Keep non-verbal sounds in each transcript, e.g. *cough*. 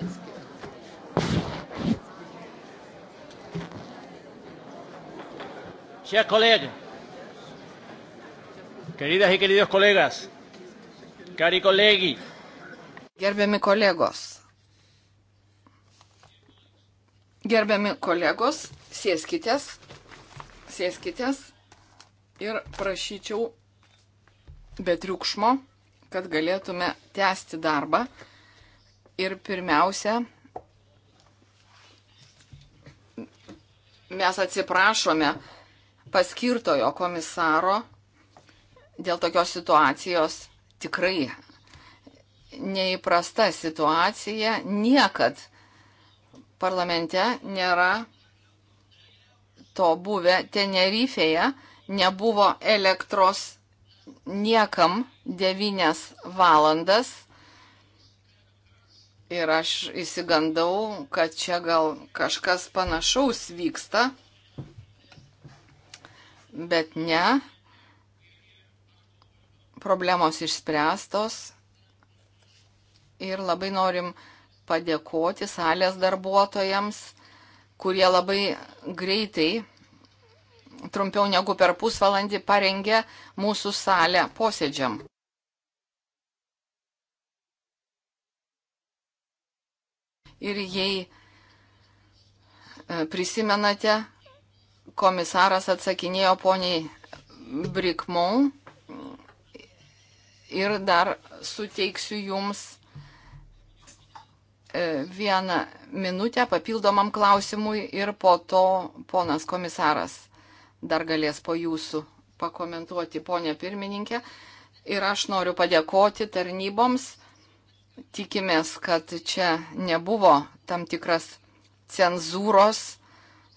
That's good. Chers collègues, queridas y queridos colegas, cari colegi. Gerbiami kolegos. Gerbiami kolegos, sėskitės, sėskitės ir prašyčiau be triukšmo, kad galėtume tęsti darbą. Ir pirmiausia, mes atsiprašome paskirtojo komisaro dėl tokios situacijos tikrai neįprasta situacija. Niekad parlamente nėra to buvę. Tenerifeje nebuvo elektros niekam 9 valandas Ir aš įsigandau, kad čia gal kažkas panašaus vyksta, bet ne. Problemos išspręstos ir labai norim padėkoti salės darbuotojams, kurie labai greitai, trumpiau negu per pusvalandį, parengė mūsų salę posėdžiam. Ir jei e, prisimenate, komisaras atsakinėjo poniai Brikmon ir dar suteiksiu jums e, vieną minutę papildomam klausimui ir po to ponas komisaras dar galės po jūsų pakomentuoti, ponė pirmininkė. Ir aš noriu padėkoti tarnyboms tikimės, kad čia nebuvo tam tikras cenzūros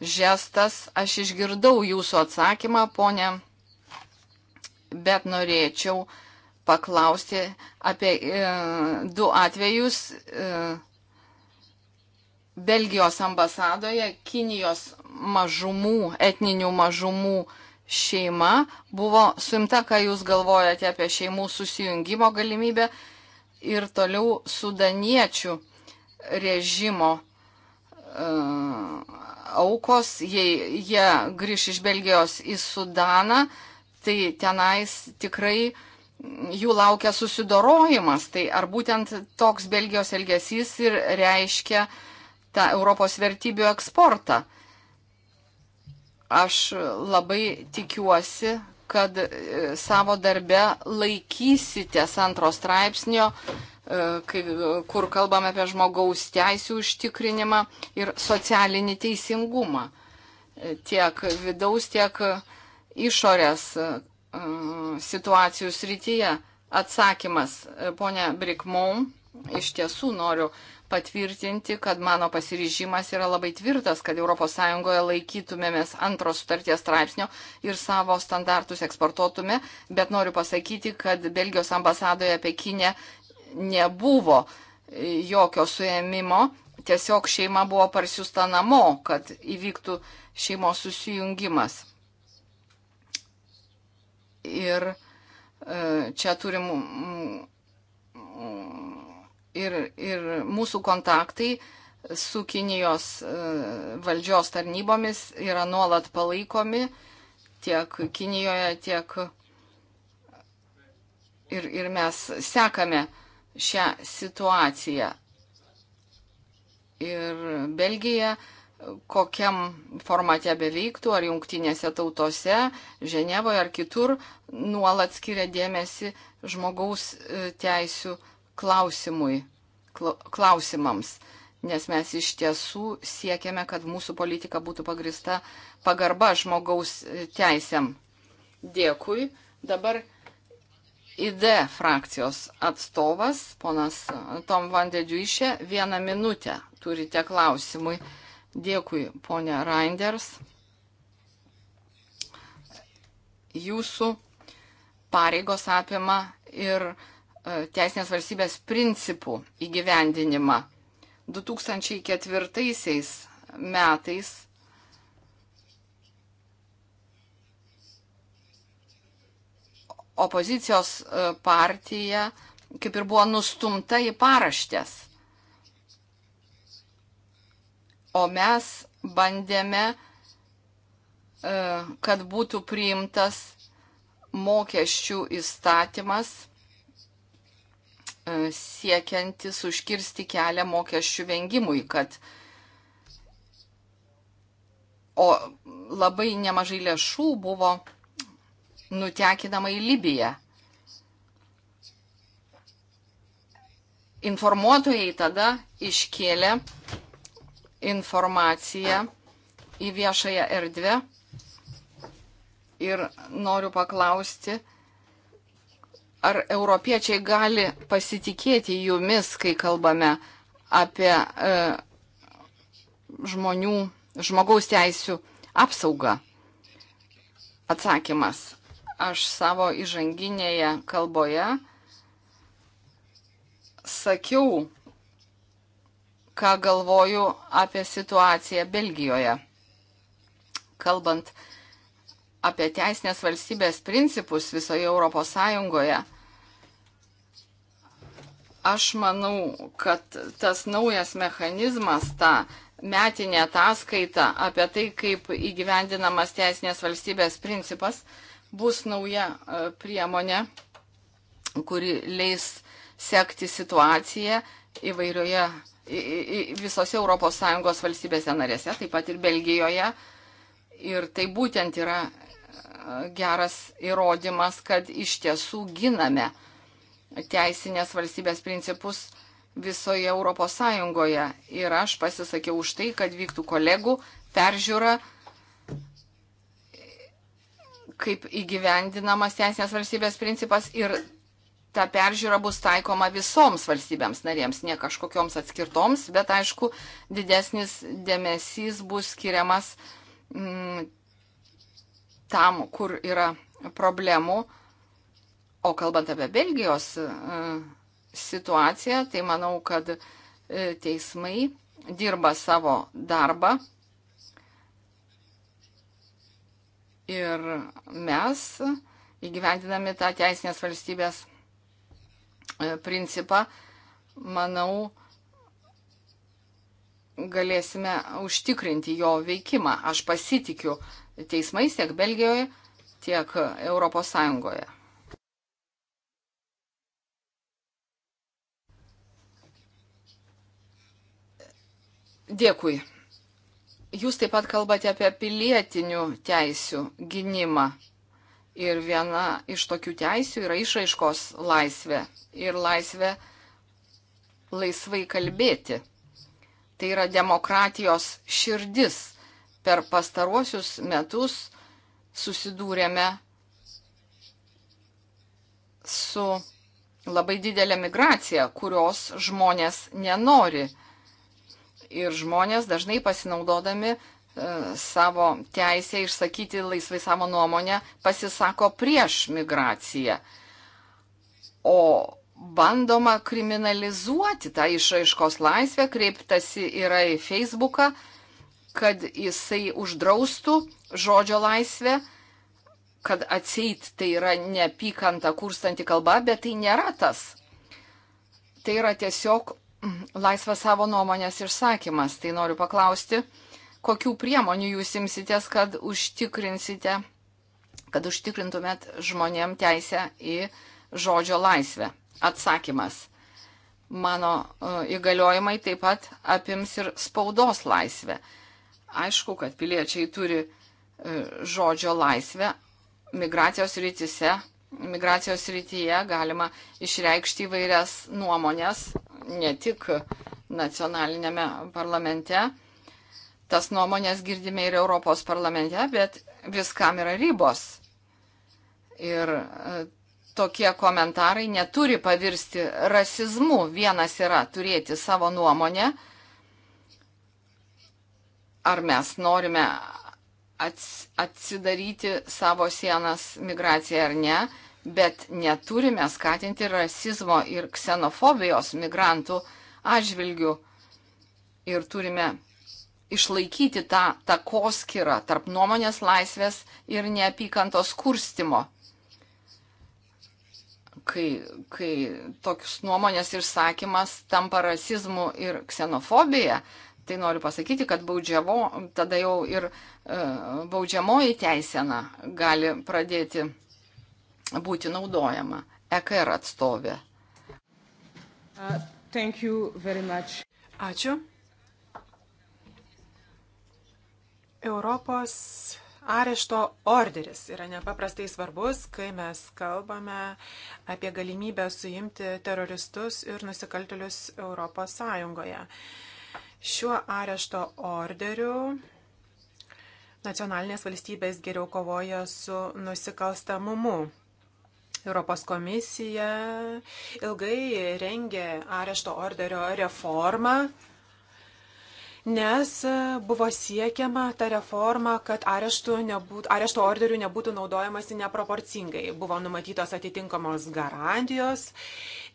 žestas. Aš išgirdau jūsų atsakymą, ponė, bet norėčiau paklausti apie e, du atvejus. E, Belgijos ambasadoje Kinijos mažumų, etninių mažumų šeima buvo suimta, ką jūs galvojate apie šeimų susijungimo galimybę. E, ir toliau sudaniečių režimo e, aukos, jei jie grįž iš Belgijos į Sudaną, tai tenais tikrai jų laukia susidorojimas. Tai ar būtent toks Belgijos elgesys ir reiškia tą Europos vertybių eksportą? Aš labai tikiuosi, kad e, savo darbe laikysitės antro straipsnio, e, kai, kur kalbame apie žmogaus teisų užtikrinimą ir socialinį teisingumą. E, tiek vidaus, tiek išorės situacijų srityje. Atsakymas, ponia Brikmon, iš tiesų noriu patvirtinti, kad mano pasiryžimas yra labai tvirtas, kad ES laikytumėmės antros sutarties straipsnio ir savo standartus eksportuotume, bet noriu pasakyti, kad Belgijos ambasadoje Pekinė nebuvo jokio suėmimo, tiesiog šeima buvo parsiusta namo, kad įvyktų šeimos susijungimas. Ir e, čia turim ir, ir mūsų kontaktai su Kinijos e, valdžios tarnybomis yra nuolat palaikomi tiek Kinijoje, tiek ir, ir mes sekame šią situaciją. Ir Belgija, kokiam formate beveiktų, ar jungtinėse tautose, Ženevoje ar kitur, nuolat skiria dėmesį žmogaus e, teisų klausimui, klausimams, nes mes iš tiesų siekiame, kad mūsų politika būtų pagrista pagarba žmogaus teisėm. Dėkui. Dabar ID frakcijos atstovas, ponas Tom Vandedžiuišė, vieną minutę turite klausimui. Dėkui, ponė Reinders. Jūsų pareigos apima ir E, teisinės valstybės principų įgyvendinimą. 2004 metais opozicijos e, partija kaip ir buvo nustumta į paraštės. O mes bandėme, e, kad būtų priimtas mokesčių įstatymas E, siekiantis užkirsti kelią mokesčių vengimui, kad o labai nemažai lėšų buvo nutekinama į Libiją. Informuotojai tada iškėlė informaciją į viešąją erdvę ir noriu paklausti, ar europiečiai gali pasitikėti jumis, kai kalbame apie e, žmonių, žmogaus teisų apsaugą? Atsakymas. Aš savo įžanginėje kalboje sakiau, ką galvoju apie situaciją Belgijoje. Kalbant apie apie teisinės valstybės principus visoje Europos Sąjungoje, aš manau, kad tas naujas mechanizmas, ta metinė ataskaita apie tai, kaip įgyvendinamas teisinės valstybės principas, bus nauja e, priemonė, kuri leis sekti situaciją įvairioje, visose ES valstybėse narėse, taip pat ir Belgijoje. Ir tai būtent yra geras įrodymas, kad iš tiesų giname teisinės valstybės principus visoje Europos Sąjungoje. Ir aš pasisakiau už tai, kad vyktų kolegų peržiūra, kaip įgyvendinamas teisinės valstybės principas ir ta peržiūra bus taikoma visoms valstybėms narėms, ne kažkokioms atskirtoms, bet aišku, didesnis dėmesys bus skiriamas mm, tam, kur yra problemų. O kalbant apie Belgijos e, situaciją, tai manau, kad e, teismai dirba savo darbą. Ir mes, įgyvendinami tą teisinės valstybės e, principą, manau, galėsime užtikrinti jo veikimą. Aš pasitikiu uh, teismais tiek Belgijoje, tiek Europos Sąjungoje. Dėkui. Jūs taip pat kalbate apie pilietinių teisių gynimą. Ir viena iš tokių teisių yra išraiškos laisvė. Ir laisvė laisvai kalbėti. Tai yra demokratijos širdis per pastaruosius metus susidūrėme su labai didelė migracija, kurios žmonės nenori. Ir žmonės dažnai pasinaudodami e, savo teisę išsakyti laisvai savo nuomonę, pasisako prieš migraciją. O bandoma kriminalizuoti tą išraiškos laisvę, kreiptasi yra į Facebooką kad jisai uždraustų žodžio laisvę, kad atseit tai yra neapykanta kurstanti kalba, bet tai nėra tas. Tai yra tiesiog mm, laisvas savo nuomonės išsakymas. Tai noriu paklausti, kokių priemonių jūs imsitės, kad užtikrinsite, kad užtikrintumėt žmonėm teisę į žodžio laisvę. Atsakymas mano e, įgaliojimai taip pat apims ir spaudos laisvę. Aišku, kad piliečiai turi e, žodžio laisvę. Migracijos rytise, migracijos rytyje galima išreikšti įvairias nuomonės, ne tik nacionalinėme parlamente. Tas nuomonės girdime ir Europos parlamente, bet viskam yra ribos. Ir e, tokie komentarai neturi pavirsti rasizmu. Vienas yra turėti savo nuomonę, ar mes norime atsidaryti savo sienas migracijai ar ne, bet neturime skatinti rasizmo ir ksenofobijos migrantų atžvilgių ir turime išlaikyti tą takoskirą tarp nuomonės laisvės ir neapykantos kurstimo. Kai, kai tokius nuomonės išsakymas tampa rasizmu ir ksenofobija, Tai noriu pasakyti, kad baudžiavo, tada jau ir e, baudžiamoji teisena gali pradėti būti naudojama. EKR atstovė. Uh, Ačiū. Europos arešto orderis yra nepaprastai svarbus, kai mes kalbame apie galimybę suimti teroristus ir nusikaltelius Europos Sąjungoje. Uh, Šiuo arešto orderiu nacionalinės valstybės geriau kovoja su nusikalstamumu. Europos komisija ilgai rengė arešto orderio reformą nes e, buvo siekiama ta reforma, kad nebūt, arešto orderių nebūtų naudojamasi neproporcingai. Buvo numatytos atitinkamos garantijos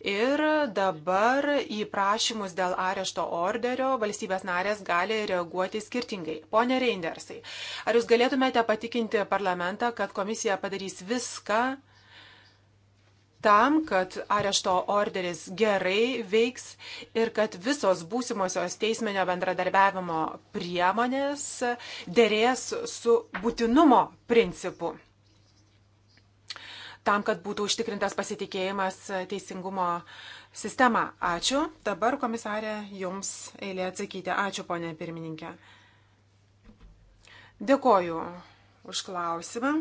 ir dabar į prašymus dėl arešto orderio valstybės narės gali reaguoti skirtingai. Pone Reindersai, ar jūs galėtumėte patikinti parlamentą, kad komisija padarys viską, tam, kad arešto orderis gerai veiks ir kad visos būsimosios teisminio bendradarbiavimo priemonės dėrės su būtinumo principu. Tam, kad būtų užtikrintas pasitikėjimas teisingumo sistema. Ačiū. Dabar, komisarė, jums eilė atsakyti. Ačiū, ponė pirmininkė. Dėkoju už klausimą.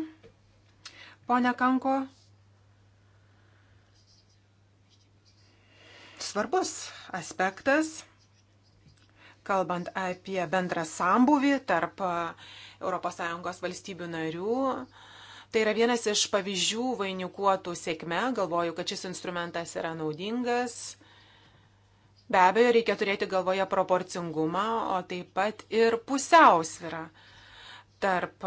Pone Kanko, svarbus aspektas, kalbant apie bendrą sambuvį tarp ES valstybių narių. Tai yra vienas iš pavyzdžių vainikuotų sėkme. Galvoju, kad šis instrumentas yra naudingas. Be abejo, reikia turėti galvoje proporcingumą, o taip pat ir pusiausvirą tarp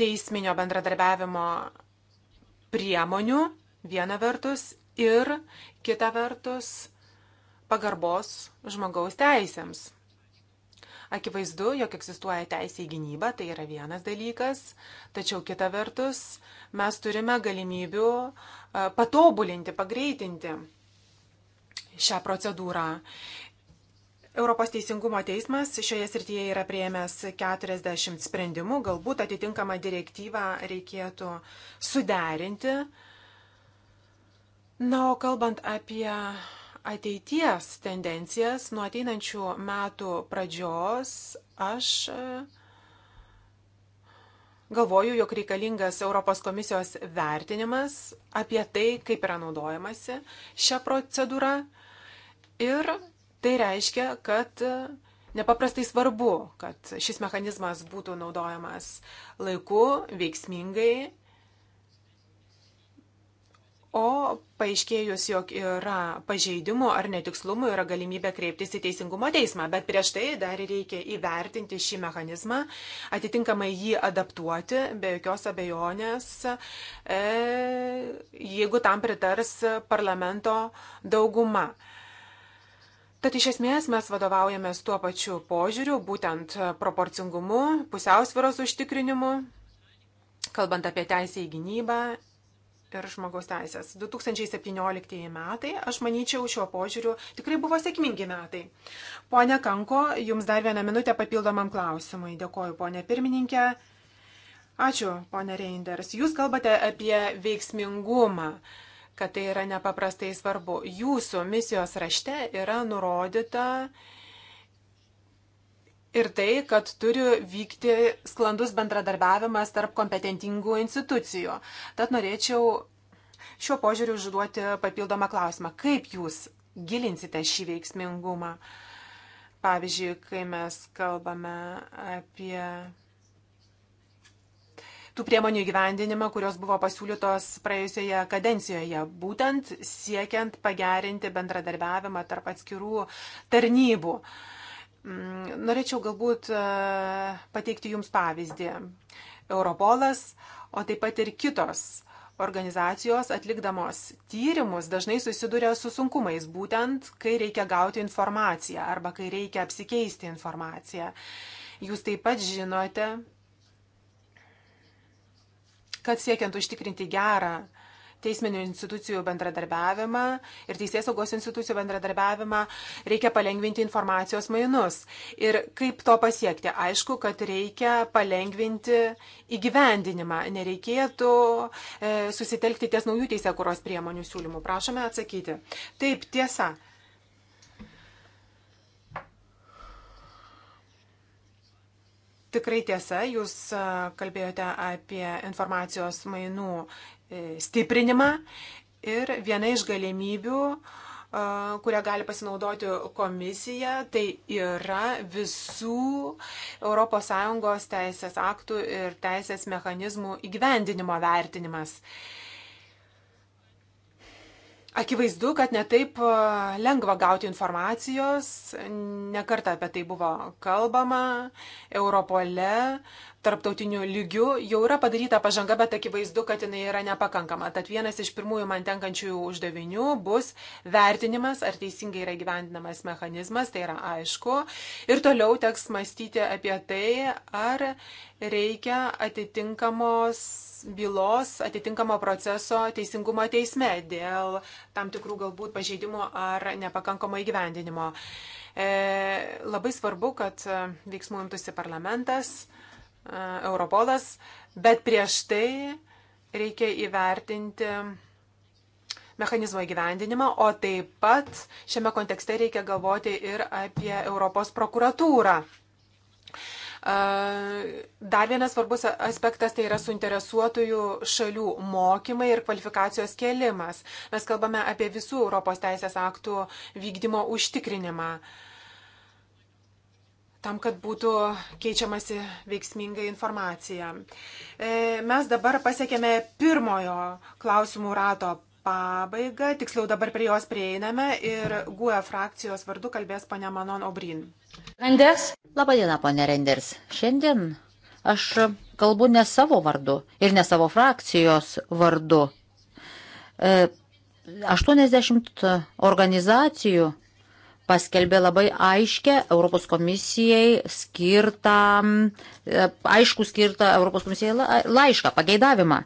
teisminio bendradarbiavimo priemonių viena vertus ir kita vertus pagarbos žmogaus teisėms. Akivaizdu, jog egzistuoja teisė į gynybą, tai yra vienas dalykas, tačiau kita vertus mes turime galimybių e, patobulinti, pagreitinti šią procedūrą. Europos teisingumo teismas šioje srityje yra prieėmęs 40 sprendimų, galbūt atitinkamą direktyvą reikėtų suderinti Na, o kalbant apie ateities tendencijas, nuo ateinančių metų pradžios aš e, galvoju, jog reikalingas Europos komisijos vertinimas apie tai, kaip yra naudojamasi šią procedūrą. Ir tai reiškia, kad e, nepaprastai svarbu, kad šis mechanizmas būtų naudojamas laiku, veiksmingai o paaiškėjus, jog yra pažeidimų ar netikslumų, yra galimybė kreiptis į Teisingumo teismą, bet prieš tai dar reikia įvertinti šį mechanizmą, atitinkamai jį adaptuoti, be jokios abejonės, e, jeigu tam pritars parlamento dauguma. Tad iš esmės mes vadovaujamės tuo pačiu požiūriu, būtent proporcingumu, pusiausviros užtikrinimu, kalbant apie teisę į gynybą ir žmogaus teisės. 2017 metai, aš manyčiau, šiuo požiūriu tikrai buvo sėkmingi metai. Pone Kanko, jums dar vieną minutę papildomam klausimui. Dėkoju, ponė pirmininkė. Ačiū, ponė Reinders. Jūs kalbate apie veiksmingumą kad tai yra nepaprastai svarbu. Jūsų misijos rašte yra nurodyta uh, ir tai, kad turi vykti sklandus bendradarbiavimas tarp kompetentingų institucijų. Tad norėčiau šiuo požiūriu užduoti papildomą klausimą. Kaip jūs gilinsite šį veiksmingumą? Pavyzdžiui, kai mes kalbame apie tų priemonių įgyvendinimą, kurios buvo pasiūlytos praėjusioje kadencijoje, būtent siekiant pagerinti bendradarbiavimą tarp atskirų tarnybų. Uh, Mm, norėčiau galbūt e, pateikti Jums pavyzdį. Europolas, o taip pat ir kitos organizacijos atlikdamos tyrimus dažnai susiduria su sunkumais, būtent kai reikia gauti informaciją arba kai reikia apsikeisti informaciją. Jūs taip pat žinote, kad siekiant užtikrinti gerą teisminių institucijų bendradarbiavimą ir teisėsaugos institucijų bendradarbiavimą, reikia palengvinti informacijos mainus. Ir kaip to pasiekti? Aišku, kad reikia palengvinti įgyvendinimą. Nereikėtų e, susitelkti ties naujų teisėkuros priemonių siūlymų. Prašome atsakyti. Taip, tiesa. Tikrai tiesa, jūs e, kalbėjote apie informacijos mainų E, stiprinimą ir viena iš galimybių, e, kurią gali pasinaudoti komisija, tai yra visų ES teisės aktų ir teisės mechanizmų įgyvendinimo vertinimas. Akivaizdu, kad netaip e, lengva gauti informacijos, nekarta apie tai buvo kalbama, Europole, tarptautiniu lygiu jau yra padaryta pažanga, bet akivaizdu, kad jinai yra nepakankama. Tad vienas iš pirmųjų man tenkančių uždavinių bus vertinimas, ar teisingai yra gyvendinamas mechanizmas, tai yra aišku. Ir toliau teks mąstyti apie tai, ar reikia atitinkamos bylos atitinkamo proceso teisingumo teisme dėl tam tikrų galbūt pažeidimų ar nepakankamo įgyvendinimo. E, labai svarbu, kad veiksmų imtųsi parlamentas, e, Europolas, bet prieš tai reikia įvertinti mechanizmo įgyvendinimą, o taip pat šiame kontekste reikia galvoti ir apie Europos prokuratūrą. Dar vienas svarbus aspektas tai yra suinteresuotųjų šalių mokymai ir kvalifikacijos kėlimas. Mes kalbame apie visų Europos teisės aktų vykdymo užtikrinimą. Tam, kad būtų keičiamasi veiksminga informacija. E, mes dabar pasiekėme pirmojo klausimų rato pabaigą, tiksliau dabar prie jos prieiname ir GUE frakcijos vardu kalbės ponia Manon Obrin. Renders. Labadiena, ponia Renders. Šiandien aš kalbu ne savo vardu ir ne savo frakcijos vardu. 80 e, organizacijų paskelbė labai aiškę Europos komisijai skirtą, e, aišku skirtą Europos komisijai laišką, pageidavimą.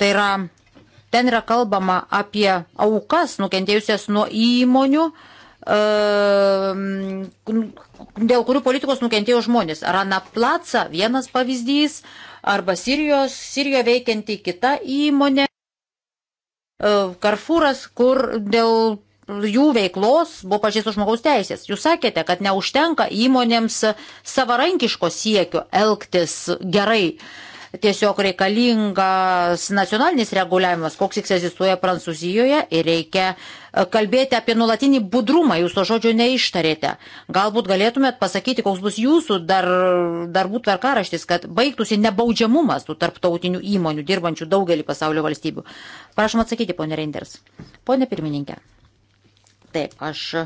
Tai yra Ten yra kalbama apie aukas nukentėjusias nuo įmonių, ehm, dėl kurių politikos nukentėjo žmonės. Rana Placa vienas pavyzdys, arba Sirijos, Sirijoje veikianti kita įmonė, Karfūras, ehm, kur dėl jų veiklos buvo pažeistos žmogaus teisės. Jūs sakėte, kad neužtenka įmonėms savarankiško siekio elgtis gerai. Uh, tiesiog reikalingas nacionalinis reguliavimas, koks jis egzistuoja Prancūzijoje ir reikia e, kalbėti apie nulatinį budrumą, jūs to žodžio neištarėte. Galbūt galėtumėt pasakyti, koks bus jūsų dar, darbų tvarkaraštis, kad baigtųsi nebaudžiamumas tų tarptautinių įmonių dirbančių daugelį pasaulio valstybių. Prašom atsakyti, ponė Reinders. Pone pirmininkė. Taip, aš e,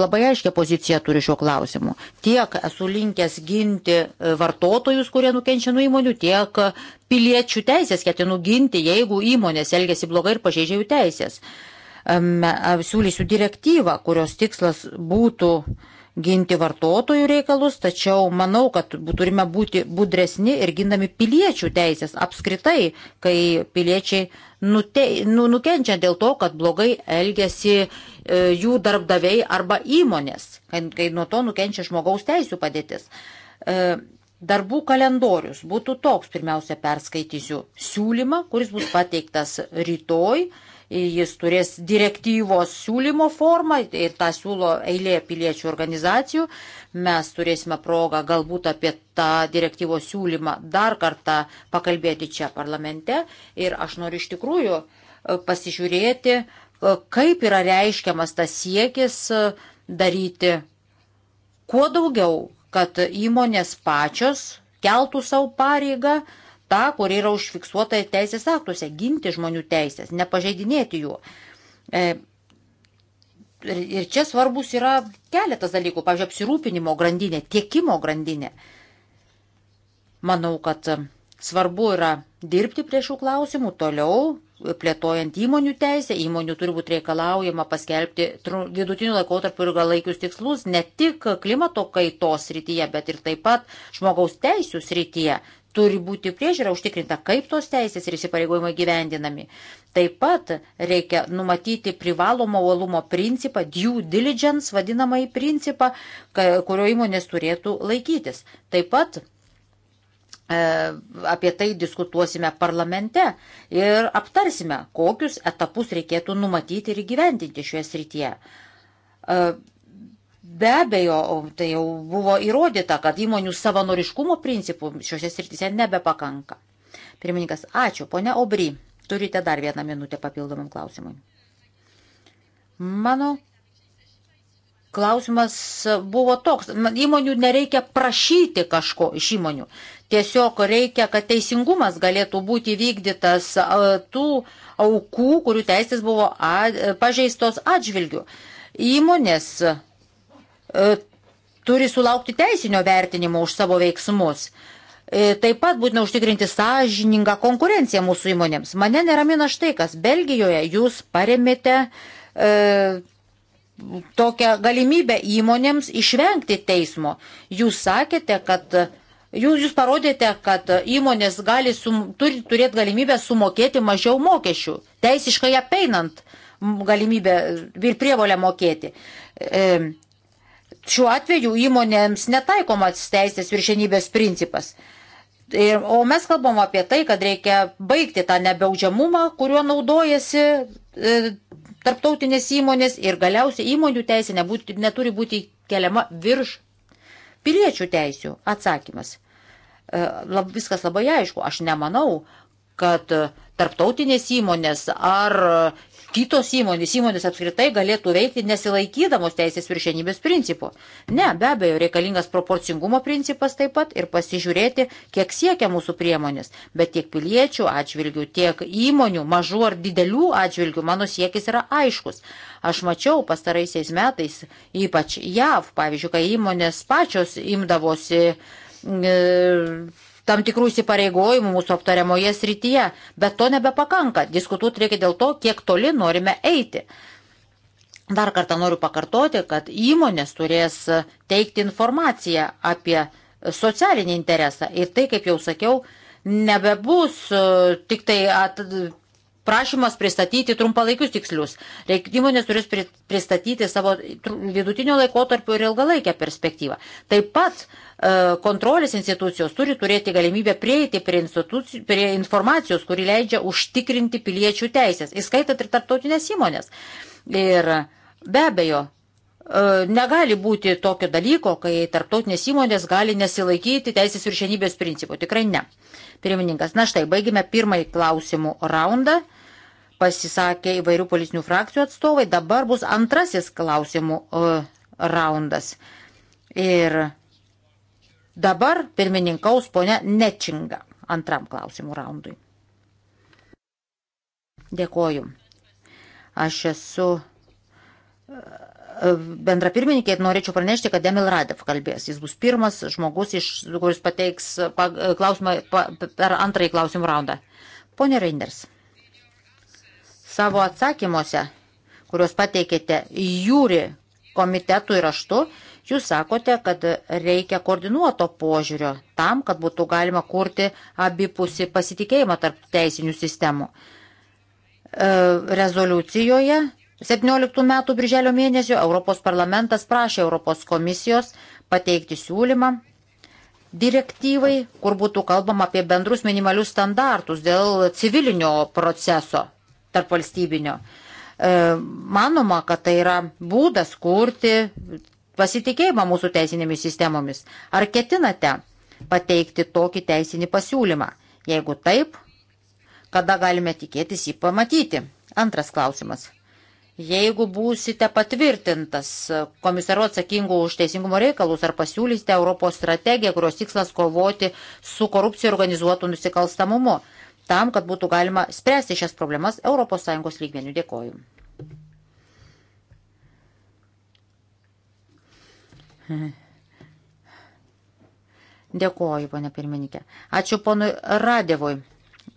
labai aiškę poziciją turiu šiuo klausimu. Tiek esu linkęs ginti e, vartotojus, kurie nukenčia nuo įmonių, tiek piliečių teisės ketinu ginti, jeigu įmonės elgesi blogai ir pažeidžia jų teisės. E, siūlysiu direktyvą, kurios tikslas būtų e, ginti vartotojų reikalus, tačiau manau, kad turime būti budresni ir gindami piliečių teisės apskritai, kai piliečiai nute, nu, nukenčia dėl to, kad blogai elgesi e, jų darbdaviai arba įmonės, kai, kai nuo to nukenčia žmogaus teisų padėtis. E, Darbų kalendorius būtų toks, pirmiausia, perskaitysiu siūlymą, kuris bus pateiktas rytoj. E, jis turės direktyvos siūlymo formą ir tą siūlo eilė piliečių organizacijų. Mes turėsime progą galbūt apie tą direktyvos siūlymą dar kartą pakalbėti čia parlamente ir aš noriu iš tikrųjų e, pasižiūrėti, e, kaip yra reiškiamas tas siekis e, daryti kuo daugiau, kad įmonės pačios keltų savo pareigą, tą, kur yra užfiksuota teisės aktuose, ginti žmonių teisės, nepažeidinėti jų. E, ir čia svarbus yra keletas dalykų, pavyzdžiui, apsirūpinimo grandinė, tiekimo grandinė. Manau, kad e, svarbu yra dirbti prie šių klausimų toliau, plėtojant įmonių teisę, įmonių turi būti reikalaujama paskelbti vidutinių laikotarpių ir galaikius tikslus ne tik klimato kaitos srityje, bet ir taip pat žmogaus teisų srityje turi būti priežiūra užtikrinta, kaip tos teisės ir įsipareigojimai gyvendinami. Taip pat reikia numatyti privalomo uolumo principą, due diligence vadinamąjį principą, kurio įmonės turėtų laikytis. Taip pat e, apie tai diskutuosime parlamente ir aptarsime, kokius etapus reikėtų numatyti ir gyventinti šioje srityje. E, Be abejo, tai jau buvo įrodyta, kad įmonių savanoriškumo principų šiuose srityse nebepakanka. Pirmininkas, ačiū. Pone Obry, turite dar vieną minutę papildomam klausimui. Mano klausimas buvo toks. Įmonių nereikia prašyti kažko iš įmonių. Tiesiog reikia, kad teisingumas galėtų būti vykdytas tų aukų, kurių teisės buvo pažeistos atžvilgių. Įmonės E, turi sulaukti teisinio vertinimo už savo veiksmus. E, taip pat būtina užtikrinti sąžiningą konkurenciją mūsų įmonėms. Mane neramina štai kas. Belgijoje jūs paremėte e, tokią galimybę įmonėms išvengti teismo. Jūs sakėte, kad jūs, jūs parodėte, kad įmonės gali sum, turi turėti galimybę sumokėti mažiau mokesčių, teisiškai apeinant galimybę ir prievolę mokėti. E, šiuo atveju įmonėms netaikomas teisės viršenybės principas. Ir, o mes kalbam apie tai, kad reikia baigti tą nebaudžiamumą, kuriuo naudojasi e, tarptautinės įmonės ir galiausiai įmonių teisė nebūti, neturi būti keliama virš piliečių teisių. Atsakymas. E, lab, viskas labai aišku. Aš nemanau, kad tarptautinės įmonės ar kitos įmonės, įmonės apskritai galėtų veikti nesilaikydamos teisės viršenybės principų. Ne, be abejo, reikalingas proporcingumo principas taip pat ir pasižiūrėti, kiek siekia mūsų priemonės. Bet tiek piliečių atžvilgių, tiek įmonių, mažų ar didelių atžvilgių mano siekis yra aiškus. Aš mačiau pastaraisiais metais, ypač JAV, pavyzdžiui, kai įmonės pačios imdavosi. E, tam tikrų įsipareigojimų mūsų aptariamoje srityje, bet to nebepakanka. Diskutuoti reikia dėl to, kiek toli norime eiti. Dar kartą noriu pakartoti, kad įmonės turės teikti informaciją apie socialinį interesą. Ir tai, kaip jau sakiau, nebebus e, tik tai at, prašymas pristatyti trumpalaikius tikslius. Reik, įmonės turės pristatyti savo vidutinio laikotarpio ir ilgalaikę perspektyvą. Taip pat e, kontrolės institucijos turi turėti galimybę prieiti prie, prie informacijos, kuri leidžia užtikrinti piliečių teisės, įskaitant ir tarptautinės įmonės. Ir be abejo, E, negali būti tokio dalyko, kai tarptautinės įmonės gali nesilaikyti teisės viršenybės principų. Tikrai ne. Pirmininkas, na štai, baigime pirmąjį klausimų raundą. Pasisakė įvairių politinių frakcijų atstovai. Dabar bus antrasis klausimų e, raundas. Ir dabar pirmininkaus ponia Nečinga antram klausimų raundui. Dėkoju. Aš esu bendra pirmininkė, norėčiau pranešti, kad Demil Radev kalbės. Jis bus pirmas žmogus, iš, kuris pateiks pa, klausimą pa, per antrąjį klausimų raundą. Pone Reinders, savo atsakymuose, kuriuos pateikėte jūri komitetų ir aštu, jūs sakote, kad reikia koordinuoto požiūrio tam, kad būtų galima kurti abipusi pasitikėjimą tarp teisinių sistemų. E, rezoliucijoje 17 metų birželio mėnesio Europos parlamentas prašė Europos komisijos pateikti siūlymą direktyvai, kur būtų kalbama apie bendrus minimalius standartus dėl civilinio proceso tarp valstybinio. E, manoma, kad tai yra būdas kurti pasitikėjimą mūsų teisinėmis sistemomis. Ar ketinate pateikti tokį teisinį pasiūlymą? Jeigu taip, kada galime tikėtis jį pamatyti? Antras klausimas. Jeigu būsite patvirtintas komisaru atsakingu už teisingumo reikalus ar pasiūlysite Europos strategiją, kurios tikslas kovoti su korupcija organizuotų nusikalstamumu, tam, kad būtų galima spręsti šias problemas ES lygmenių. Dėkoju. Dėkoju, ponė pirmininkė. Ačiū ponui Radevui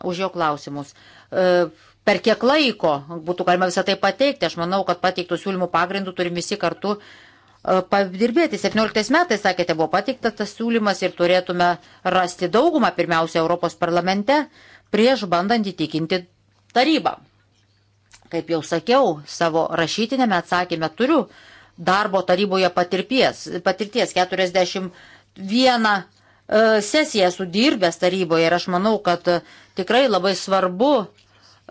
už jo klausimus. E, per kiek laiko būtų galima visą tai pateikti. Aš manau, kad pateiktų siūlymų pagrindų turim visi kartu e, padirbėti. 17 metais, sakėte, buvo pateiktas tas siūlymas ir turėtume rasti daugumą, pirmiausia, Europos parlamente, prieš bandant įtikinti tarybą. Kaip jau sakiau, savo rašytinėme atsakymė turiu darbo taryboje patirties, patirties 41 e, sesiją esu dirbęs taryboje ir aš manau, kad e, tikrai labai svarbu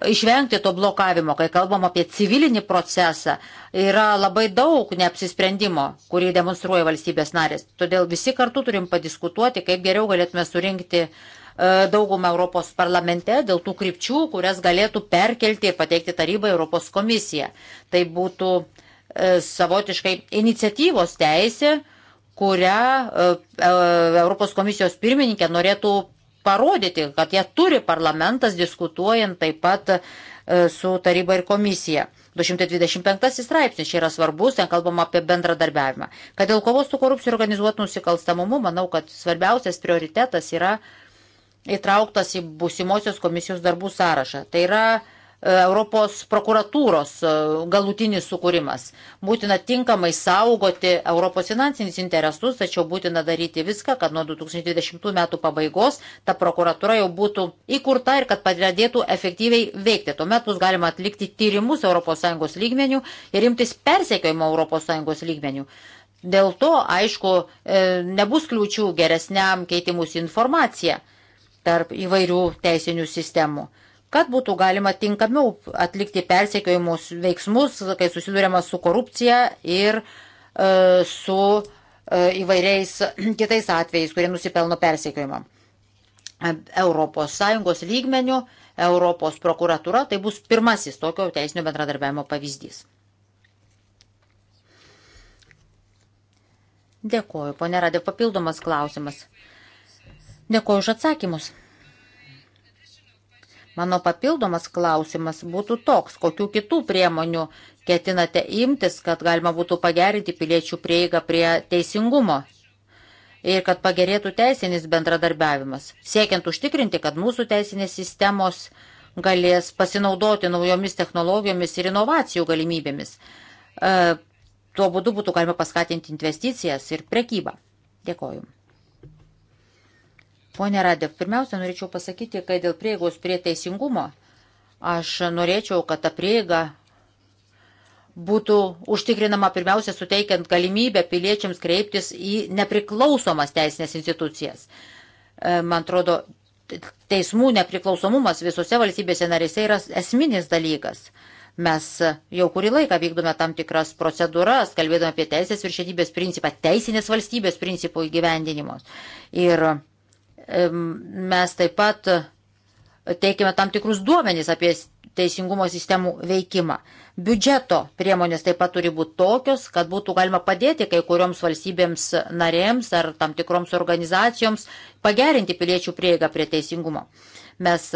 išvengti to blokavimo, kai kalbam apie civilinį procesą, yra labai daug neapsisprendimo, kurį demonstruoja valstybės narės. Todėl visi kartu turim padiskutuoti, kaip geriau galėtume surinkti e, daugumą Europos parlamente dėl tų krypčių, kurias galėtų perkelti ir pateikti tarybai Europos komisija. Tai būtų e, savotiškai iniciatyvos teisė, kurią e, Europos komisijos pirmininkė norėtų parodyti, kad jie turi parlamentas diskutuojant taip pat e, su taryba ir komisija. 225 straipsnis čia yra svarbus, ten kalbama apie bendradarbiavimą. Kad dėl kovos su korupcija organizuotų nusikalstamumu, manau, kad svarbiausias prioritetas yra įtrauktas į būsimosios komisijos darbų sąrašą. Tai yra E, Europos prokuratūros e, galutinis sukūrimas. Būtina tinkamai saugoti Europos finansinius interesus, tačiau būtina daryti viską, kad nuo 2020 metų pabaigos ta prokuratūra jau būtų įkurta ir kad padėtų efektyviai veikti. Tuomet bus galima atlikti tyrimus ES lygmenių ir imtis persekiojimo ES lygmenių. Dėl to, aišku, e, nebus kliūčių geresniam keitimus informaciją tarp įvairių teisinių sistemų kad būtų galima tinkamiau atlikti persiekiojimus veiksmus, kai susidurėma su korupcija ir e, su e, įvairiais *clears throat* kitais atvejais, kurie nusipelno persekiojimą. ES lygmenių, Europos prokuratūra, tai bus pirmasis tokio teisinio bendradarbiavimo pavyzdys. Dėkuoju, ponė Radė, papildomas klausimas. Dėkuoju už atsakymus. Mano papildomas klausimas būtų toks, kokiu kitų priemonių ketinate imtis, kad galima būtų pagerinti piliečių prieigą prie teisingumo ir kad pagerėtų teisinis bendradarbiavimas, siekiant užtikrinti, kad mūsų teisinės sistemos galės pasinaudoti naujomis technologijomis ir inovacijų galimybėmis. E, tuo būdu būtų galima paskatinti investicijas ir prekybą. Dėkoju. Pone Radė, pirmiausia, norėčiau pasakyti, kad dėl prieigos prie teisingumo aš norėčiau, kad ta prieiga būtų užtikrinama pirmiausia suteikiant galimybę piliečiams kreiptis į nepriklausomas teisinės institucijas. E, man atrodo, teismų nepriklausomumas visose valstybėse narėse yra esminis dalykas. Mes jau kurį laiką vykdome tam tikras procedūras, kalbėdami apie teisės viršenybės principą, teisinės valstybės principų įgyvendinimus. Ir Mes taip pat teikime tam tikrus duomenys apie teisingumo sistemų veikimą. Biudžeto priemonės taip pat turi būti tokios, kad būtų galima padėti kai kurioms valstybėms narėms ar tam tikroms organizacijoms pagerinti piliečių prieigą prie teisingumo. Mes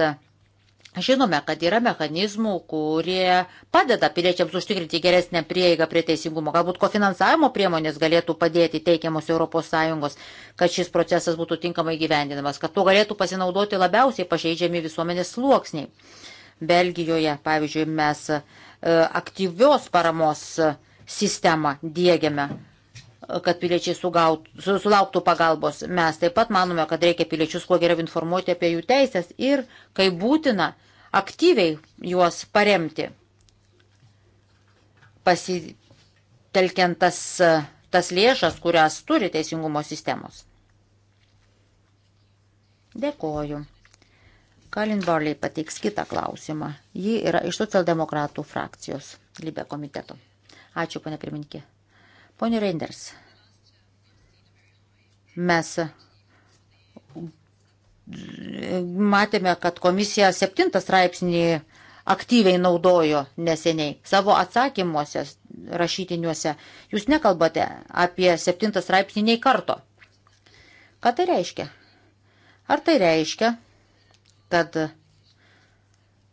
Žinome, kad yra mechanizmų, kurie padeda piliečiams užtikrinti geresnę prieigą prie teisingumo. Galbūt kofinansavimo priemonės galėtų padėti teikiamos ES, kad šis procesas būtų tinkamai gyvendinamas, kad tuo galėtų pasinaudoti labiausiai pažeidžiami visuomenės sluoksniai. Belgijoje, pavyzdžiui, mes e, aktyvios paramos e, sistemą dėgiame e, kad piliečiai sugautų, sulauktų pagalbos. Mes taip pat manome, kad reikia piliečius kuo geriau informuoti apie jų teisės ir, kai būtina, aktyviai juos paremti, pasitelkiant tas, tas lėšas, kurias turi teisingumo sistemos. Dėkoju. Kalin Barley pateiks kitą klausimą. Ji yra iš socialdemokratų frakcijos Libė komiteto. Ačiū, ponė pirmininkė. Pone Reinders, mes matėme, kad komisija septintą straipsnį aktyviai naudojo neseniai savo atsakymuose rašytiniuose. Jūs nekalbate apie septintą straipsnį nei karto. Ką tai reiškia? Ar tai reiškia, kad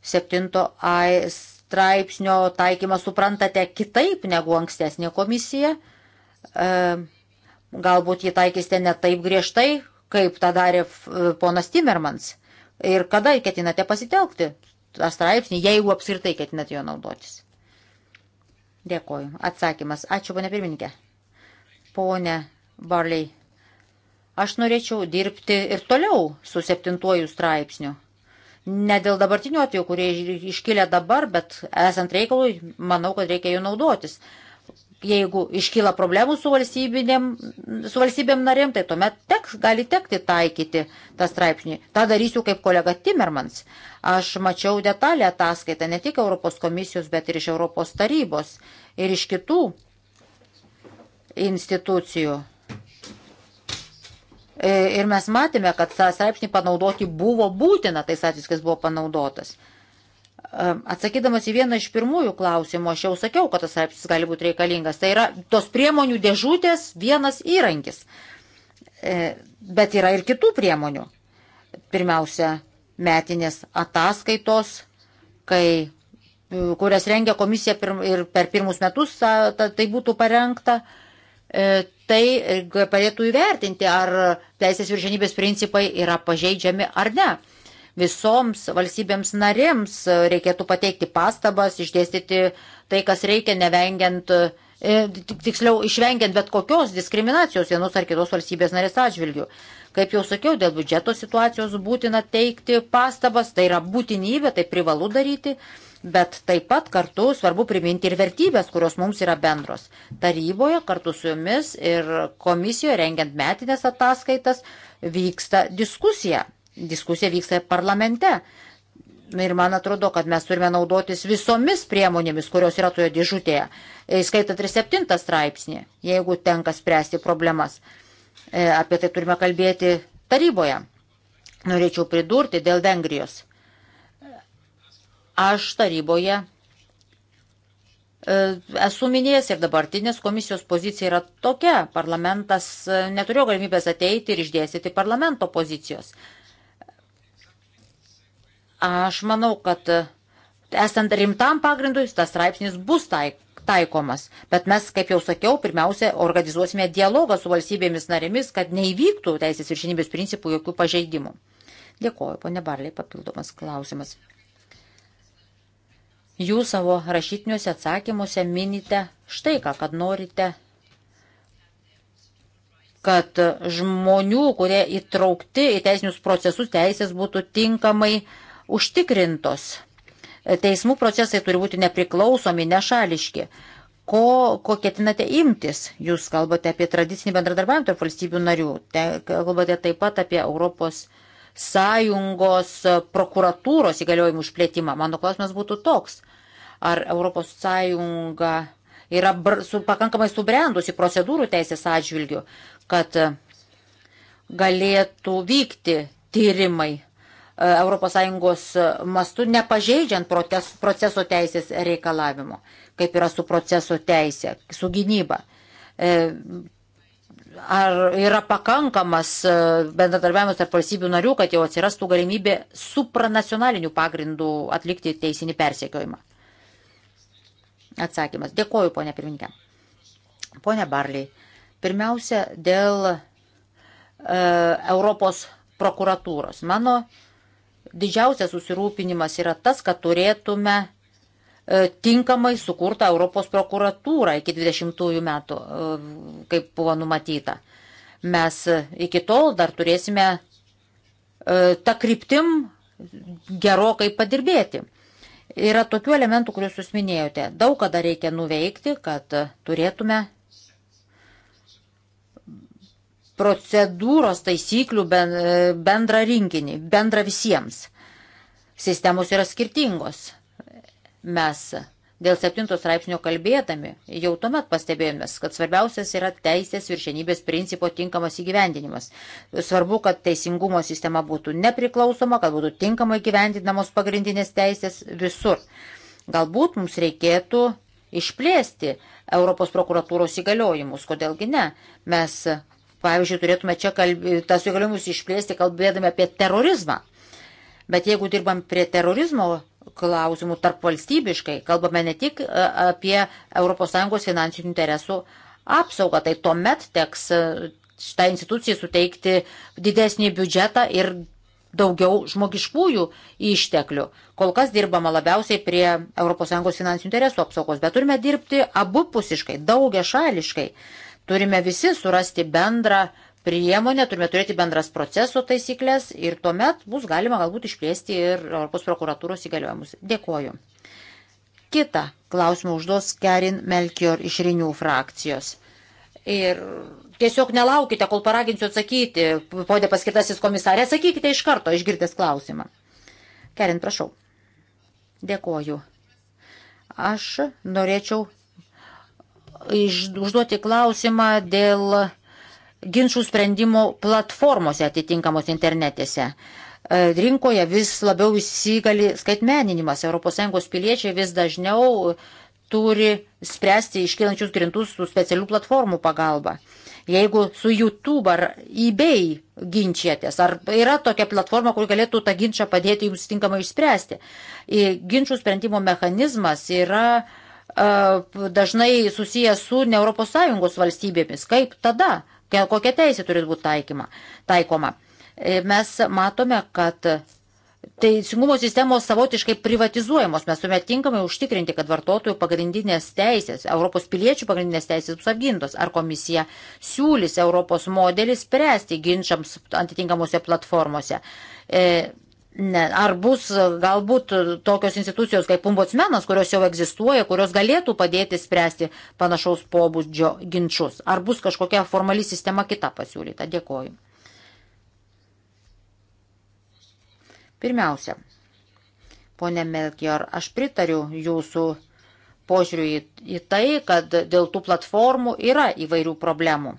septinto A straipsnio taikymą suprantate kitaip negu ankstesnė komisija? E, galbūt jį taikysite ne taip griežtai, kaip tą darė ponas Timermans. Ir kada ketinate pasitelkti tą straipsnį, jeigu apskritai ketinate jo naudotis. Dėkoju. Atsakymas. Ačiū, ponė pirmininkė. Pone Barley, aš norėčiau dirbti ir toliau su septintuoju straipsniu. Ne dėl dabartinių atvejų, kurie iškilia dabar, bet esant reikalui, manau, kad reikia jų naudotis. Uh, jeigu iškyla problemų su, su valstybėm narėm, tai tuomet tek, gali tekti taikyti tą straipsnį. Ta darysiu kaip kolega Timmermans. Aš mačiau detalę ataskaitą ne tik Europos komisijos, bet ir iš Europos tarybos ir iš kitų institucijų. E, ir mes matėme, kad tą straipsnį panaudoti buvo būtina, tais atvejais, kai jis buvo panaudotas. Atsakydamas į vieną iš pirmųjų klausimų, aš jau sakiau, kad tas straipsnis gali būti reikalingas. Tai yra tos priemonių dėžutės vienas įrankis. E, bet yra ir kitų priemonių. Pirmiausia, metinės ataskaitos, kai, e, kurias rengia komisija pir, ir per pirmus metus tai būtų parengta. E, tai padėtų įvertinti, ar teisės viršenybės principai yra pažeidžiami ar ne visoms valstybėms narėms reikėtų pateikti pastabas, išdėstyti tai, kas reikia, nevengiant, e, tiksliau, išvengiant bet kokios diskriminacijos vienos ar kitos valstybės narės atžvilgių. Kaip jau sakiau, dėl biudžeto situacijos būtina teikti pastabas, tai yra būtinybė, tai privalu daryti, bet taip pat kartu svarbu priminti ir vertybės, kurios mums yra bendros. Taryboje kartu su jumis ir komisijoje rengiant metinės ataskaitas vyksta diskusija diskusija vyksta parlamente. Ir man atrodo, kad mes turime naudotis visomis priemonėmis, kurios yra toje dėžutėje, skaitant 37 straipsnį, jeigu tenka spręsti problemas. E, apie tai turime kalbėti taryboje. Norėčiau pridurti dėl Vengrijos. Aš taryboje e, esu minėjęs ir dabartinės komisijos pozicija yra tokia. Parlamentas e, neturėjo galimybės ateiti ir išdėstyti parlamento pozicijos. Aš manau, kad e, esant rimtam pagrindui, tas straipsnis bus taik, taikomas. Bet mes, kaip jau sakiau, pirmiausia, organizuosime dialogą su valstybėmis narėmis, kad neįvyktų teisės viršinybės principų jokių pažeidimų. Dėkoju, ponė Barliai, papildomas klausimas. Jūs savo rašytiniuose atsakymuose minite štai ką, kad norite, kad žmonių, kurie įtraukti į teisinius procesus, teisės būtų tinkamai uh, užtikrintos. Teismų procesai turi būti nepriklausomi, nešališki. Ko, ko ketinate imtis? Jūs kalbate apie tradicinį bendradarbiavimą tarp valstybių narių, te, kalbate taip pat apie Europos sąjungos prokuratūros įgaliojimų išplėtimą. Mano klausimas būtų toks. Ar Europos sąjunga yra br, su, pakankamai subrendusi procedūrų teisės atžvilgių, kad galėtų vykti tyrimai ES mastu, nepažeidžiant protes, proceso teisės reikalavimo, kaip yra su proceso teisė, su gynyba. E, ar yra pakankamas e, bendradarbiavimas tarp valstybių narių, kad jau atsirastų galimybė supranacionalinių pagrindų atlikti teisinį persiekiojimą? Atsakymas. Dėkoju, ponė pirmininkė. Pone Barliai, pirmiausia, dėl e, Europos prokuratūros. Mano didžiausias susirūpinimas yra tas, kad turėtume e, tinkamai sukurtą Europos prokuratūrą iki 20 metų, e, kaip buvo numatyta. Mes e, iki tol dar turėsime tą kryptim gerokai padirbėti. Yra tokių elementų, kuriuos jūs minėjote. Daug ką dar reikia nuveikti, kad turėtume procedūros taisyklių e, bendrą rinkinį, bendrą visiems. Sistemos yra skirtingos. Mes dėl septintos straipsnio kalbėdami jau tuomet pastebėjome, kad svarbiausias yra teisės viršenybės principo tinkamas įgyvendinimas. Svarbu, kad teisingumo sistema būtų nepriklausoma, kad būtų tinkamai gyvendinamos pagrindinės teisės visur. Galbūt mums reikėtų išplėsti Europos prokuratūros įgaliojimus, kodėlgi ne. Mes Pavyzdžiui, turėtume čia kalbė, tas įgaliojimus išplėsti, kalbėdami apie terorizmą. Bet jeigu dirbam prie terorizmo klausimų tarp valstybiškai, kalbame ne tik e, apie ES finansinių interesų apsaugą, tai tuomet teks e, šitą instituciją suteikti didesnį biudžetą ir daugiau žmogiškųjų išteklių. Kol kas dirbama labiausiai prie ES finansinių interesų apsaugos, bet turime dirbti abupusiškai, daugia šališkai, Turime visi surasti bendrą priemonę, turime turėti bendras proceso taisyklės ir tuomet bus galima galbūt išplėsti ir Europos prokuratūros įgaliojimus. Dėkoju. Kita klausimą užduos Kerin Melkior iš Rinių frakcijos. Ir tiesiog nelaukite, kol paraginsiu atsakyti, podė paskirtasis komisarė, atsakykite iš karto išgirdęs klausimą. Kerin, prašau. Dėkoju. Aš norėčiau užduoti klausimą dėl ginčių sprendimo platformose atitinkamos internetėse. E, rinkoje vis labiau įsigali skaitmeninimas, ES piliečiai vis dažniau turi spręsti iškilančius grintus su specialių platformų pagalba. Jeigu su YouTube ar eBay ginčiatės, ar yra tokia platforma, kur galėtų tą ginčą padėti jums tinkamai išspręsti. E, ginčių sprendimo mechanizmas yra uh, dažnai susijęs su ne ES valstybėmis. Kaip tada? Kokia teisė turi būti taikyma, taikoma? E, mes matome, kad teisingumo sistemos savotiškai privatizuojamos. Mes turime tinkamai užtikrinti, kad vartotojų pagrindinės teisės, Europos piliečių pagrindinės teisės bus apgintos. Ar komisija siūlys Europos modelį spręsti ginčiams atitinkamuose platformose? E, Ne, ar bus galbūt tokios institucijos kaip ombudsmenas, kurios jau egzistuoja, kurios galėtų padėti spręsti panašaus pobūdžio ginčius? Ar bus kažkokia formali sistema kita pasiūlyta? Dėkoju. Pirmiausia, ponė Melkior, aš pritariu jūsų požiūriu į, į tai, kad dėl tų platformų yra įvairių problemų,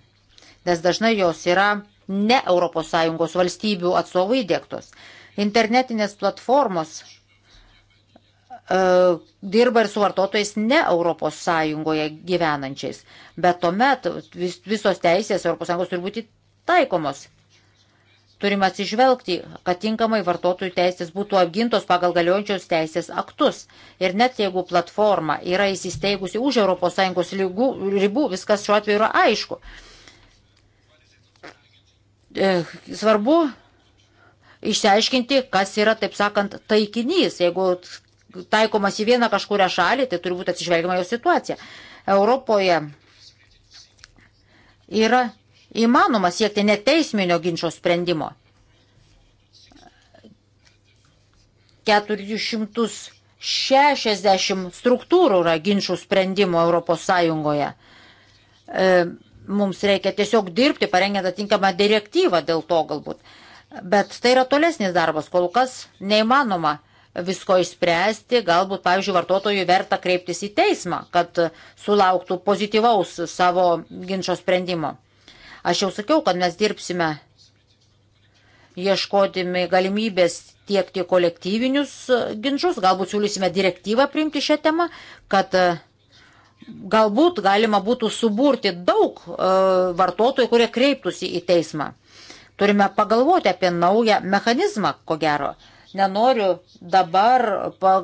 nes dažnai jos yra ne ES valstybių atstovai dėktos. Internetinės platformos e, dirba ir su vartotojais ne Europos Sąjungoje gyvenančiais, bet tuomet vis, visos teisės Europos Sąjungos turi būti taikomos. Turime atsižvelgti, kad tinkamai vartotojų teisės būtų apgintos pagal galiojančios teisės aktus. Ir net jeigu platforma yra įsisteigusi už ES lygų, ribų, viskas šiuo atveju yra aišku. E, svarbu išsiaiškinti, kas yra, taip sakant, taikinys. Jeigu taikomas į vieną kažkurią šalį, tai turi būti atsižvelgiama jo situacija. Europoje yra įmanoma siekti neteisminio ginčio sprendimo. 460 struktūrų yra ginčių sprendimo Europos Sąjungoje. E, mums reikia tiesiog dirbti, parengiant atinkamą direktyvą dėl to galbūt. Bet tai yra tolesnis darbas, kol kas neįmanoma visko išspręsti, galbūt, pavyzdžiui, vartotojui verta kreiptis į teismą, kad sulauktų pozityvaus savo ginčio sprendimo. Aš jau sakiau, kad mes dirbsime ieškodami galimybės tiekti kolektyvinius ginčius, galbūt siūlysime direktyvą priimti šią temą, kad e, galbūt galima būtų suburti daug e, vartotojų, kurie kreiptųsi į teismą. Turime pagalvoti apie naują mechanizmą, ko gero. Nenoriu dabar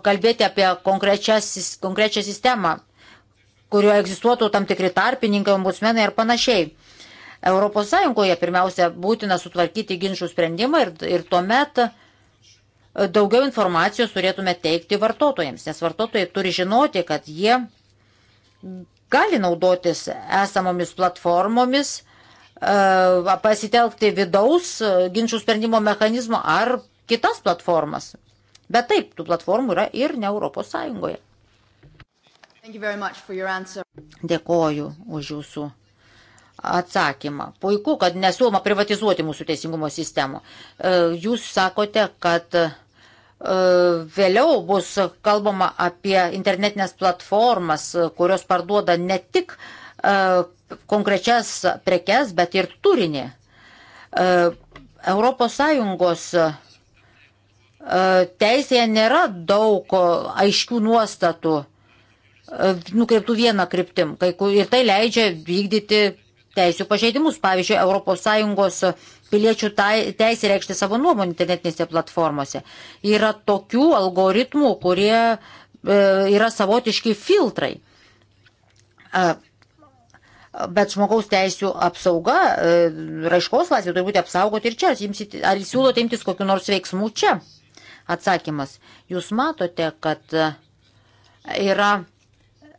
kalbėti apie konkrečią, konkrečią sistemą, kurioje egzistuotų tam tikri tarpininkai, ombudsmenai ir panašiai. Europos Sąjungoje pirmiausia būtina sutvarkyti ginčių sprendimą ir, ir tuomet daugiau informacijos turėtume teikti vartotojams, nes vartotojai turi žinoti, kad jie gali naudotis esamomis platformomis E, pasitelkti vidaus e, ginčių sprendimo mechanizmo ar kitas platformas. Bet taip, tų platformų yra ir ne Europos Sąjungoje. Dėkoju už jūsų atsakymą. Puiku, kad nesiūloma privatizuoti mūsų teisingumo sistemų. E, jūs sakote, kad vėliau bus kalbama apie internetinės platformas, kurios parduoda ne tik konkrečias prekes, bet ir turinį. ES e, teisėje nėra daug e, aiškių nuostatų e, nukreiptų vieną kryptim. Ir tai leidžia vykdyti teisų pažeidimus. Pavyzdžiui, ES piliečių tai, teisė reikšti savo nuomonę internetinėse platformose. Yra tokių algoritmų, kurie yra savotiški filtrai. Bet žmogaus teisų apsauga, e, raiškos laisvė turi būti apsaugoti ir čia. Ar jūs siūlote imtis kokiu nors veiksmu čia? Atsakymas. Jūs matote, kad e, yra e,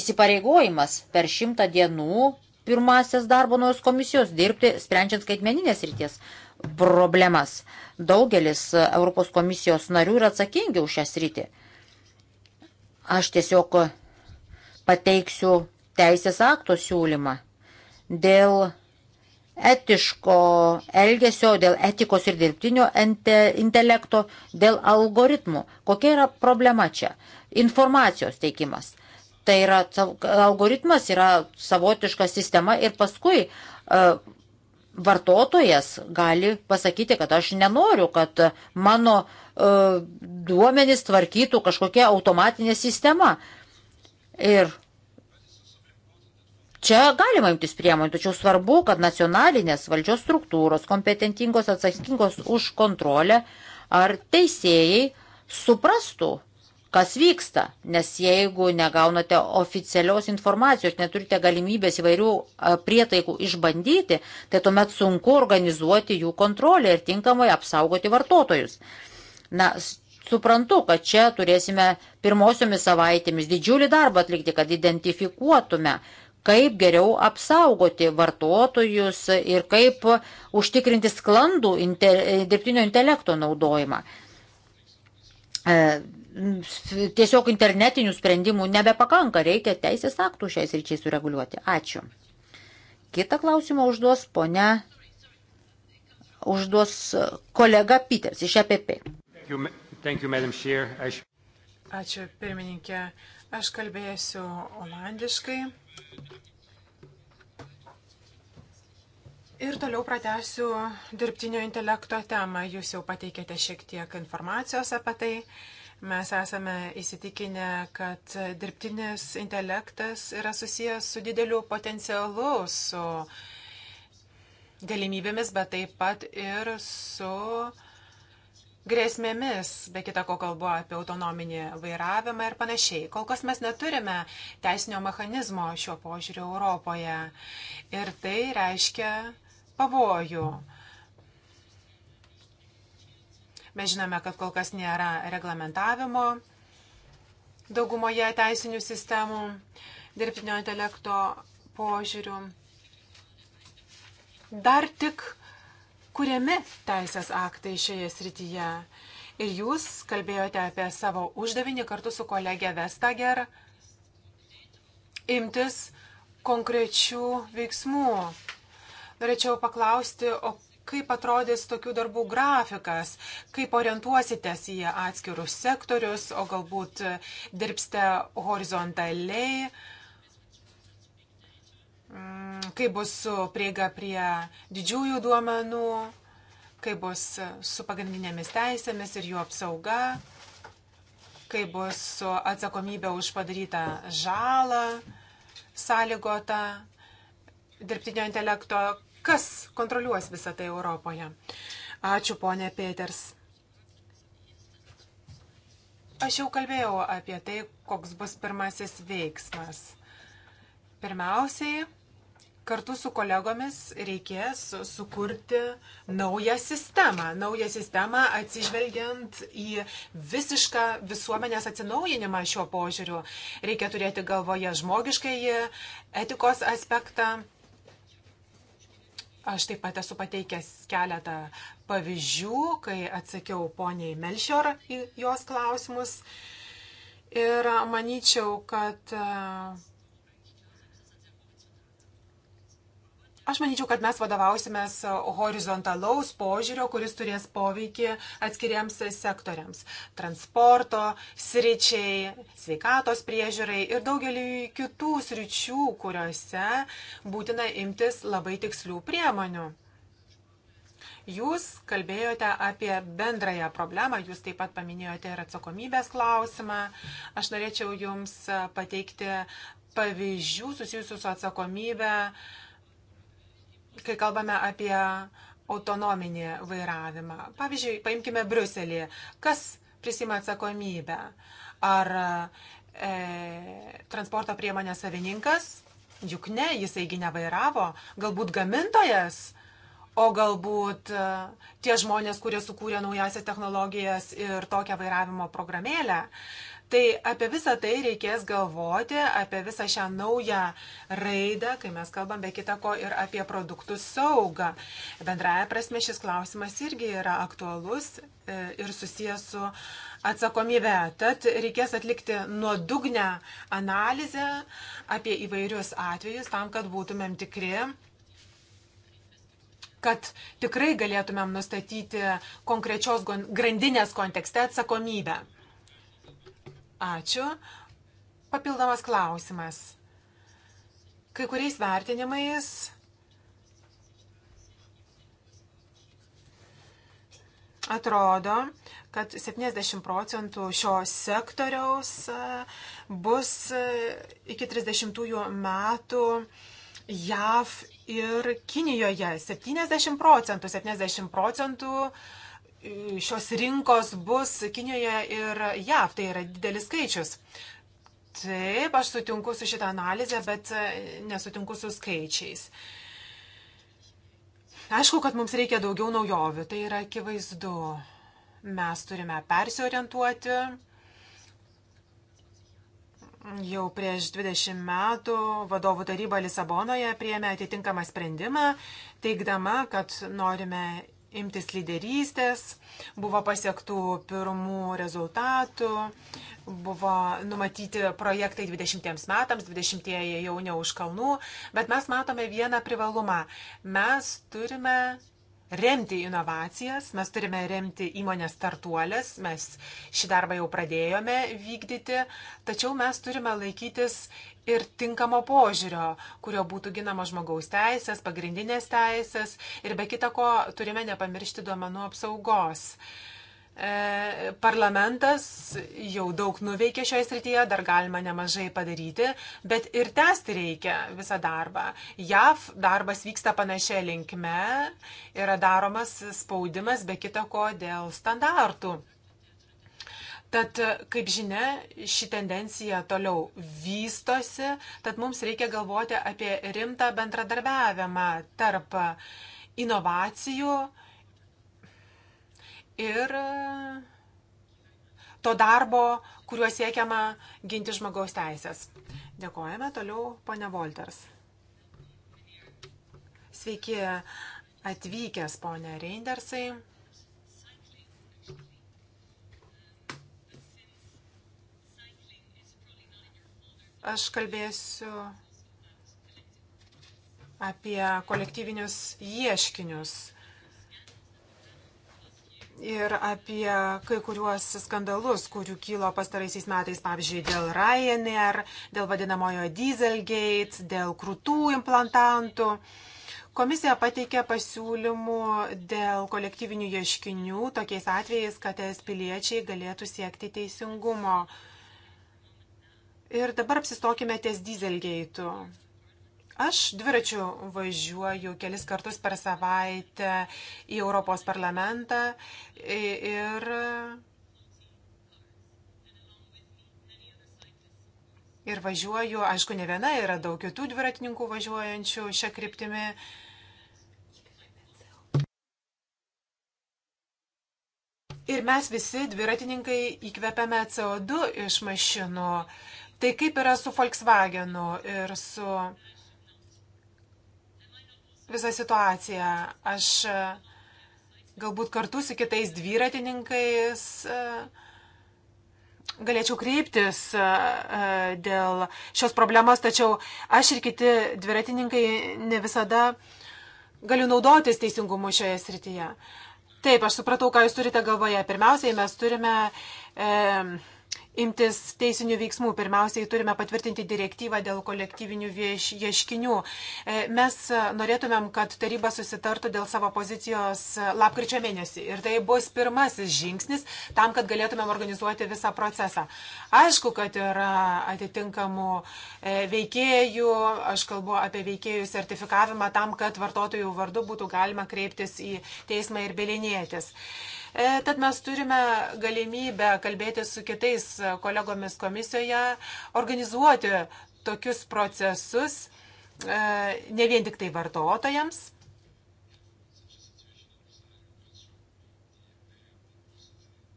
įsipareigojimas per šimtą dienų pirmasias darbo naujos komisijos dirbti, sprendžiant skaitmeninės ryties problemas. Daugelis Europos komisijos narių yra atsakingi už šią sritį. Aš tiesiog pateiksiu teisės akto siūlymą dėl etiško elgesio, dėl etikos ir dirbtinio ente, intelekto, dėl algoritmų. Kokia yra problema čia? Informacijos teikimas. Tai yra, algoritmas yra savotiška sistema ir paskui uh, vartotojas gali pasakyti, kad aš nenoriu, kad mano uh, duomenys tvarkytų kažkokia automatinė sistema. Ir Čia galima imtis priemonių, tačiau svarbu, kad nacionalinės valdžios struktūros, kompetentingos, atsakingos už kontrolę ar teisėjai suprastų, kas vyksta, nes jeigu negaunate oficialios informacijos, neturite galimybės įvairių e, prietaikų išbandyti, tai tuomet sunku organizuoti jų kontrolę ir tinkamai apsaugoti vartotojus. Na, suprantu, kad čia turėsime pirmosiomis savaitėmis didžiulį darbą atlikti, kad identifikuotume, kaip geriau apsaugoti vartotojus ir kaip užtikrinti sklandų inte, dirbtinio intelekto naudojimą. E, tiesiog internetinių sprendimų nebepakanka, reikia teisės aktų šiais ryčiai sureguliuoti. Ačiū. Kita klausimą užduos ponia, užduos kolega Peters iš EPP. Thank you, Madam Chair. Ačiū, pirmininkė. Aš kalbėsiu olandiškai. Ir toliau pratęsiu dirbtinio intelekto temą. Jūs jau pateikėte šiek tiek informacijos apie tai. Mes esame įsitikinę, kad dirbtinis intelektas yra susijęs su dideliu potencialu, su galimybėmis, bet taip pat ir su uh, grėsmėmis, be kita ko kalbu apie autonominį vairavimą ir panašiai. Kol kas mes neturime teisinio mechanizmo šiuo požiūriu Europoje. Ir tai reiškia pavojų. Mes žinome, kad kol kas nėra reglamentavimo daugumoje teisinių sistemų dirbtinio intelekto požiūrių. Dar tik kuriami teisės aktai šioje srityje. Ir jūs kalbėjote apie savo uždavinį kartu su kolegė Vestager imtis konkrečių veiksmų. Norėčiau paklausti, o kaip atrodys tokių darbų grafikas, kaip orientuositės į atskirus sektorius, o galbūt dirbste horizontaliai, kaip bus su prieiga prie didžiųjų duomenų, kaip bus su pagrindinėmis teisėmis ir jų apsauga, kaip bus su atsakomybė už padarytą žalą, sąlygota dirbtinio intelekto, kas kontroliuos visą tai Europoje. Ačiū, ponė Peters. Aš jau kalbėjau apie tai, koks bus pirmasis veiksmas. Pirmiausiai, kartu su kolegomis reikės sukurti naują sistemą. Naują sistemą atsižvelgiant į visišką visuomenės atsinaujinimą šiuo požiūriu. Reikia turėti galvoje žmogiškai etikos aspektą. Aš taip pat esu pateikęs keletą pavyzdžių, kai atsakiau poniai Melchior į jos klausimus. Ir manyčiau, kad Aš manyčiau, kad mes vadovausimės horizontalaus požiūrio, kuris turės poveikį atskiriems sektoriams - transporto, sričiai, sveikatos priežiūrai ir daugeliu kitų sričių, kuriuose būtina imtis labai tikslių priemonių. Jūs kalbėjote apie bendrąją problemą, jūs taip pat paminėjote ir atsakomybės klausimą. Aš norėčiau Jums pateikti pavyzdžių susijusių su atsakomybė uh, kai kalbame apie autonominį vairavimą. Pavyzdžiui, paimkime Bruselį. Kas prisima atsakomybę? Ar e, transporto priemonės savininkas? Juk ne, jisaigi nevairavo. Galbūt gamintojas? o galbūt e, tie žmonės, kurie sukūrė naujasias technologijas ir tokią vairavimo programėlę. Tai apie visą tai reikės galvoti, apie visą šią naują raidą, kai mes kalbam be kita ko ir apie produktų saugą. Bendraja prasme šis klausimas irgi yra aktualus e, ir susijęs su atsakomybė. Tad reikės atlikti nuodugnę analizę apie įvairius atvejus tam, kad būtumėm tikri kad tikrai galėtumėm nustatyti konkrečios grandinės kontekste atsakomybę. Ačiū. Papildomas klausimas. Kai kuriais vertinimais atrodo, kad 70 procentų šio sektoriaus e, bus e, iki 30 metų JAV ir Kinijoje. 70 procentų, 70 procentų uh, šios rinkos bus Kinijoje ir JAV. Tai yra didelis skaičius. Taip, aš sutinku su šitą analizę, bet e, nesutinku su skaičiais. Aišku, kad mums reikia daugiau naujovių, tai yra akivaizdu. Mes turime persiorientuoti. Jau prieš 20 metų vadovų taryba Lisabonoje priėmė atitinkamą sprendimą, teikdama, kad norime imtis lyderystės, buvo pasiektų pirmų rezultatų, buvo numatyti projektai 20 metams, 20 jau ne už kalnų, bet mes matome vieną privalumą. Mes turime remti inovacijas, mes turime remti įmonės startuolės, mes šį darbą jau pradėjome vykdyti, tačiau mes turime laikytis ir tinkamo požiūrio, kurio būtų ginama žmogaus teisės, pagrindinės teisės ir be kita ko turime nepamiršti duomenų apsaugos. Uh, E, parlamentas jau daug nuveikė šioje srityje, dar galima nemažai padaryti, bet ir tęsti reikia visą darbą. JAV darbas vyksta panašia linkme, yra daromas spaudimas be kita ko dėl standartų. Tad, kaip žinia, ši tendencija toliau vystosi, tad mums reikia galvoti apie rimtą bendradarbiavimą tarp inovacijų, ir e, to darbo, kuriuo siekiama ginti žmogaus teisės. Dėkojame toliau, ponia Volters. Sveiki atvykęs, ponia Reindersai. Aš kalbėsiu apie kolektyvinius ieškinius ir apie kai kuriuos skandalus, kurių kilo pastaraisiais metais, pavyzdžiui, dėl Ryanair, dėl vadinamojo Dieselgate, dėl krūtų implantantų. Komisija pateikė pasiūlymų dėl kolektyvinių ieškinių tokiais atvejais, kad es piliečiai galėtų siekti teisingumo. Ir dabar apsistokime ties Dieselgate'u. Aš dviračiu važiuoju kelis kartus per savaitę į Europos parlamentą ir. Ir važiuoju, aišku, ne viena, yra daug kitų dviratininkų važiuojančių šią kryptimį. Ir mes visi dviratininkai įkvepiame CO2 iš mašinų. Tai kaip yra su Volkswagenu ir su visą situaciją. Aš e, galbūt kartu su kitais dviratininkais e, galėčiau kreiptis e, dėl šios problemos, tačiau aš ir kiti dviratininkai ne visada galiu naudotis teisingumu šioje srityje. Taip, aš supratau, ką jūs turite galvoje. Pirmiausiai mes turime e, imtis teisinių veiksmų. Pirmiausiai turime patvirtinti direktyvą dėl kolektyvinių vieš, ieškinių. E, mes norėtumėm, kad taryba susitartų dėl savo pozicijos lapkričio mėnesį. Ir tai bus pirmasis žingsnis tam, kad galėtumėm organizuoti visą procesą. Aišku, kad yra atitinkamų e, veikėjų, aš kalbu apie veikėjų sertifikavimą tam, kad vartotojų vardu būtų galima kreiptis į teismą ir belinėtis. E, tad mes turime galimybę kalbėti su kitais kolegomis komisijoje, organizuoti tokius procesus e, ne vien tik tai vartotojams.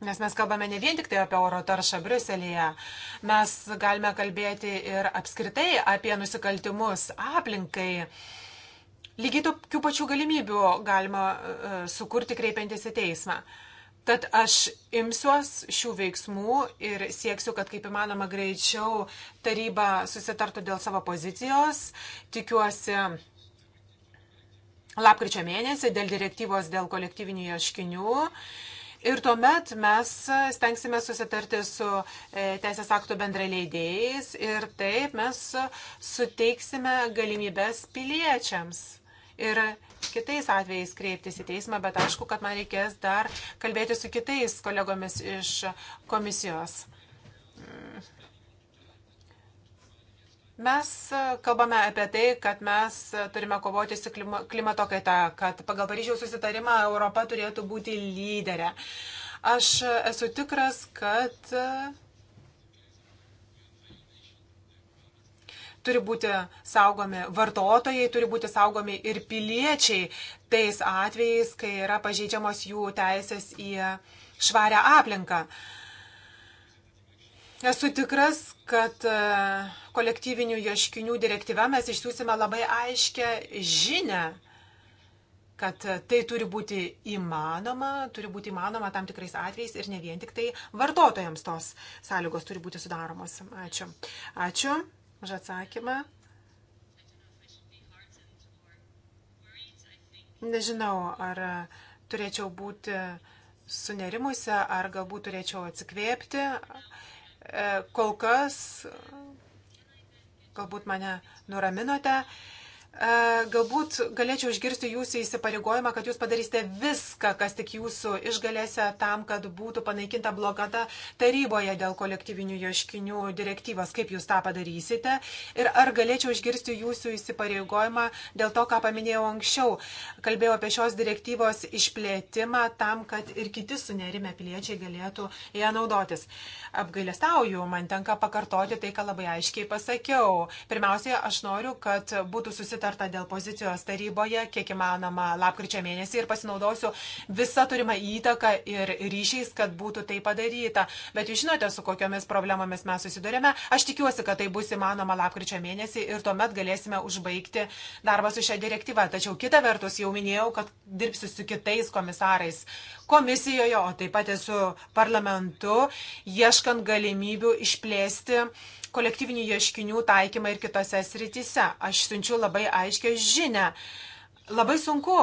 Nes mes kalbame ne vien tik tai apie oro taršą Briuselėje, mes galime kalbėti ir apskritai apie nusikaltimus aplinkai lygiai tokių pačių galimybių galima e, e, sukurti kreipiantis į teismą. Tad aš imsiuos šių veiksmų ir sieksiu, kad kaip įmanoma greičiau taryba susitartų dėl savo pozicijos. Tikiuosi lapkričio mėnesį dėl direktyvos dėl kolektyvinių ieškinių. Ir tuomet mes stengsime susitarti su e, teisės aktų bendraleidėjais ir taip mes suteiksime galimybės piliečiams ir kitais atvejais kreiptis į teismą, bet aišku, kad man reikės dar kalbėti su kitais kolegomis iš komisijos. Mes kalbame apie tai, kad mes turime kovoti su klimato kaita, kad pagal Paryžiaus susitarimą Europa turėtų būti lyderė. Aš esu tikras, kad Turi būti saugomi vartotojai, turi būti saugomi ir piliečiai tais atvejais, kai yra pažeidžiamos jų teisės į švarę aplinką. Esu tikras, kad e, kolektyvinių ieškinių direktyva mes išsiųsime labai aiškę žinę, kad tai turi būti įmanoma, turi būti įmanoma tam tikrais atvejais ir ne vien tik tai vartotojams tos sąlygos turi būti sudaromos. Ačiū. Ačiū už atsakymą. Nežinau, ar turėčiau būti sunerimusi, ar galbūt turėčiau atsikvėpti. E, kol kas, galbūt mane nuraminote. E, galbūt galėčiau išgirsti jūsų įsipareigojimą, kad jūs padarysite viską, kas tik jūsų išgalėse tam, kad būtų panaikinta blokada taryboje dėl kolektyvinių ieškinių direktyvos. Kaip jūs tą padarysite? Ir ar galėčiau išgirsti jūsų įsipareigojimą dėl to, ką paminėjau anksčiau? Kalbėjau apie šios direktyvos išplėtimą tam, kad ir kiti sunerime piliečiai galėtų ją naudotis. Apgailestauju, man tenka pakartoti tai, ką labai aiškiai pasakiau. Pirmiausia, aš noriu, kad būtų susitarimas susitarta dėl pozicijos taryboje, kiek įmanoma, lapkričio mėnesį ir pasinaudosiu visą turimą įtaką ir ryšiais, kad būtų tai padaryta. Bet jūs žinote, su kokiomis problemomis mes susidurėme. Aš tikiuosi, kad tai bus įmanoma lapkričio mėnesį ir tuomet galėsime užbaigti darbą su šią direktyvą. Tačiau kita vertus, jau minėjau, kad dirbsiu su kitais komisarais komisijoje, o taip pat esu parlamentu, ieškant galimybių išplėsti uh, kolektyvinių ieškinių taikymą ir kitose srityse. Aš siunčiu labai aiškę žinę. Labai sunku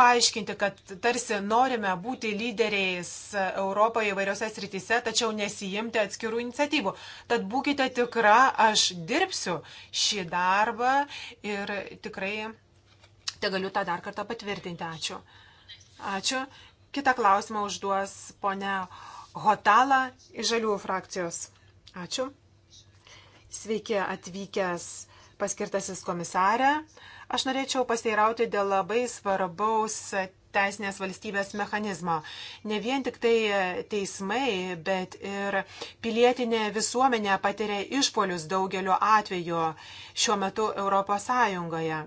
paaiškinti, kad tarsi norime būti lyderiais Europoje įvairiose srityse, tačiau nesijimti atskirų iniciatyvų. Tad būkite tikra, aš dirbsiu šį darbą ir tikrai te galiu tą dar kartą patvirtinti. Ačiū. Ačiū. Kita klausimą užduos ponia Hotala iš Žaliųjų frakcijos. Ačiū. Sveiki atvykęs paskirtasis komisarė. Aš norėčiau pasteirauti dėl labai svarbaus teisinės valstybės mechanizmo. Ne vien tik tai teismai, bet ir pilietinė visuomenė patiria išpolius daugeliu atveju šiuo metu ES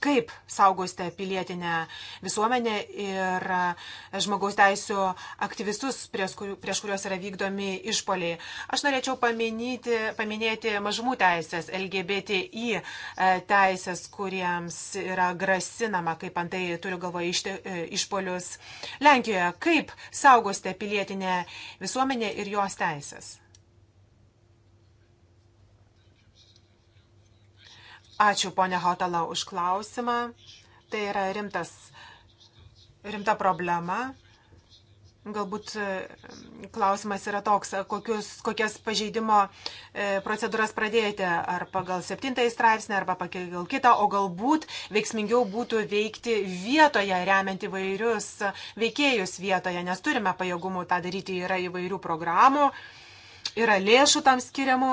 kaip saugosite pilietinę visuomenę ir e, žmogaus teisų aktyvistus, prieš kuriuos yra vykdomi išpoliai. Aš norėčiau paminyti, paminėti mažumų teisės, LGBTI e, teisės, kuriems yra grasinama, kaip antai turiu galvoje iš, e, išpolius Lenkijoje. Kaip saugosite pilietinę visuomenę ir jos teisės? Ačiū, ponė Hotala, už klausimą. Tai yra rimtas, rimta problema. Galbūt e, klausimas yra toks, kokius, kokias pažeidimo e, procedūras pradėti, ar pagal septintąjį straipsnį, ar pagal kitą, o galbūt veiksmingiau būtų veikti vietoje, remiant įvairius veikėjus vietoje, nes turime pajėgumų tą daryti, yra įvairių programų, yra lėšų tam skiriamų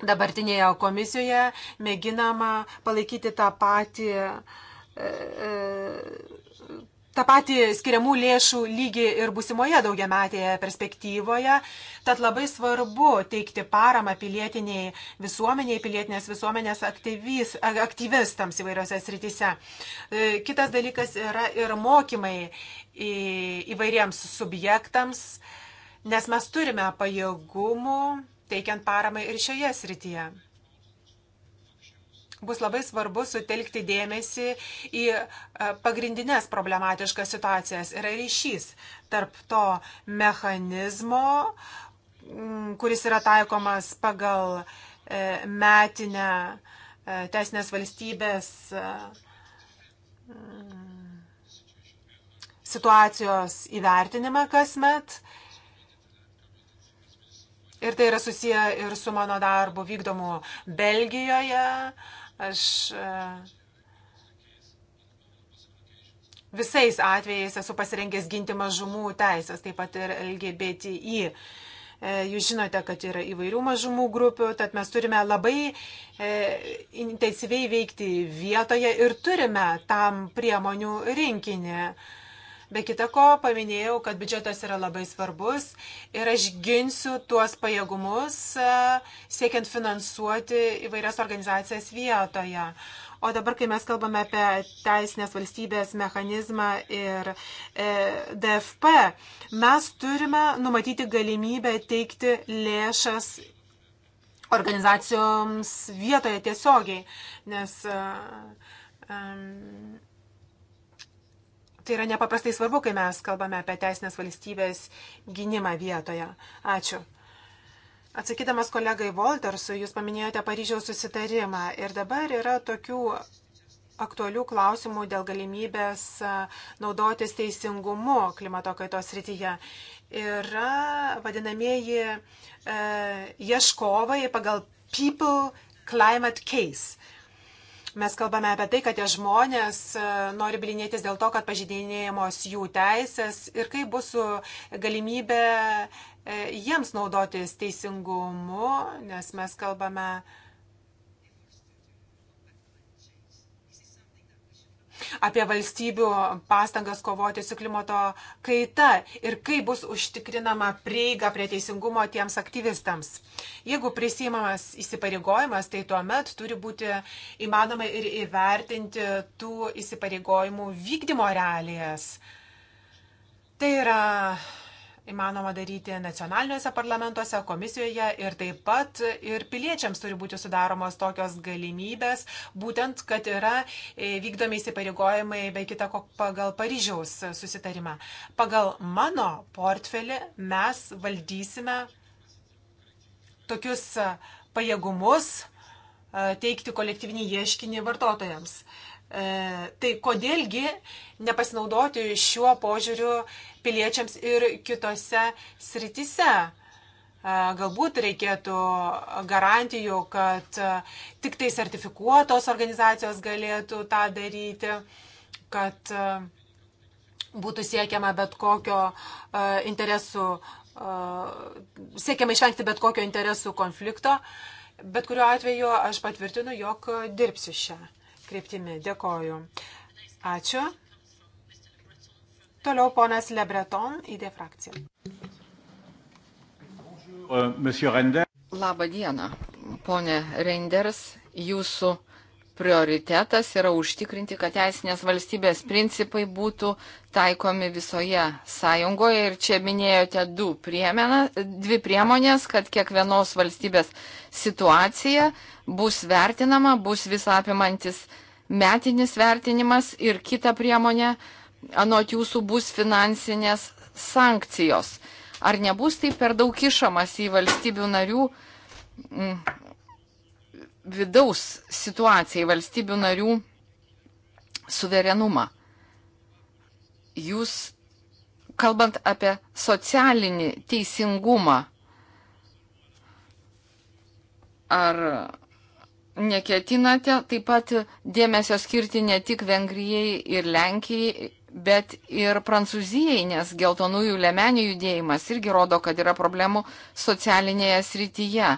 dabartinėje komisijoje mėginama palaikyti tą patį, e, e, tą patį skiriamų lėšų lygį ir busimoje daugiametėje perspektyvoje. Tad labai svarbu teikti paramą pilietiniai visuomeniai, pilietinės visuomenės aktyvis, aktyvistams įvairiose srityse. E, kitas dalykas yra ir mokymai įvairiems subjektams, nes mes turime pajėgumų teikiant paramą ir šioje srityje. Bus labai svarbu sutelkti dėmesį į e, pagrindinės problematiškas situacijas. Yra ryšys tarp to mechanizmo, kuris yra taikomas pagal e, metinę e, teisinės valstybės situacijos įvertinimą kasmet Ir tai yra susiję ir su mano darbu vykdomu Belgijoje. Aš e, visais atvejais esu pasirengęs ginti mažumų teisės, taip pat ir LGBTI. E, jūs žinote, kad yra įvairių mažumų grupių, tad mes turime labai e, intensyviai veikti vietoje ir turime tam priemonių rinkinį. Be kita ko, paminėjau, kad biudžetas yra labai svarbus ir aš ginsiu tuos pajėgumus e, siekiant finansuoti įvairias organizacijas vietoje. O dabar, kai mes kalbame apie teisinės valstybės mechanizmą ir e, DFP, mes turime numatyti galimybę teikti lėšas organizacijoms vietoje tiesiogiai, nes um, tai yra nepaprastai svarbu, kai mes kalbame apie teisinės valstybės gynimą vietoje. Ačiū. Atsakydamas kolegai Voltersui, jūs paminėjote Paryžiaus susitarimą ir dabar yra tokių aktualių klausimų dėl galimybės naudotis teisingumu klimato kaitos rytyje. Yra vadinamieji e, ieškovai pagal People Climate Case. Mes kalbame apie tai, kad tie žmonės e, nori bilinėtis dėl to, kad pažydinėjamos jų teisės ir kaip bus su galimybė e, jiems naudotis teisingumu, nes mes kalbame apie apie valstybių pastangas kovoti su klimato kaita ir kaip bus užtikrinama prieiga prie teisingumo tiems aktyvistams. Jeigu prisimamas įsipareigojimas, tai tuomet turi būti įmanoma ir įvertinti tų įsipareigojimų vykdymo realijas. Tai yra įmanoma daryti nacionaliniuose parlamentuose, komisijoje ir taip pat ir piliečiams turi būti sudaromos tokios galimybės, būtent, kad yra e, vykdomi įsipareigojimai be kita ko pagal Paryžiaus susitarimą. Pagal mano portfelį mes valdysime tokius e, pajėgumus e, teikti kolektyvinį ieškinį vartotojams. Tai kodėlgi nepasinaudoti šiuo požiūriu piliečiams ir kitose sritise. Galbūt reikėtų garantijų, kad tik tai sertifikuotos organizacijos galėtų tą daryti, kad būtų siekiama bet kokio interesų, siekiama išvengti bet kokio interesų konflikto. Bet kuriuo atveju aš patvirtinu, jog dirbsiu šią kryptimį. Dėkoju. Ačiū. Toliau ponas Lebreton, ID frakcija. Uh, Labą dieną, ponė Reinders. Jūsų prioritetas yra užtikrinti, kad teisinės valstybės principai būtų taikomi visoje sąjungoje. Ir čia minėjote du priemena, dvi priemonės, kad kiekvienos valstybės situacija bus vertinama, bus visapimantis metinis vertinimas ir kita priemonė anot jūsų bus finansinės sankcijos? Ar nebus tai per daug kišamas į valstybių narių m, mm, vidaus situaciją, į valstybių narių suverenumą? Jūs, kalbant apie socialinį teisingumą, ar neketinate taip pat dėmesio skirti ne tik Vengrijai ir Lenkijai, bet ir Prancūzijai, nes geltonųjų lemenių judėjimas irgi rodo, kad yra problemų socialinėje srityje.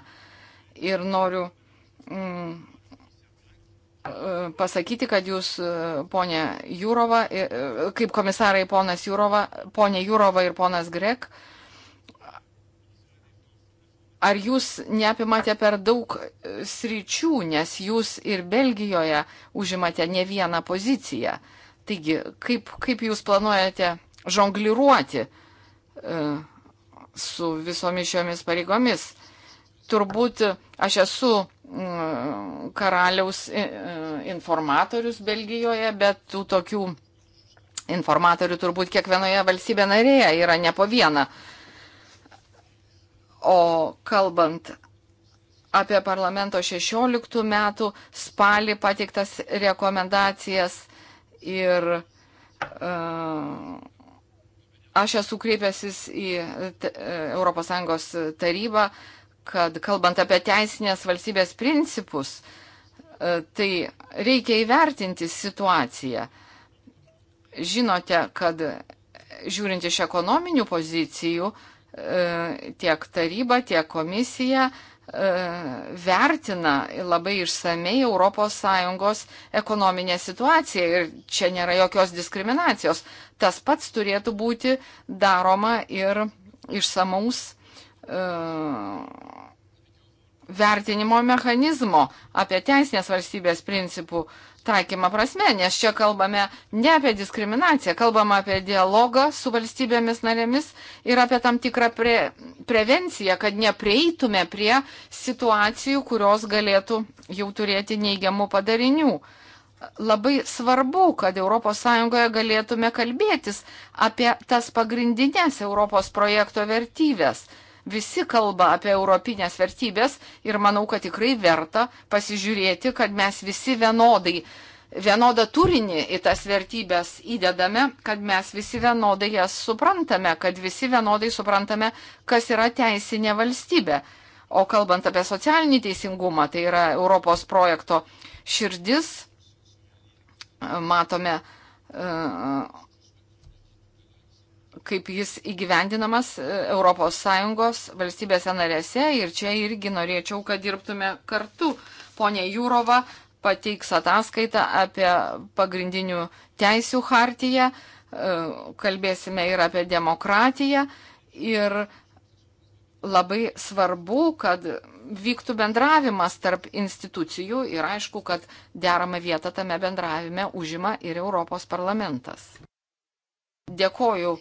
Ir noriu mm, e, pasakyti, kad jūs, e, ponė Jūrova, e, kaip komisarai ponas Jūrova, ponė Jūrova ir ponas Grek, ar jūs neapimate per daug sričių, nes jūs ir Belgijoje užimate ne vieną poziciją. Uh, Taigi, kaip, kaip jūs planuojate žongliruoti e, su visomis šiomis pareigomis? Turbūt e, aš esu karaliaus e, informatorius Belgijoje, bet tų tokių informatorių turbūt kiekvienoje valstybė narėje yra ne po vieną. O kalbant apie parlamento 16 metų spalį patiktas rekomendacijas, Ir uh, aš esu kreipęsis į ES tarybą, kad kalbant apie teisinės valstybės principus, uh, tai reikia įvertinti situaciją. Žinote, kad žiūrint iš ekonominių pozicijų, e, tiek taryba, tiek komisija uh, E, vertina labai išsamei ES ekonominę situaciją ir čia nėra jokios diskriminacijos. Tas pats turėtų būti daroma ir išsamaus uh, vertinimo mechanizmo apie teisinės valstybės principų taikymą prasme, nes čia kalbame ne apie diskriminaciją, kalbame apie dialogą su valstybėmis narėmis ir apie tam tikrą pre, prevenciją, kad neprieitume prie situacijų, kurios galėtų jau turėti neigiamų padarinių. Labai svarbu, kad ES galėtume kalbėtis apie tas pagrindinės Europos projekto vertybės visi kalba apie europinės vertybės ir manau, kad tikrai verta pasižiūrėti, kad mes visi vienodai, vienodą turinį į tas vertybės įdedame, kad mes visi vienodai jas suprantame, kad visi vienodai suprantame, kas yra teisinė valstybė. O kalbant apie socialinį teisingumą, tai yra Europos projekto širdis, matome, uh, kaip jis įgyvendinamas ES valstybėse narėse ir čia irgi norėčiau, kad dirbtume kartu. Pone Jūrova pateiks ataskaitą apie pagrindinių teisių hartiją, e, kalbėsime ir apie demokratiją ir labai svarbu, kad vyktų bendravimas tarp institucijų ir aišku, kad deramą vietą tame bendravime užima ir Europos parlamentas. Dėkoju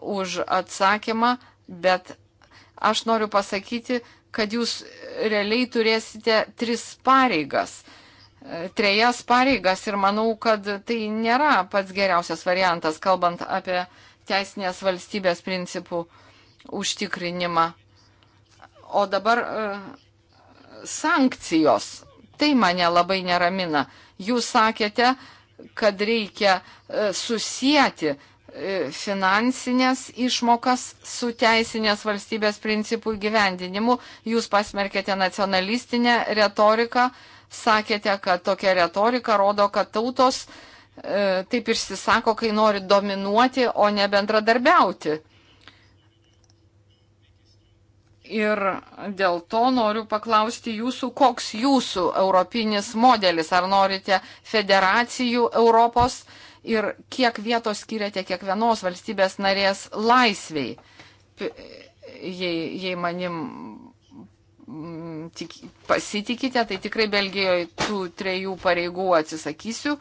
už atsakymą, bet aš noriu pasakyti, kad jūs realiai turėsite tris pareigas trejas pareigas ir manau, kad tai nėra pats geriausias variantas, kalbant apie teisinės valstybės principų užtikrinimą. O dabar e, sankcijos. Tai mane labai neramina. Jūs sakėte, kad reikia e, susijęti E, finansinės išmokas su teisinės valstybės principų gyvendinimu. Jūs pasmerkėte nacionalistinę retoriką, sakėte, kad tokia retorika rodo, kad tautos e, taip išsisako, kai nori dominuoti, o ne bendradarbiauti. Ir dėl to noriu paklausti jūsų, koks jūsų europinis modelis, ar norite federacijų Europos, e, ir kiek vietos skiriate kiekvienos valstybės narės laisviai, jei, jei manim mm, tik, pasitikite, tai tikrai Belgijoje tų trejų pareigų atsisakysiu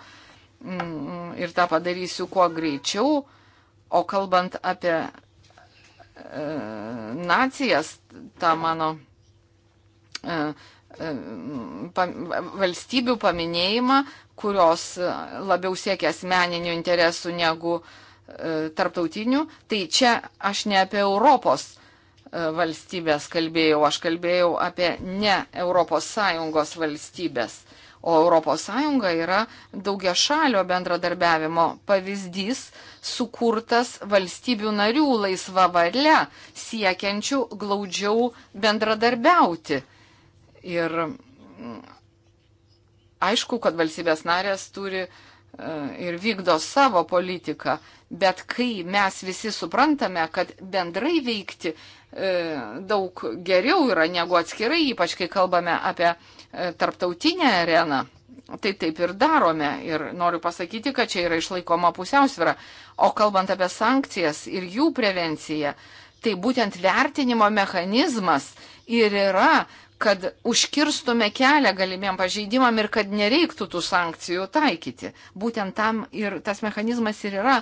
mm, ir tą padarysiu kuo greičiau. O kalbant apie e, nacijas, ta mano e, valstybių paminėjimą, kurios labiau siekia asmeninių interesų negu e, tarptautinių, tai čia aš ne apie Europos e, valstybės kalbėjau, aš kalbėjau apie ne ES valstybės. O ES yra daugia šalio bendradarbiavimo pavyzdys, sukurtas valstybių narių laisva valia, siekiančių glaudžiau bendradarbiauti. Ir mm, aišku, kad valstybės narės turi e, ir vykdo savo politiką, bet kai mes visi suprantame, kad bendrai veikti e, daug geriau yra negu atskirai, ypač kai kalbame apie e, tarptautinę areną, tai taip ir darome. Ir noriu pasakyti, kad čia yra išlaikoma pusiausvėra. O kalbant apie sankcijas ir jų prevenciją, tai būtent vertinimo mechanizmas ir yra kad užkirstume kelią galimiem pažeidimam ir kad nereiktų tų sankcijų taikyti. Būtent tam ir tas mechanizmas ir yra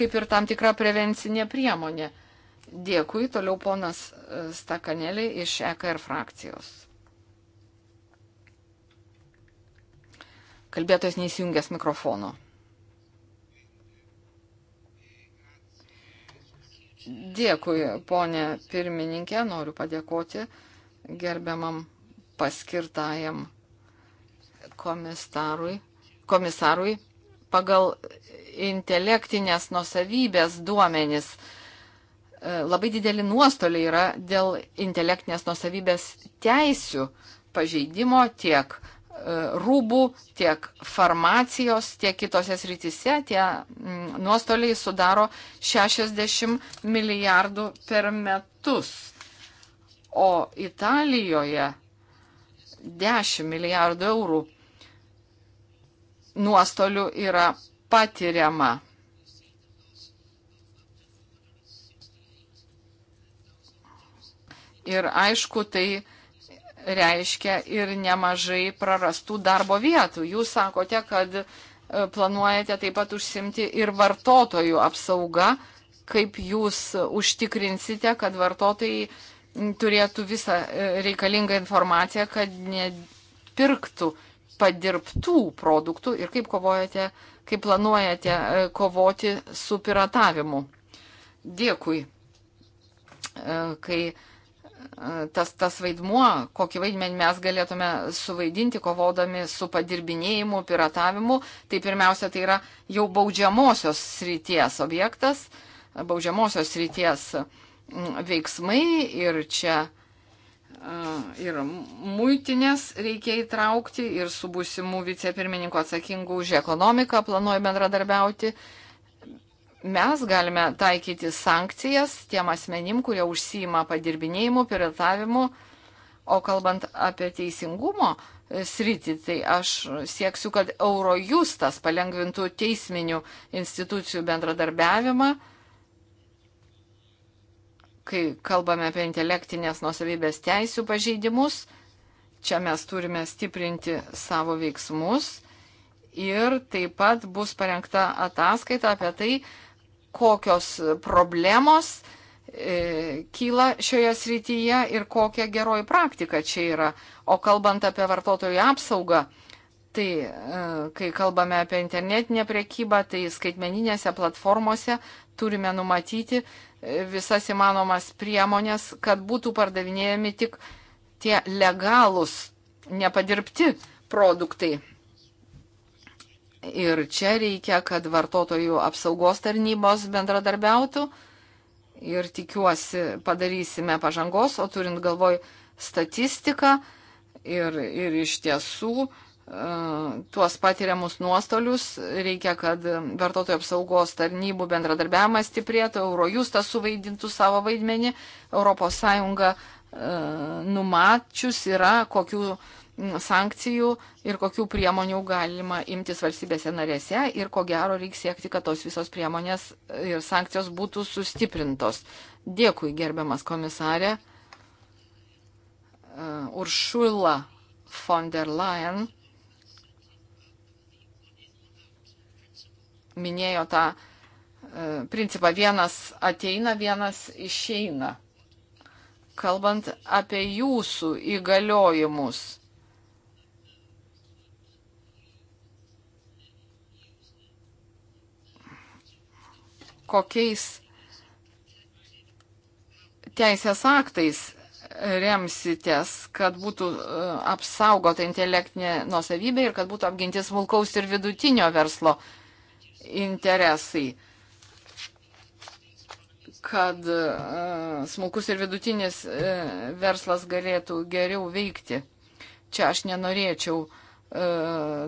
kaip ir tam tikra prevencinė priemonė. Dėkui, toliau ponas e, Stakanelį iš EKR frakcijos. Kalbėtojas neįsijungęs mikrofono. Dėkui, ponė pirmininkė, noriu padėkoti uh, gerbiamam paskirtajam komisarui, komisarui pagal intelektinės nusavybės duomenis. E, labai dideli nuostoliai yra dėl intelektinės nusavybės teisių pažeidimo tiek e, rūbų, tiek farmacijos, tiek kitose srityse. Tie nuostoliai sudaro 60 milijardų per metus o Italijoje 10 milijardų eurų nuostolių yra patiriama. Ir aišku, tai reiškia ir nemažai prarastų darbo vietų. Jūs sakote, kad e, planuojate taip pat užsimti ir vartotojų apsaugą, kaip jūs užtikrinsite, kad vartotojai turėtų visą e, reikalingą informaciją, kad nepirktų padirbtų produktų ir kaip kovojate, kaip planuojate e, kovoti su piratavimu. Dėkui, e, kai tas, tas vaidmuo, kokį vaidmenį mes galėtume suvaidinti kovodami su padirbinėjimu, piratavimu, tai pirmiausia, tai yra jau baudžiamosios srities objektas, baudžiamosios srities objektas veiksmai ir čia e, ir muitinės reikia įtraukti ir su būsimu vicepirmininku atsakingu už ekonomiką planuoju bendradarbiauti. Mes galime taikyti sankcijas tiem asmenim, kurie užsima padirbinėjimu, piratavimu, o kalbant apie teisingumo e, sritį, tai aš sieksiu, kad Eurojustas palengvintų teisminių institucijų bendradarbiavimą kai kalbame apie intelektinės nusavybės teisų pažeidimus, čia mes turime stiprinti savo veiksmus ir taip pat bus parengta ataskaita apie tai, kokios problemos e, kyla šioje srityje ir kokia geroji praktika čia yra. O kalbant apie vartotojų apsaugą, tai e, kai kalbame apie internetinę priekybą, tai skaitmeninėse platformose turime numatyti e, visas įmanomas priemonės, kad būtų pardavinėjami tik tie legalūs, nepadirbti produktai. Ir čia reikia, kad vartotojų apsaugos tarnybos bendradarbiautų ir tikiuosi padarysime pažangos, o turint galvoj statistiką ir, ir iš tiesų tuos patiriamus nuostolius, reikia, kad vartotojų apsaugos tarnybų bendradarbiavimas stiprėtų, Eurojustas suvaidintų savo vaidmenį, ES e, numačius yra, kokių sankcijų ir kokių priemonių galima imtis valstybėse narėse ir ko gero reikia siekti, kad tos visos priemonės ir sankcijos būtų sustiprintos. Dėkui, gerbiamas komisarė. E, Uršula von der Leyen minėjo tą e, principą vienas ateina, vienas išeina. Kalbant apie jūsų įgaliojimus. kokiais teisės aktais remsitės, kad būtų e, apsaugota intelektinė nuosavybė ir kad būtų apginti smulkaus ir vidutinio verslo interesai, kad e, smulkus ir vidutinis e, verslas galėtų geriau veikti. Čia aš nenorėčiau e,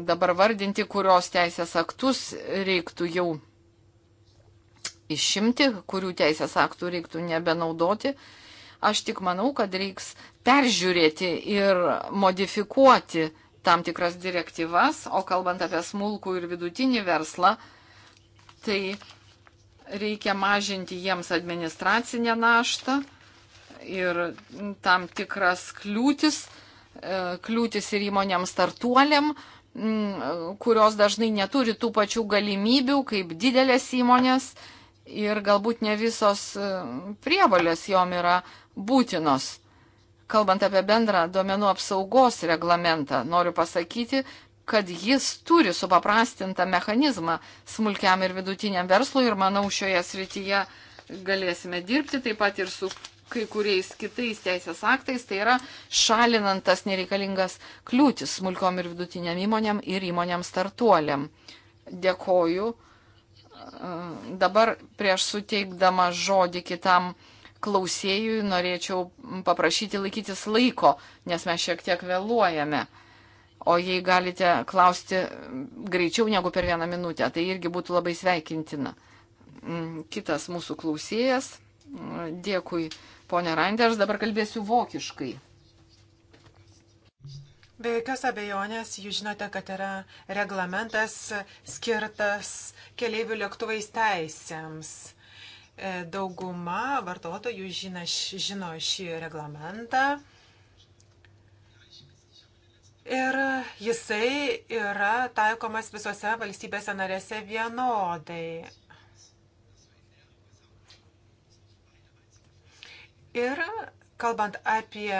dabar vardinti, kurios teisės aktus reiktų jau išimti, kurių teisės aktų reiktų nebenaudoti. Aš tik manau, kad reiks peržiūrėti ir modifikuoti tam tikras direktyvas, o kalbant apie smulkų ir vidutinį verslą, uh, tai reikia mažinti jiems administracinę naštą ir tam tikras kliūtis, e, kliūtis ir įmonėm startuoliam, mm, kurios dažnai neturi tų pačių galimybių kaip didelės įmonės ir galbūt ne visos e, prievalės jom yra būtinos. Kalbant apie bendrą duomenų apsaugos reglamentą, noriu pasakyti, kad jis turi supaprastintą mechanizmą smulkiam ir vidutiniam verslui ir manau šioje srityje galėsime dirbti taip pat ir su kai kuriais kitais teisės aktais, tai yra šalinant tas nereikalingas kliūtis smulkiom ir vidutiniam įmonėm ir įmonėm startuoliam. Dėkoju. Dabar prieš suteikdama žodį kitam klausėjui norėčiau paprašyti laikytis laiko, nes mes šiek tiek vėluojame. O jei galite klausti greičiau negu per vieną minutę, tai irgi būtų labai sveikintina. Mm, kitas mūsų klausėjas. Mm, dėkui, ponė Randers. Dabar kalbėsiu vokiškai. Be jokios abejonės, jūs žinote, kad yra reglamentas skirtas keliaivių lėktuvais teisėms. E, dauguma vartotojų žino, žino šį reglamentą ir jisai yra taikomas visose valstybėse narėse vienodai. Ir kalbant apie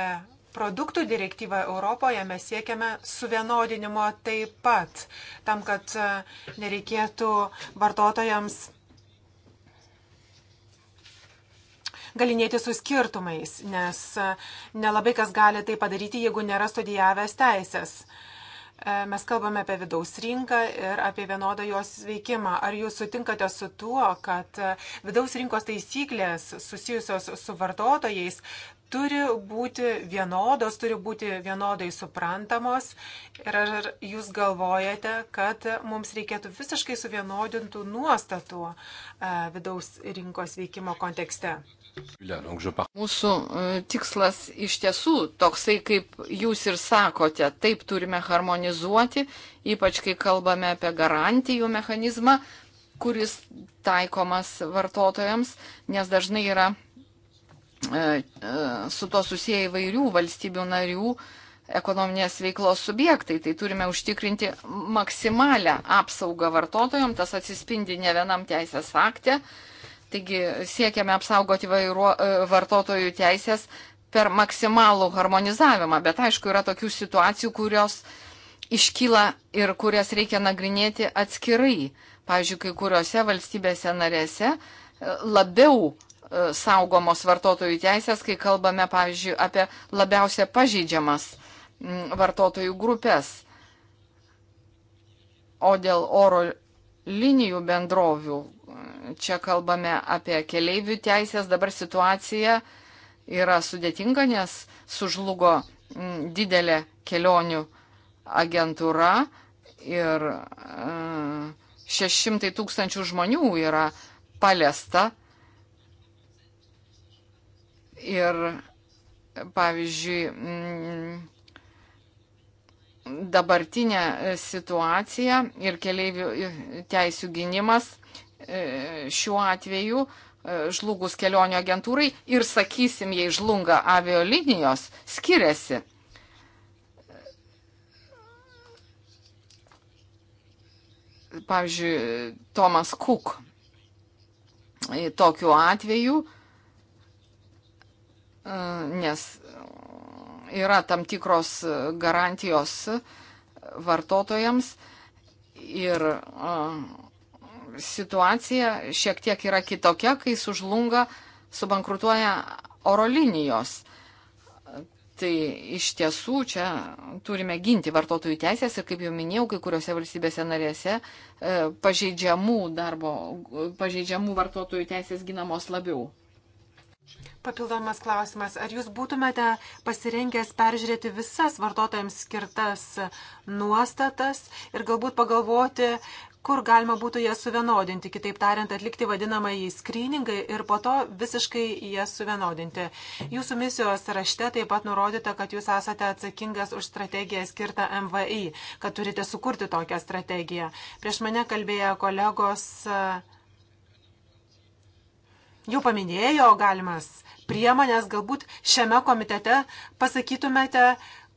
produktų direktyvą Europoje, mes siekiame suvienodinimo taip pat, tam, kad nereikėtų vartotojams galinėti su skirtumais, nes e, nelabai kas gali tai padaryti, jeigu nėra studijavęs teisės. E, mes kalbame apie vidaus rinką ir apie vienodą jos veikimą. Ar jūs sutinkate su tuo, kad e, vidaus rinkos taisyklės susijusios su vartotojais turi būti vienodos, turi būti vienodai suprantamos. Ir ar jūs galvojate, kad mums reikėtų visiškai suvienodintų nuostatų vidaus rinkos veikimo kontekste? Mūsų e, tikslas iš tiesų toksai, kaip jūs ir sakote, taip turime harmonizuoti, ypač kai kalbame apie garantijų mechanizmą, kuris taikomas vartotojams, nes dažnai yra e, e, su to susiję įvairių valstybių narių ekonominės veiklos subjektai. Tai turime užtikrinti maksimalę apsaugą vartotojams, tas atsispindi ne vienam teisės akte. E, Taigi siekiame apsaugoti vairuo, e, vartotojų teisės per maksimalų harmonizavimą, bet aišku, yra tokių situacijų, kurios iškyla ir kurias reikia nagrinėti atskirai. Pavyzdžiui, kai kuriuose valstybėse narėse e, labiau e, saugomos vartotojų teisės, kai kalbame, pavyzdžiui, apie labiausia pažeidžiamas vartotojų grupės. O dėl oro linijų bendrovių. Čia kalbame apie keleivių teisės, dabar situacija yra sudėtinga, nes sužlugo mm, didelė kelionių agentūra ir 600 e, tūkstančių žmonių yra paliesta. Ir pavyzdžiui, mm, dabartinė situacija ir keleivių teisų gynimas e, šiuo atveju e, žlugus kelionių agentūrai ir, sakysim, jei žlunga aviolinijos, skiriasi. Pavyzdžiui, Tomas Cook e, tokiu atveju, nes yra tam tikros garantijos vartotojams ir situacija šiek tiek yra kitokia, kai sužlunga, subankrutuoja oro linijos. Tai iš tiesų čia turime ginti vartotojų teisės ir, kaip jau minėjau, kai kuriuose valstybėse narėse e, pažeidžiamų, darbo, pažeidžiamų vartotojų teisės ginamos labiau. Papildomas klausimas. Ar jūs būtumėte pasirengęs peržiūrėti visas vartotojams skirtas nuostatas ir galbūt pagalvoti, kur galima būtų jas suvienodinti, kitaip tariant, atlikti vadinamąjį skryningą ir po to visiškai jas suvienodinti. Jūsų misijos rašte taip pat nurodyta, kad jūs esate atsakingas už strategiją skirtą MVI, kad turite sukurti tokią strategiją. Prieš mane kalbėjo kolegos. Uh, jau paminėjo galimas priemonės, galbūt šiame komitete pasakytumėte,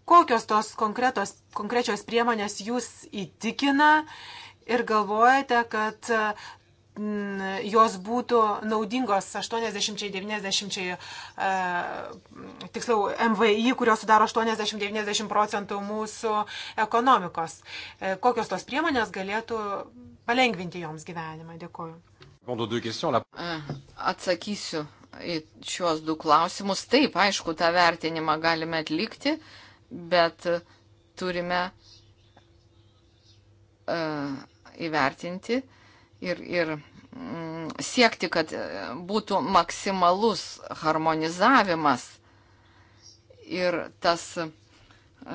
kokios tos konkretos, konkrečios priemonės jūs įtikina ir galvojate, kad mm, jos būtų naudingos 80-90, e, tiksliau MVI, kurios sudaro 80-90 procentų mūsų ekonomikos. E, kokios tos priemonės galėtų palengvinti joms gyvenimą? Dėkuoju. E, atsakysiu į šiuos du klausimus. Taip, aišku, tą vertinimą galime atlikti, bet turime uh, įvertinti ir, ir mm, siekti, kad būtų maksimalus harmonizavimas ir tas uh,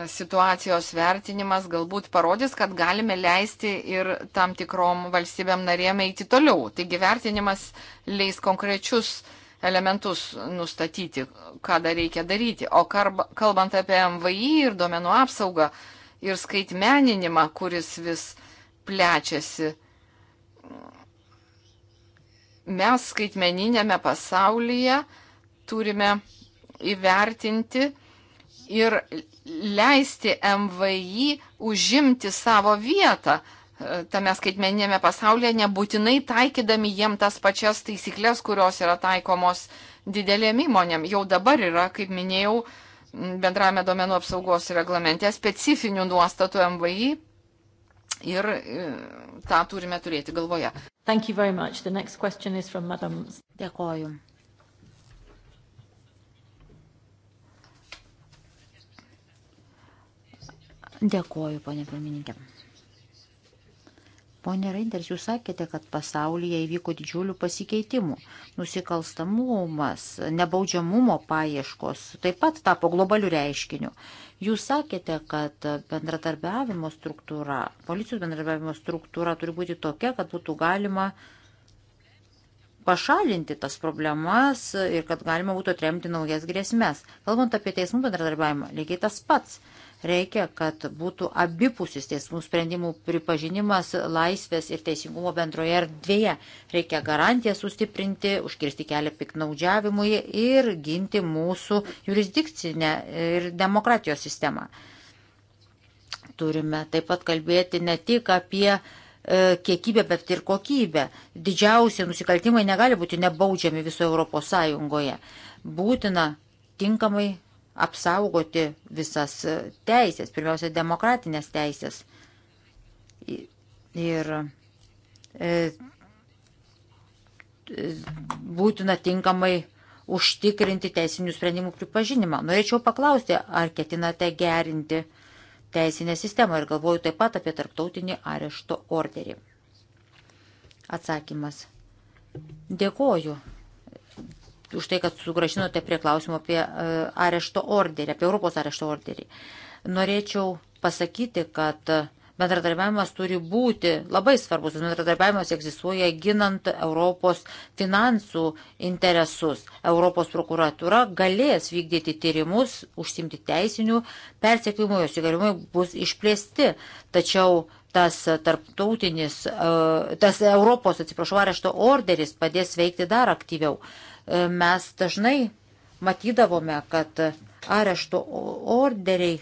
situacijos vertinimas galbūt parodys, kad galime leisti ir tam tikrom valstybėm narėm eiti toliau. Taigi vertinimas leis konkrečius elementus nustatyti, ką dar reikia daryti. O kalbant apie MVI ir duomenų apsaugą ir skaitmeninimą, kuris vis plečiasi, mes skaitmeninėme pasaulyje turime įvertinti, ir leisti MVI užimti savo vietą e, tame skaitmeninėme pasaulyje, nebūtinai taikydami jiem tas pačias taisyklės, kurios yra taikomos didelėm įmonėm. Jau dabar yra, kaip minėjau, bendrame domenų apsaugos reglamente specifinių nuostatų MVI ir e, tą turime turėti galvoje. Dėkoju. Dėkoju, ponė pirmininkė. Pone Reinders, jūs sakėte, kad pasaulyje įvyko didžiulių pasikeitimų. Nusikalstamumas, nebaudžiamumo paieškos taip pat tapo globalių reiškinių. Jūs sakėte, kad bendradarbiavimo struktūra, policijos bendradarbiavimo struktūra turi būti tokia, kad būtų galima pašalinti tas problemas ir kad galima būtų atremti naujas grėsmės. Kalbant apie teismų bendradarbiavimą, lygiai tas pats Reikia, kad būtų abipusis teismų sprendimų pripažinimas laisvės ir teisingumo bendroje erdvėje. Reikia garantiją sustiprinti, užkirsti kelią piknaudžiavimui ir ginti mūsų jurisdikcinę ir demokratijos sistemą. Turime taip pat kalbėti ne tik apie e, kiekybę, bet ir kokybę. Didžiausi nusikaltimai negali būti nebaudžiami visoje Europos Sąjungoje. Būtina tinkamai apsaugoti visas teisės, pirmiausia, demokratinės teisės. Ir e, būtina tinkamai užtikrinti teisinių sprendimų pripažinimą. Norėčiau paklausti, ar ketinate gerinti teisinę sistemą ir galvoju taip pat apie tarptautinį arešto orderį. Atsakymas. Dėkoju už tai, kad sugražinote prie klausimo apie e, arešto orderį, apie Europos arešto orderį. Norėčiau pasakyti, kad bendradarbiavimas turi būti labai svarbus. Bendradarbiavimas egzistuoja ginant Europos finansų interesus. Europos prokuratura galės vykdyti tyrimus, užsimti teisinių persekimų, jos įgalimai bus išplėsti. Tačiau tas tarptautinis, e, tas Europos, atsiprašau, arešto orderis padės veikti dar aktyviau mes dažnai matydavome, kad arešto orderiai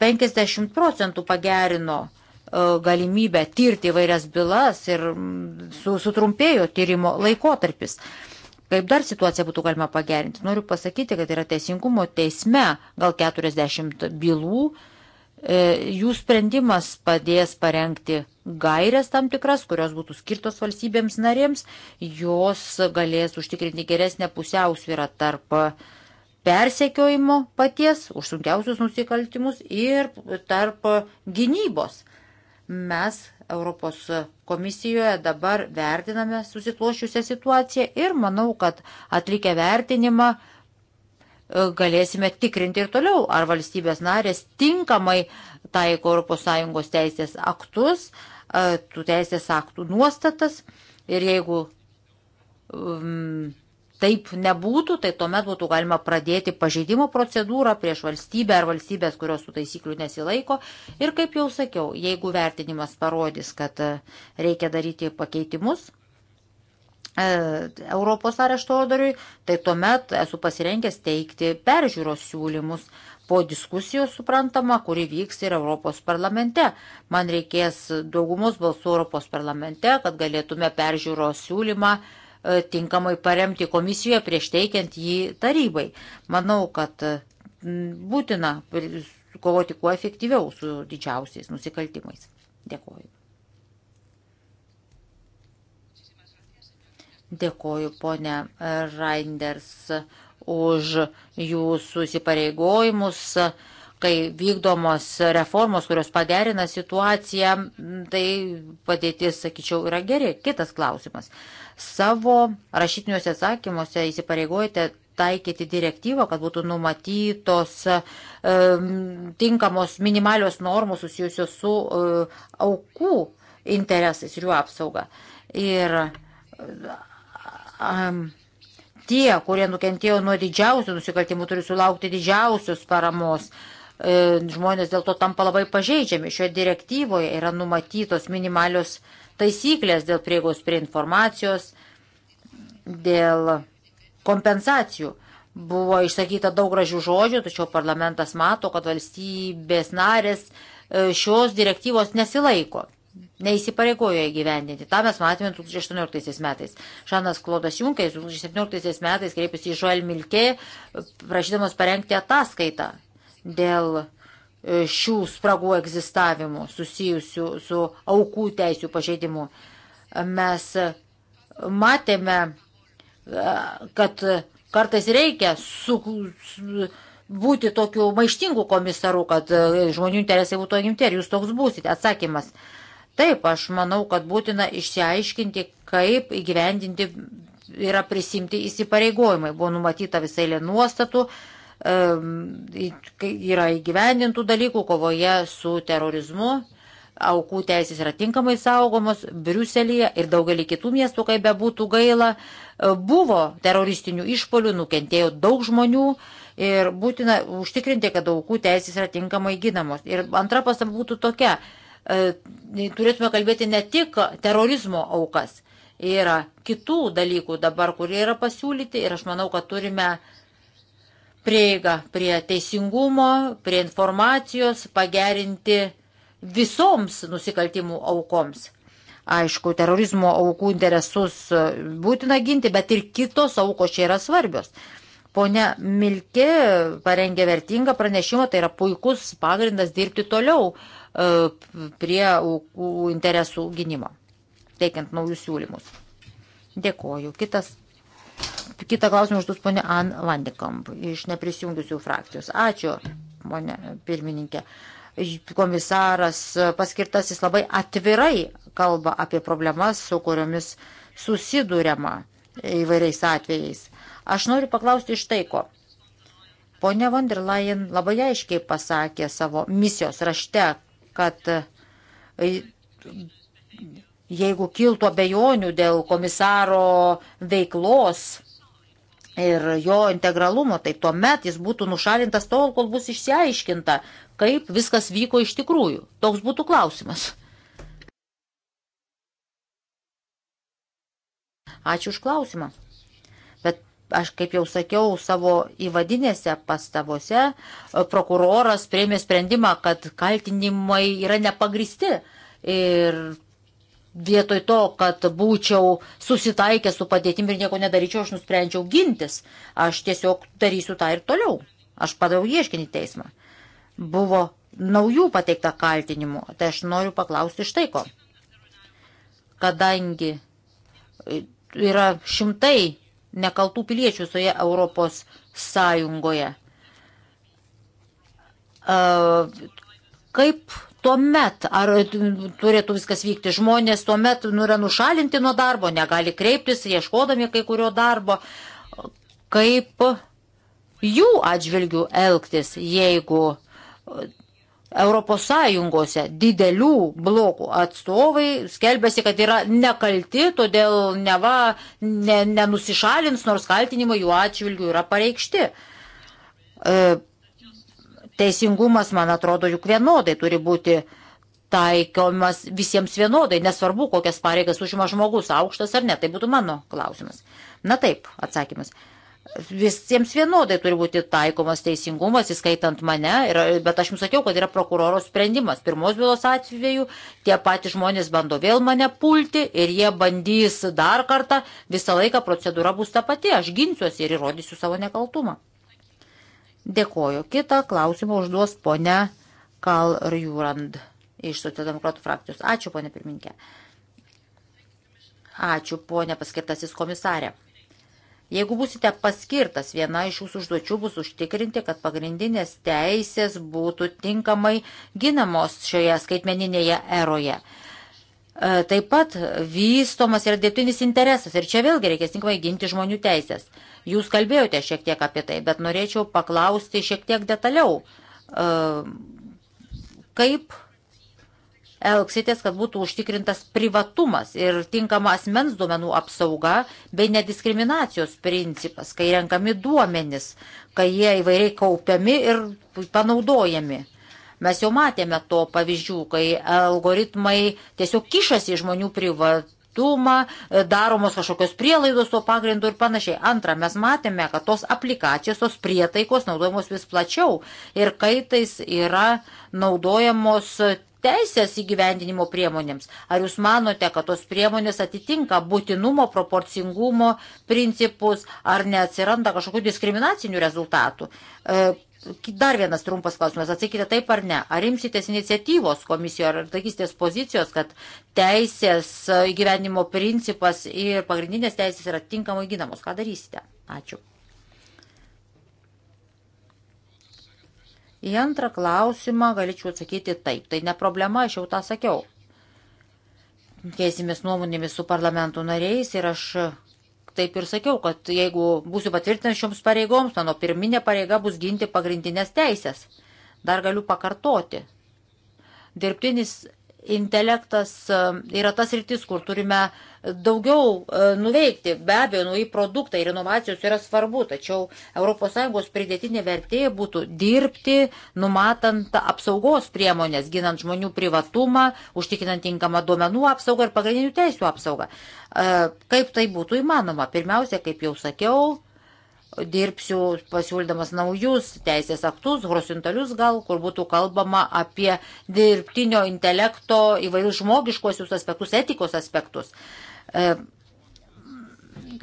50 procentų pagerino e, galimybę tirti vairias bylas ir sutrumpėjo tyrimo laikotarpis. Kaip dar situaciją būtų galima pagerinti? Noriu pasakyti, kad yra teisingumo teisme gal 40 bylų, E, jų sprendimas padės parengti gairias tam tikras, kurios būtų skirtos valstybėms narėms, jos galės užtikrinti geresnę pusiausvyrą tarp persekiojimo paties už sunkiausius nusikaltimus ir tarp gynybos. Mes Europos komisijoje dabar vertiname susiklošiusią situaciją ir manau, kad atlikę vertinimą E, galėsime tikrinti ir toliau, ar valstybės narės tinkamai taiko ES teisės aktus, e, tų teisės aktų nuostatas ir jeigu um, taip nebūtų, tai tuomet būtų galima pradėti pažeidimo procedūrą prieš valstybę ar valstybės, kurios tų taisyklių nesilaiko. Ir kaip jau sakiau, jeigu vertinimas parodys, kad e, reikia daryti pakeitimus, E, Europos arešto orderiui, tai tuomet esu pasirengęs teikti peržiūros siūlymus po diskusijos suprantama, kuri vyks ir Europos parlamente. Man reikės daugumos balsų Europos parlamente, kad galėtume peržiūros siūlymą e, tinkamai paremti komisijoje prieš teikiant jį tarybai. Manau, kad būtina kovoti kuo efektyviau su didžiausiais nusikaltimais. Dėkuoju. Dėkoju, ponė Reinders, už jūsų įsipareigojimus, kai vykdomos reformos, kurios pagerina situaciją, tai padėtis, sakyčiau, yra geri. Kitas klausimas. Savo rašytiniuose atsakymuose įsipareigojate taikyti direktyvą, kad būtų numatytos e, tinkamos minimalios normos susijusios su e, aukų interesais ir jų apsauga. Ir um, tie, kurie nukentėjo nuo didžiausių nusikaltimų, turi sulaukti didžiausios paramos. E, žmonės dėl to tampa labai pažeidžiami. Šioje direktyvoje yra numatytos minimalios taisyklės dėl prieigos prie informacijos, dėl kompensacijų. Buvo išsakyta daug gražių žodžių, tačiau parlamentas mato, kad valstybės narės e, šios direktyvos nesilaiko neįsipareigojo įgyvendinti. Ta mes matėme 2018 metais. Žanas Klodas Junkeris 2017 metais kreipėsi į Joel Milke, prašydamas parengti ataskaitą dėl e, šių spragų egzistavimų susijusių su aukų teisų pažeidimu. Mes matėme, e, kad kartais reikia su, su, būti tokiu maištingu komisaru, kad e, žmonių interesai būtų gimti, ar jūs toks būsite. Atsakymas Taip, aš manau, kad būtina išsiaiškinti, kaip įgyvendinti yra prisimti įsipareigojimai. Buvo numatyta visai lė nuostatų, yra įgyvendintų dalykų kovoje su terorizmu, aukų teisės yra tinkamai saugomos, Briuselėje ir daugelį kitų miestų, kaip bebūtų gaila, e, buvo teroristinių išpolių, nukentėjo daug žmonių. Ir būtina užtikrinti, kad aukų teisės yra tinkamai gynamos. Ir antra pastaba būtų tokia E, tai turėtume kalbėti ne tik terorizmo aukas. Yra kitų dalykų dabar, kurie yra pasiūlyti ir aš manau, kad turime prieigą prie teisingumo, prie informacijos pagerinti visoms nusikaltimų aukoms. Aišku, terorizmo aukų interesus būtina ginti, bet ir kitos aukos čia yra svarbios. Pone Milkė parengė vertingą pranešimą, tai yra puikus pagrindas dirbti toliau. Uh, E, prie aukų interesų gynimo, teikiant naujus siūlymus. Dėkoju. Kitas, kitą klausimą užduos ponė An Landikamp iš neprisijungusių frakcijos. Ačiū, ponė pirmininkė. Komisaras paskirtasis labai atvirai kalba apie problemas, su kuriomis susidūrėma įvairiais atvejais. Aš noriu paklausti iš tai, ko. Pone van der Leyen labai aiškiai pasakė savo misijos rašte, kad e, jeigu kiltų abejonių dėl komisaro veiklos ir jo integralumo, tai tuomet jis būtų nušalintas tol, kol bus išsiaiškinta, kaip viskas vyko iš tikrųjų. Toks būtų klausimas. Ačiū už klausimą aš kaip jau sakiau savo įvadinėse pastabose, e, prokuroras priemė sprendimą, kad kaltinimai yra nepagristi. Ir vietoj to, kad būčiau susitaikęs su padėtim ir nieko nedaryčiau, aš nusprendžiau gintis. Aš tiesiog darysiu tą ir toliau. Aš padariau ieškinį teismą. Buvo naujų pateikta kaltinimų. Tai aš noriu paklausti štai ko. Kadangi e, yra šimtai nekaltų piliečių visoje Europos Sąjungoje. E, kaip tuomet, ar turėtų viskas vykti, žmonės tuomet nu, yra nušalinti nuo darbo, negali kreiptis, ieškodami kai kurio darbo, kaip jų atžvilgių elgtis, jeigu Europos Sąjungose didelių blokų atstovai skelbėsi, kad yra nekalti, todėl neva ne, nenusišalins, nors kaltinimai jų atžvilgių yra pareikšti. E, teisingumas, man atrodo, juk vienodai turi būti taikomas visiems vienodai, nesvarbu, kokias pareigas užima žmogus, aukštas ar ne, tai būtų mano klausimas. Na taip, atsakymas visiems vienodai turi būti taikomas teisingumas, įskaitant mane, ir, bet aš jums sakiau, kad yra prokuroro sprendimas. Pirmos bylos atveju tie patys žmonės bando vėl mane pulti ir jie bandys dar kartą, visą laiką procedūra bus ta pati, aš ginsiuosi ir įrodysiu savo nekaltumą. Dėkoju. Kita klausimą užduos ponia Kal Jurand iš Socialdemokratų frakcijos. Ačiū, ponia pirminkė. Ačiū, ponia paskirtasis komisarė. Jeigu busite paskirtas, viena iš jūsų užduočių bus užtikrinti, kad pagrindinės teisės būtų tinkamai ginamos šioje skaitmeninėje eroje. E, taip pat vystomas yra dirbtinis interesas ir čia vėlgi reikės tinkamai ginti žmonių teisės. Jūs kalbėjote šiek tiek apie tai, bet norėčiau paklausti šiek tiek detaliau, e, kaip elgsitės, kad būtų užtikrintas privatumas ir tinkama asmens duomenų apsauga bei nediskriminacijos principas, kai renkami duomenys, kai jie įvairiai kaupiami ir panaudojami. Mes jau matėme to pavyzdžių, kai algoritmai tiesiog kišasi į žmonių privatumą, e, daromos kažkokios prielaidos to pagrindu ir panašiai. Antra, mes matėme, kad tos aplikacijos, tos prietaikos naudojamos vis plačiau ir kaitais yra naudojamos teisės įgyvendinimo priemonėms. Ar jūs manote, kad tos priemonės atitinka būtinumo, proporcingumo principus, ar neatsiranda kažkokių diskriminacinių rezultatų? E, dar vienas trumpas klausimas, atsakykite taip ar ne. Ar imsitės iniciatyvos komisijoje, ar takysitės pozicijos, kad teisės įgyvendinimo principas ir pagrindinės teisės yra tinkamai ginamos? Ką darysite? Ačiū. Į antrą klausimą galėčiau atsakyti taip. Tai ne problema, aš jau tą sakiau. Keisimės nuomonėmis su parlamentų nariais ir aš taip ir sakiau, kad jeigu būsiu patvirtinęs šioms pareigoms, mano pirminė pareiga bus ginti pagrindinės teisės. Dar galiu pakartoti. Dirbtinis intelektas e, yra tas rytis, kur turime daugiau e, nuveikti. Be abejo, nauji produktai ir inovacijos yra svarbu, tačiau ES pridėtinė vertė būtų dirbti, numatant apsaugos priemonės, ginant žmonių privatumą, užtikrinant tinkamą duomenų apsaugą ir pagrindinių teisų apsaugą. E, kaip tai būtų įmanoma? Pirmiausia, kaip jau sakiau, dirbsiu pasiūlydamas naujus teisės aktus, horizontalius gal, kur būtų kalbama apie dirbtinio intelekto įvairius žmogiškosius aspektus, etikos aspektus. E,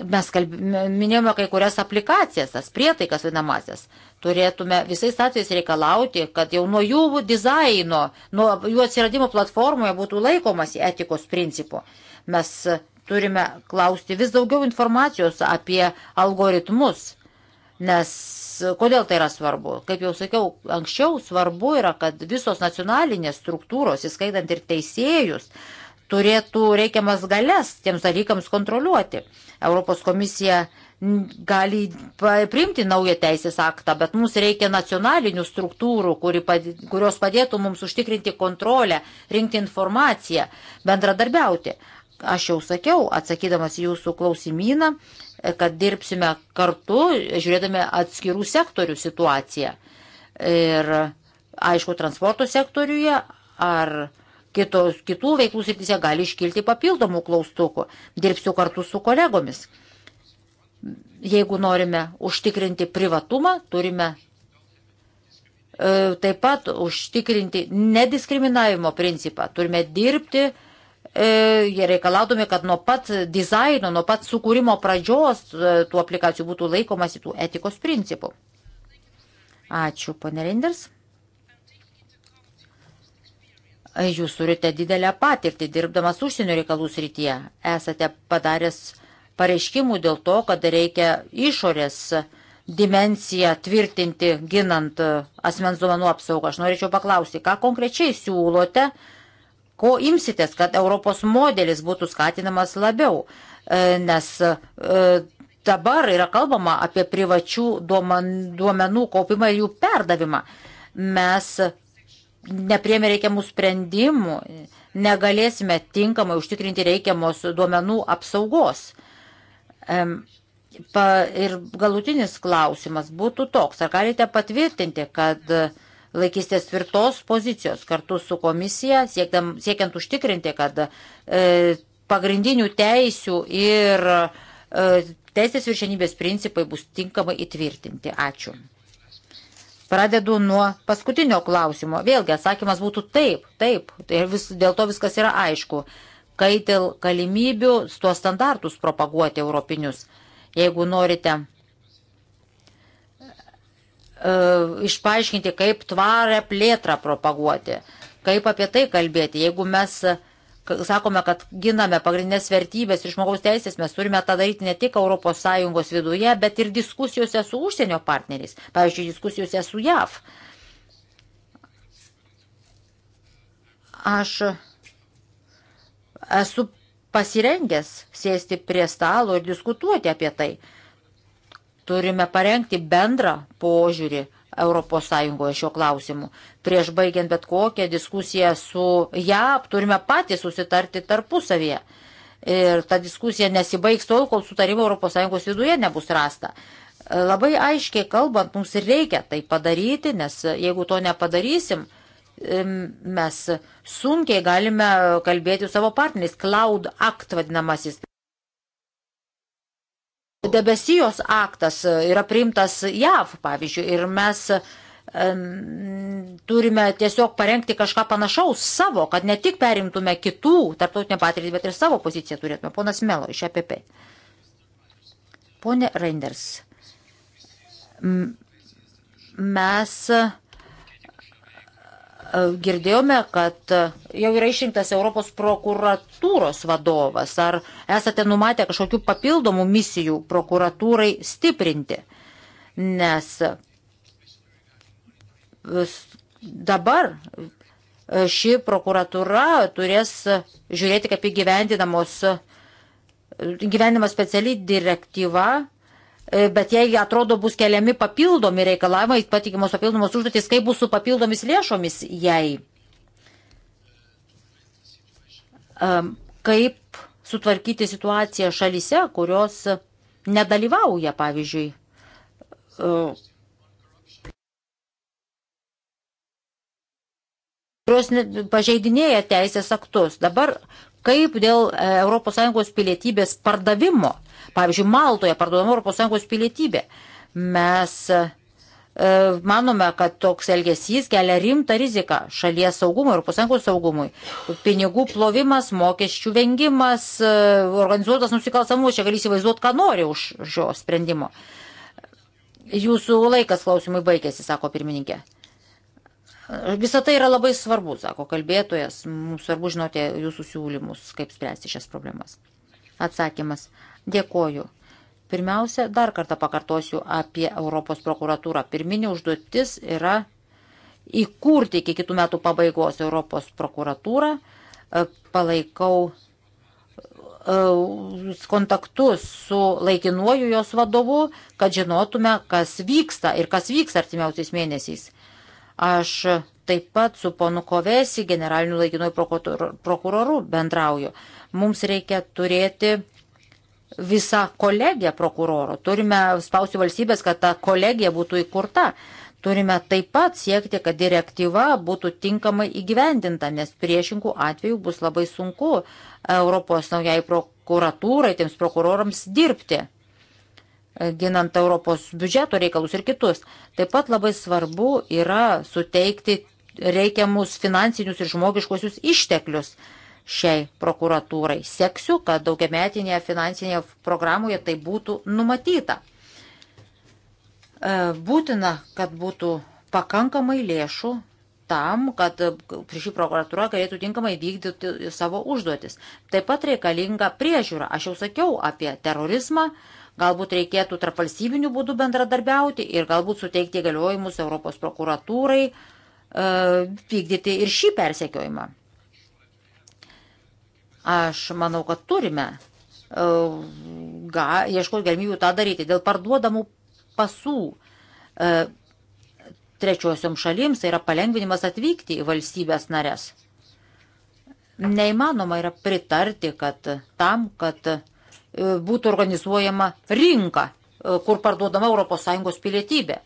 mes kalbėjome, minėjome kai kurias aplikacijas, tas prietaikas vadinamasias. Turėtume visais atvejais reikalauti, kad jau nuo jų dizaino, nuo jų atsiradimo platformoje būtų laikomasi etikos principų. Mes turime klausti vis daugiau informacijos apie algoritmus, Nes kodėl tai yra svarbu? Kaip jau sakiau, anksčiau svarbu yra, kad visos nacionalinės struktūros, įskaitant ir teisėjus, turėtų reikiamas galės tiems dalykams kontroliuoti. Europos komisija gali priimti naują teisės aktą, bet mums reikia nacionalinių struktūrų, kurios padėtų mums užtikrinti kontrolę, rinkti informaciją, bendradarbiauti. Aš jau sakiau, atsakydamas jūsų klausimyną, kad dirbsime kartu, žiūrėdami atskirų sektorių situaciją. Ir aišku, transporto sektoriuje ar kitos, kitų veiklų srityse gali iškilti papildomų klaustukų. Dirbsiu kartu su kolegomis. Jeigu norime užtikrinti privatumą, turime e, taip pat užtikrinti nediskriminavimo principą. Turime dirbti E, jie reikalaudami, kad nuo pat dizaino, nuo pat sukūrimo pradžios e, tų aplikacijų būtų laikomasi tų etikos principų. Ačiū, pane Reinders. E, jūs turite didelę patirtį dirbdamas užsienio reikalų srityje. Esate padaręs pareiškimų dėl to, kad reikia išorės dimensiją tvirtinti ginant asmens duomenų apsaugą. Aš norėčiau paklausti, ką konkrečiai siūlote uh, ko imsitės, kad Europos modelis būtų skatinamas labiau, e, nes e, dabar yra kalbama apie privačių duomenų kaupimą ir jų perdavimą. Mes nepriemė reikiamų sprendimų, negalėsime tinkamai užtikrinti reikiamos duomenų apsaugos. Pa, ir galutinis klausimas būtų toks, ar galite patvirtinti, kad uh, laikysitės tvirtos pozicijos kartu su komisija, siekdam, siekiant užtikrinti, kad e, pagrindinių teisių ir e, teisės viršenybės principai bus tinkamai įtvirtinti. Ačiū. Pradedu nuo paskutinio klausimo. Vėlgi atsakymas būtų taip, taip. Ir tai vis, dėl to viskas yra aišku. Kai dėl galimybių tuos standartus propaguoti europinius, jeigu norite E, išpaaiškinti, kaip tvarę plėtrą propaguoti, kaip apie tai kalbėti. Jeigu mes sakome, kad giname pagrindinės vertybės ir žmogaus teisės, mes turime tą daryti ne tik ES viduje, bet ir diskusijose su užsienio partneriais, pavyzdžiui, diskusijose su JAV. Aš esu pasirengęs sėsti prie stalo ir diskutuoti apie tai. Turime parengti bendrą požiūrį ES šio klausimu. Prieš baigiant bet kokią diskusiją su JAV turime patys susitarti tarpusavėje. Ir ta diskusija nesibaigs tol, kol sutarimo ES viduje nebus rasta. Labai aiškiai kalbant, mums ir reikia tai padaryti, nes jeigu to nepadarysim, mes sunkiai galime kalbėti su savo partneriais. Cloud Act vadinamasis. Debesijos aktas e, yra priimtas JAV, pavyzdžiui, ir mes e, turime tiesiog parengti kažką panašaus savo, kad ne tik perimtume kitų tarptautinę patirtį, bet ir savo poziciją turėtume. Ponas Melo iš APP. Pone Reinders, mes girdėjome, kad e, jau yra išrinktas Europos prokuratūros vadovas. Ar esate numatę kažkokių papildomų misijų prokuratūrai stiprinti? Nes e, dabar e, ši prokuratūra turės žiūrėti, kaip įgyvendinamos gyvenimo speciali direktyva E, bet jei atrodo bus keliami papildomi reikalavimai, patikimos papildomos užduotis, kaip bus su papildomis lėšomis, jei kaip sutvarkyti situaciją šalise, kurios nedalyvauja, pavyzdžiui, e, kurios pažeidinėja teisės aktus. Dabar Kaip dėl ES pilietybės pardavimo? Pavyzdžiui, Maltoje parduodama ES pilietybė. Mes e, e, manome, kad toks elgesys kelia rimtą riziką šalies saugumui, ES saugumui. Pinigų plovimas, mokesčių vengimas, e, organizuotas nusikalstamumas, čia gali įsivaizduoti, ką nori už šio sprendimo. Jūsų laikas klausimui baigėsi, sako pirmininkė. Visą tai yra labai svarbu, sako kalbėtojas. Mums svarbu žinoti jūsų siūlymus, kaip spręsti šias problemas. Atsakymas. Dėkoju. Pirmiausia, dar kartą pakartosiu apie Europos prokuratūrą. Pirminė užduotis yra įkurti iki kitų metų pabaigos Europos prokuratūrą. E, palaikau e, kontaktus su laikinuoju jos vadovu, kad žinotume, kas vyksta ir kas vyks artimiausiais mėnesiais. Aš taip pat su ponu Kovesi, generaliniu laikinuoju prokuroru, bendrauju. Mums reikia turėti visą kolegiją prokuroro. Turime spausti valstybės, kad ta kolegija būtų įkurta. Turime taip pat siekti, kad direktyva būtų tinkamai įgyvendinta, nes priešingų atvejų bus labai sunku Europos naujai prokuratūrai, tiems prokurorams dirbti. E, ginant Europos biudžeto reikalus ir kitus. Taip pat labai svarbu yra suteikti reikiamus finansinius ir žmogiškosius išteklius šiai prokuratūrai. Seksiu, kad daugiametinėje finansinėje programoje tai būtų numatyta. E, būtina, kad būtų pakankamai lėšų tam, kad šį prokuratūrą galėtų tinkamai vykdyti savo užduotis. Taip pat reikalinga priežiūra. Aš jau sakiau apie terorizmą, Galbūt reikėtų tarp valstybinių būdų bendradarbiauti ir galbūt suteikti galiojimus Europos prokuratūrai e, vykdyti ir šį persekiojimą. Aš manau, kad turime e, ga, ieškoti galimybių tą daryti dėl parduodamų pasų e, trečiosiom šalims, tai yra palengvinimas atvykti į valstybės narės. Neįmanoma yra pritarti, kad tam, kad E, būtų organizuojama rinka, e, kur parduodama ES pilietybė.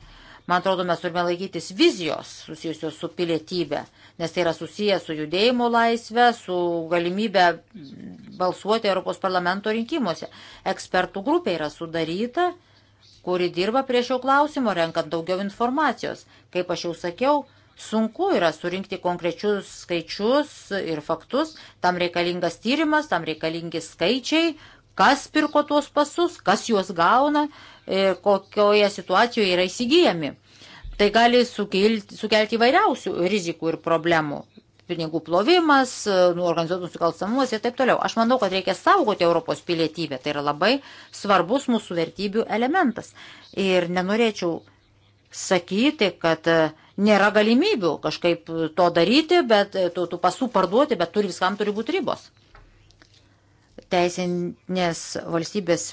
Man atrodo, mes turime laikytis vizijos susijusios su pilietybė, nes tai yra susiję su judėjimo laisvė, su galimybė balsuoti Europos parlamento rinkimuose. Ekspertų grupė yra sudaryta, kuri dirba prie šio klausimo, renkant daugiau informacijos. Kaip aš jau sakiau, sunku yra surinkti konkrečius skaičius ir faktus, tam reikalingas tyrimas, tam reikalingi skaičiai, kas pirko tuos pasus, kas juos gauna, e, kokioje situacijoje yra įsigijami. Tai gali sukelti, sukelti įvairiausių rizikų ir problemų. Pinigų plovimas, e, nu, organizuotų nusikalstamumas ir taip toliau. Aš manau, kad reikia saugoti Europos pilietybę. Tai yra labai svarbus mūsų vertybių elementas. Ir nenorėčiau sakyti, kad e, nėra galimybių kažkaip to daryti, bet tų, tų pasų parduoti, bet turi, viskam turi būti ribos teisinės valstybės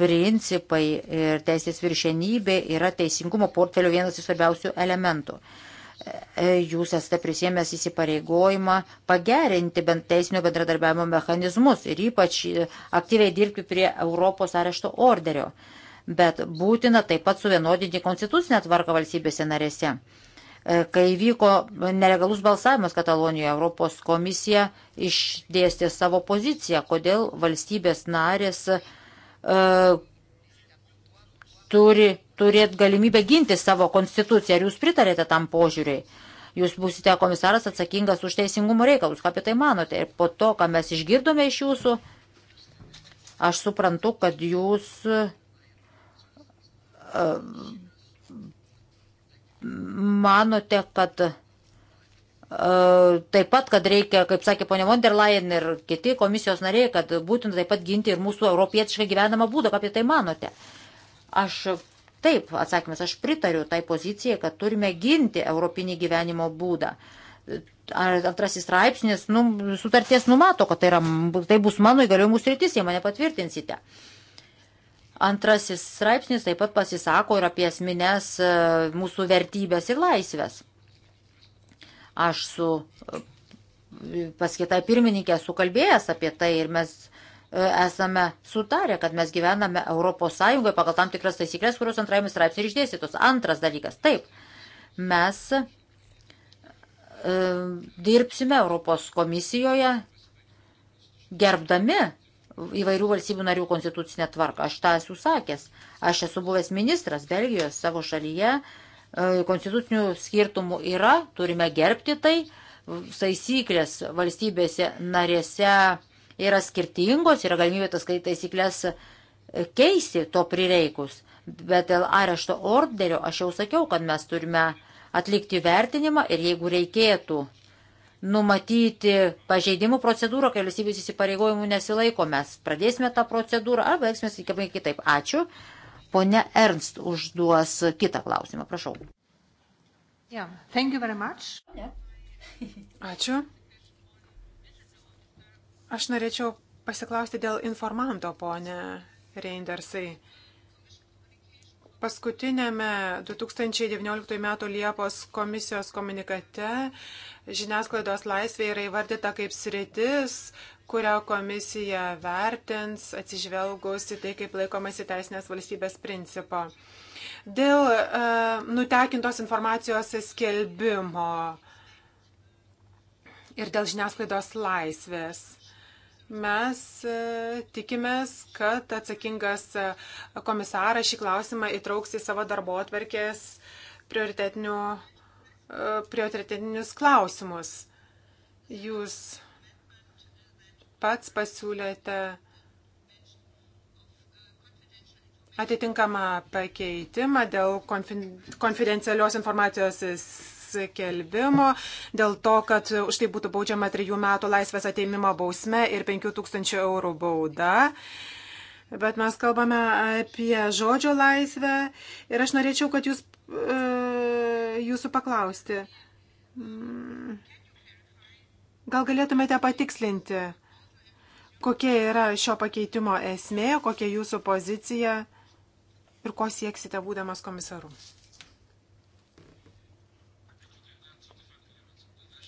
principai ir teisės viršenybė yra teisingumo portfelio vienas iš svarbiausių elementų. E, jūs esate prisėmęs įsipareigojimą pagerinti bent teisinio bendradarbiavimo mechanizmus ir ypač e, aktyviai dirbti prie Europos arešto orderio. Bet būtina taip pat suvienodinti konstitucinę tvarką valstybėse narėse. E, kai vyko nelegalus balsavimas Katalonijoje, Europos komisija išdėstė savo poziciją, kodėl valstybės narės e, turi turėti galimybę ginti savo konstituciją. Ar jūs pritarėte tam požiūriui? Jūs būsite komisaras atsakingas už teisingumo reikalus. Ką apie tai manote? Ir po to, ką mes išgirdome iš jūsų, aš suprantu, kad jūs e, manote, kad e, taip pat, kad reikia, kaip sakė ponia von der Leyen ir kiti komisijos nariai, kad būtina taip pat ginti ir mūsų europietišką gyvenamą būdą, ką apie tai manote? Aš taip, atsakymas, aš pritariu tai pozicijai, kad turime ginti europinį gyvenimo būdą. Antrasis straipsnis nu, sutarties numato, kad tai, yra, tai bus mano įgaliojimų sritis, jei mane patvirtinsite. Uh, Antrasis straipsnis taip pat pasisako ir apie esminės e, mūsų vertybės ir laisvės. Aš su e, paskaitai pirmininkė sukalbėjęs apie tai ir mes e, esame sutarę, kad mes gyvename Europos Sąjungoje pagal tam tikras taisyklės, kurios antrajame straipsnė išdėstytos. Antras dalykas, taip, mes e, dirbsime Europos komisijoje gerbdami įvairių valstybių narių konstitucinę tvarką. Aš tą esu sakęs. Aš esu buvęs ministras Belgijos savo šalyje. E, konstitucinių skirtumų yra, turime gerbti tai. Taisyklės valstybėse narėse yra skirtingos, yra galimybė tas taisyklės keisti to prireikus. Bet dėl arešto orderio aš jau sakiau, kad mes turime atlikti vertinimą ir jeigu reikėtų numatyti pažeidimų procedūrą, kai valstybės įsipareigojimų nesilaiko. Mes pradėsime tą procedūrą arba veiksime sakykamai kitaip. Ačiū. Pone Ernst užduos kitą klausimą, prašau. Yeah. Yeah. *laughs* Ačiū. Aš norėčiau pasiklausti dėl informanto, ponė Reindersai. Paskutinėme 2019 m. Liepos komisijos komunikate žiniasklaidos laisvė yra įvardyta kaip sritis, kurią komisija vertins atsižvelgus į tai, kaip laikomasi teisinės valstybės principo. Dėl e, nutekintos informacijos skelbimo ir dėl žiniasklaidos laisvės. Mes e, tikimės, kad atsakingas e, komisaras šį klausimą įtrauks į savo darbo atverkės e, prioritetinius klausimus. Jūs pats pasiūlėte atitinkamą pakeitimą dėl konfidencialios informacijos skelbimo, dėl to, kad už tai būtų baudžiama trijų metų laisvės ateimimo bausme ir 5000 eurų bauda. Bet mes kalbame apie žodžio laisvę ir aš norėčiau, kad jūs, e, jūsų paklausti. Mm. Gal galėtumėte patikslinti, kokia yra šio pakeitimo esmė, kokia jūsų pozicija ir ko sieksite būdamas komisaru?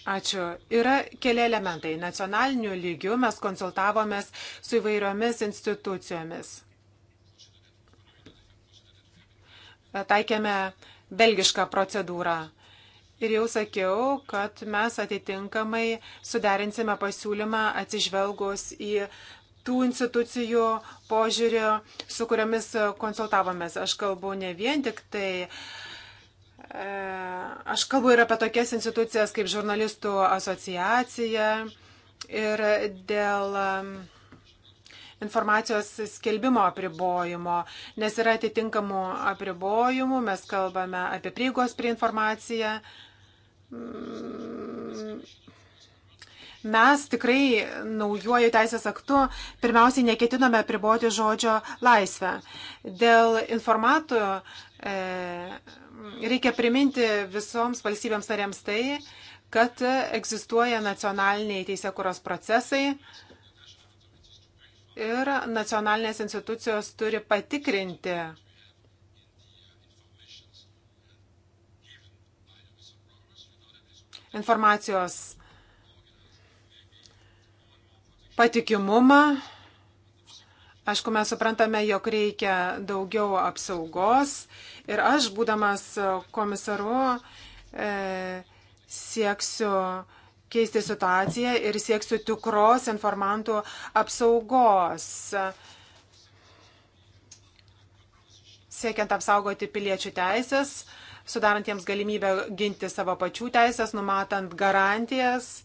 Ačiū. Yra keli elementai. Nacionaliniu lygiu mes konsultavomės su įvairiomis institucijomis. Taikėme belgišką procedūrą. Ir jau sakiau, kad mes atitinkamai suderinsime pasiūlymą atsižvelgus į tų institucijų požiūrio, su kuriamis konsultavomės. Aš kalbu ne vien tik tai uh, Aš kalbu ir apie tokias institucijas kaip žurnalistų asociacija ir dėl um, informacijos skelbimo apribojimo, nes yra atitinkamų apribojimų, mes kalbame apie prieigos prie informaciją. Mes tikrai naujuoju teisės aktu pirmiausiai neketinome apriboti žodžio laisvę. Dėl informatų uh, E, reikia priminti visoms valstybėms narėms tai, kad egzistuoja nacionaliniai teisėkuros procesai ir nacionalinės institucijos turi patikrinti informacijos patikimumą Aišku, mes suprantame, jog reikia daugiau apsaugos ir aš, būdamas komisaru, e, sieksiu keisti situaciją ir sieksiu tikros informantų apsaugos, siekiant apsaugoti piliečių teisės, sudarant jiems galimybę ginti savo pačių teisės, numatant garantijas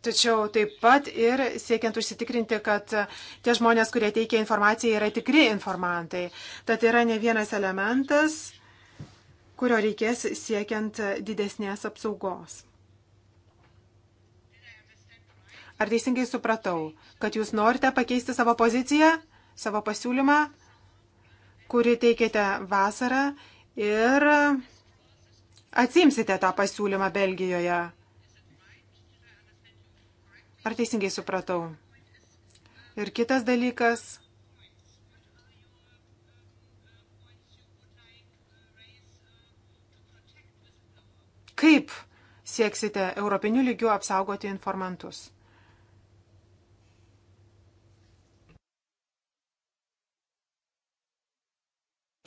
Tačiau taip pat ir siekiant užsitikrinti, kad tie žmonės, kurie teikia informaciją, yra tikri informantai. Tad yra ne vienas elementas, kurio reikės siekiant didesnės apsaugos. Ar teisingai supratau, kad jūs norite pakeisti savo poziciją, savo pasiūlymą, kurį teikėte vasarą ir atsimsite tą pasiūlymą Belgijoje? Ar teisingai supratau? Ir kitas dalykas. Kaip sieksite europinių lygių apsaugoti informantus?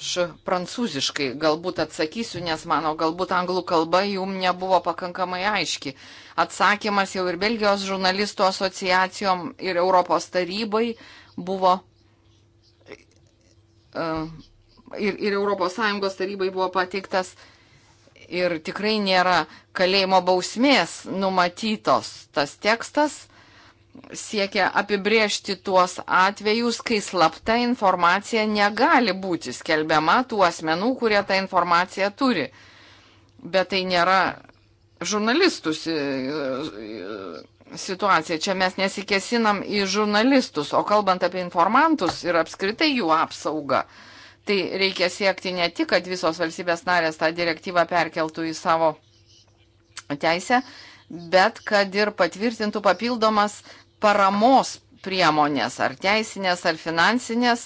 Aš prancūziškai galbūt atsakysiu, nes mano galbūt anglų kalba jum nebuvo pakankamai aiški. Atsakymas jau ir Belgijos žurnalistų asociacijom ir Europos tarybai buvo. E, ir, ir Europos Sąjungos tarybai buvo pateiktas ir tikrai nėra kalėjimo bausmės numatytos tas tekstas siekia apibriežti tuos atvejus, kai slapta informacija negali būti skelbiama tų asmenų, kurie tą informaciją turi. Bet tai nėra žurnalistų situacija. Čia mes nesikesinam į žurnalistus, o kalbant apie informantus ir apskritai jų apsaugą, tai reikia siekti ne tik, kad visos valstybės narės tą direktyvą perkeltų į savo teisę, bet kad ir patvirtintų papildomas uh, paramos priemonės, ar teisinės, ar finansinės,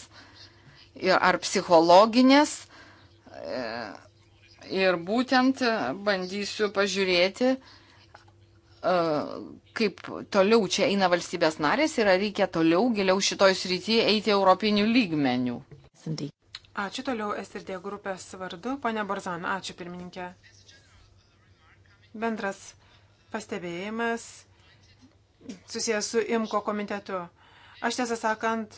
ar psichologinės. E, ir būtent e, bandysiu pažiūrėti, e, kaip toliau čia eina valstybės narės ir ar reikia toliau giliau šitoj srityje eiti europinių lygmenių. Ačiū toliau SRD grupės vardu, ponia Borzan, ačiū pirmininkė. Bendras pastebėjimas susijęs su IMKO komitetu. Aš tiesą sakant,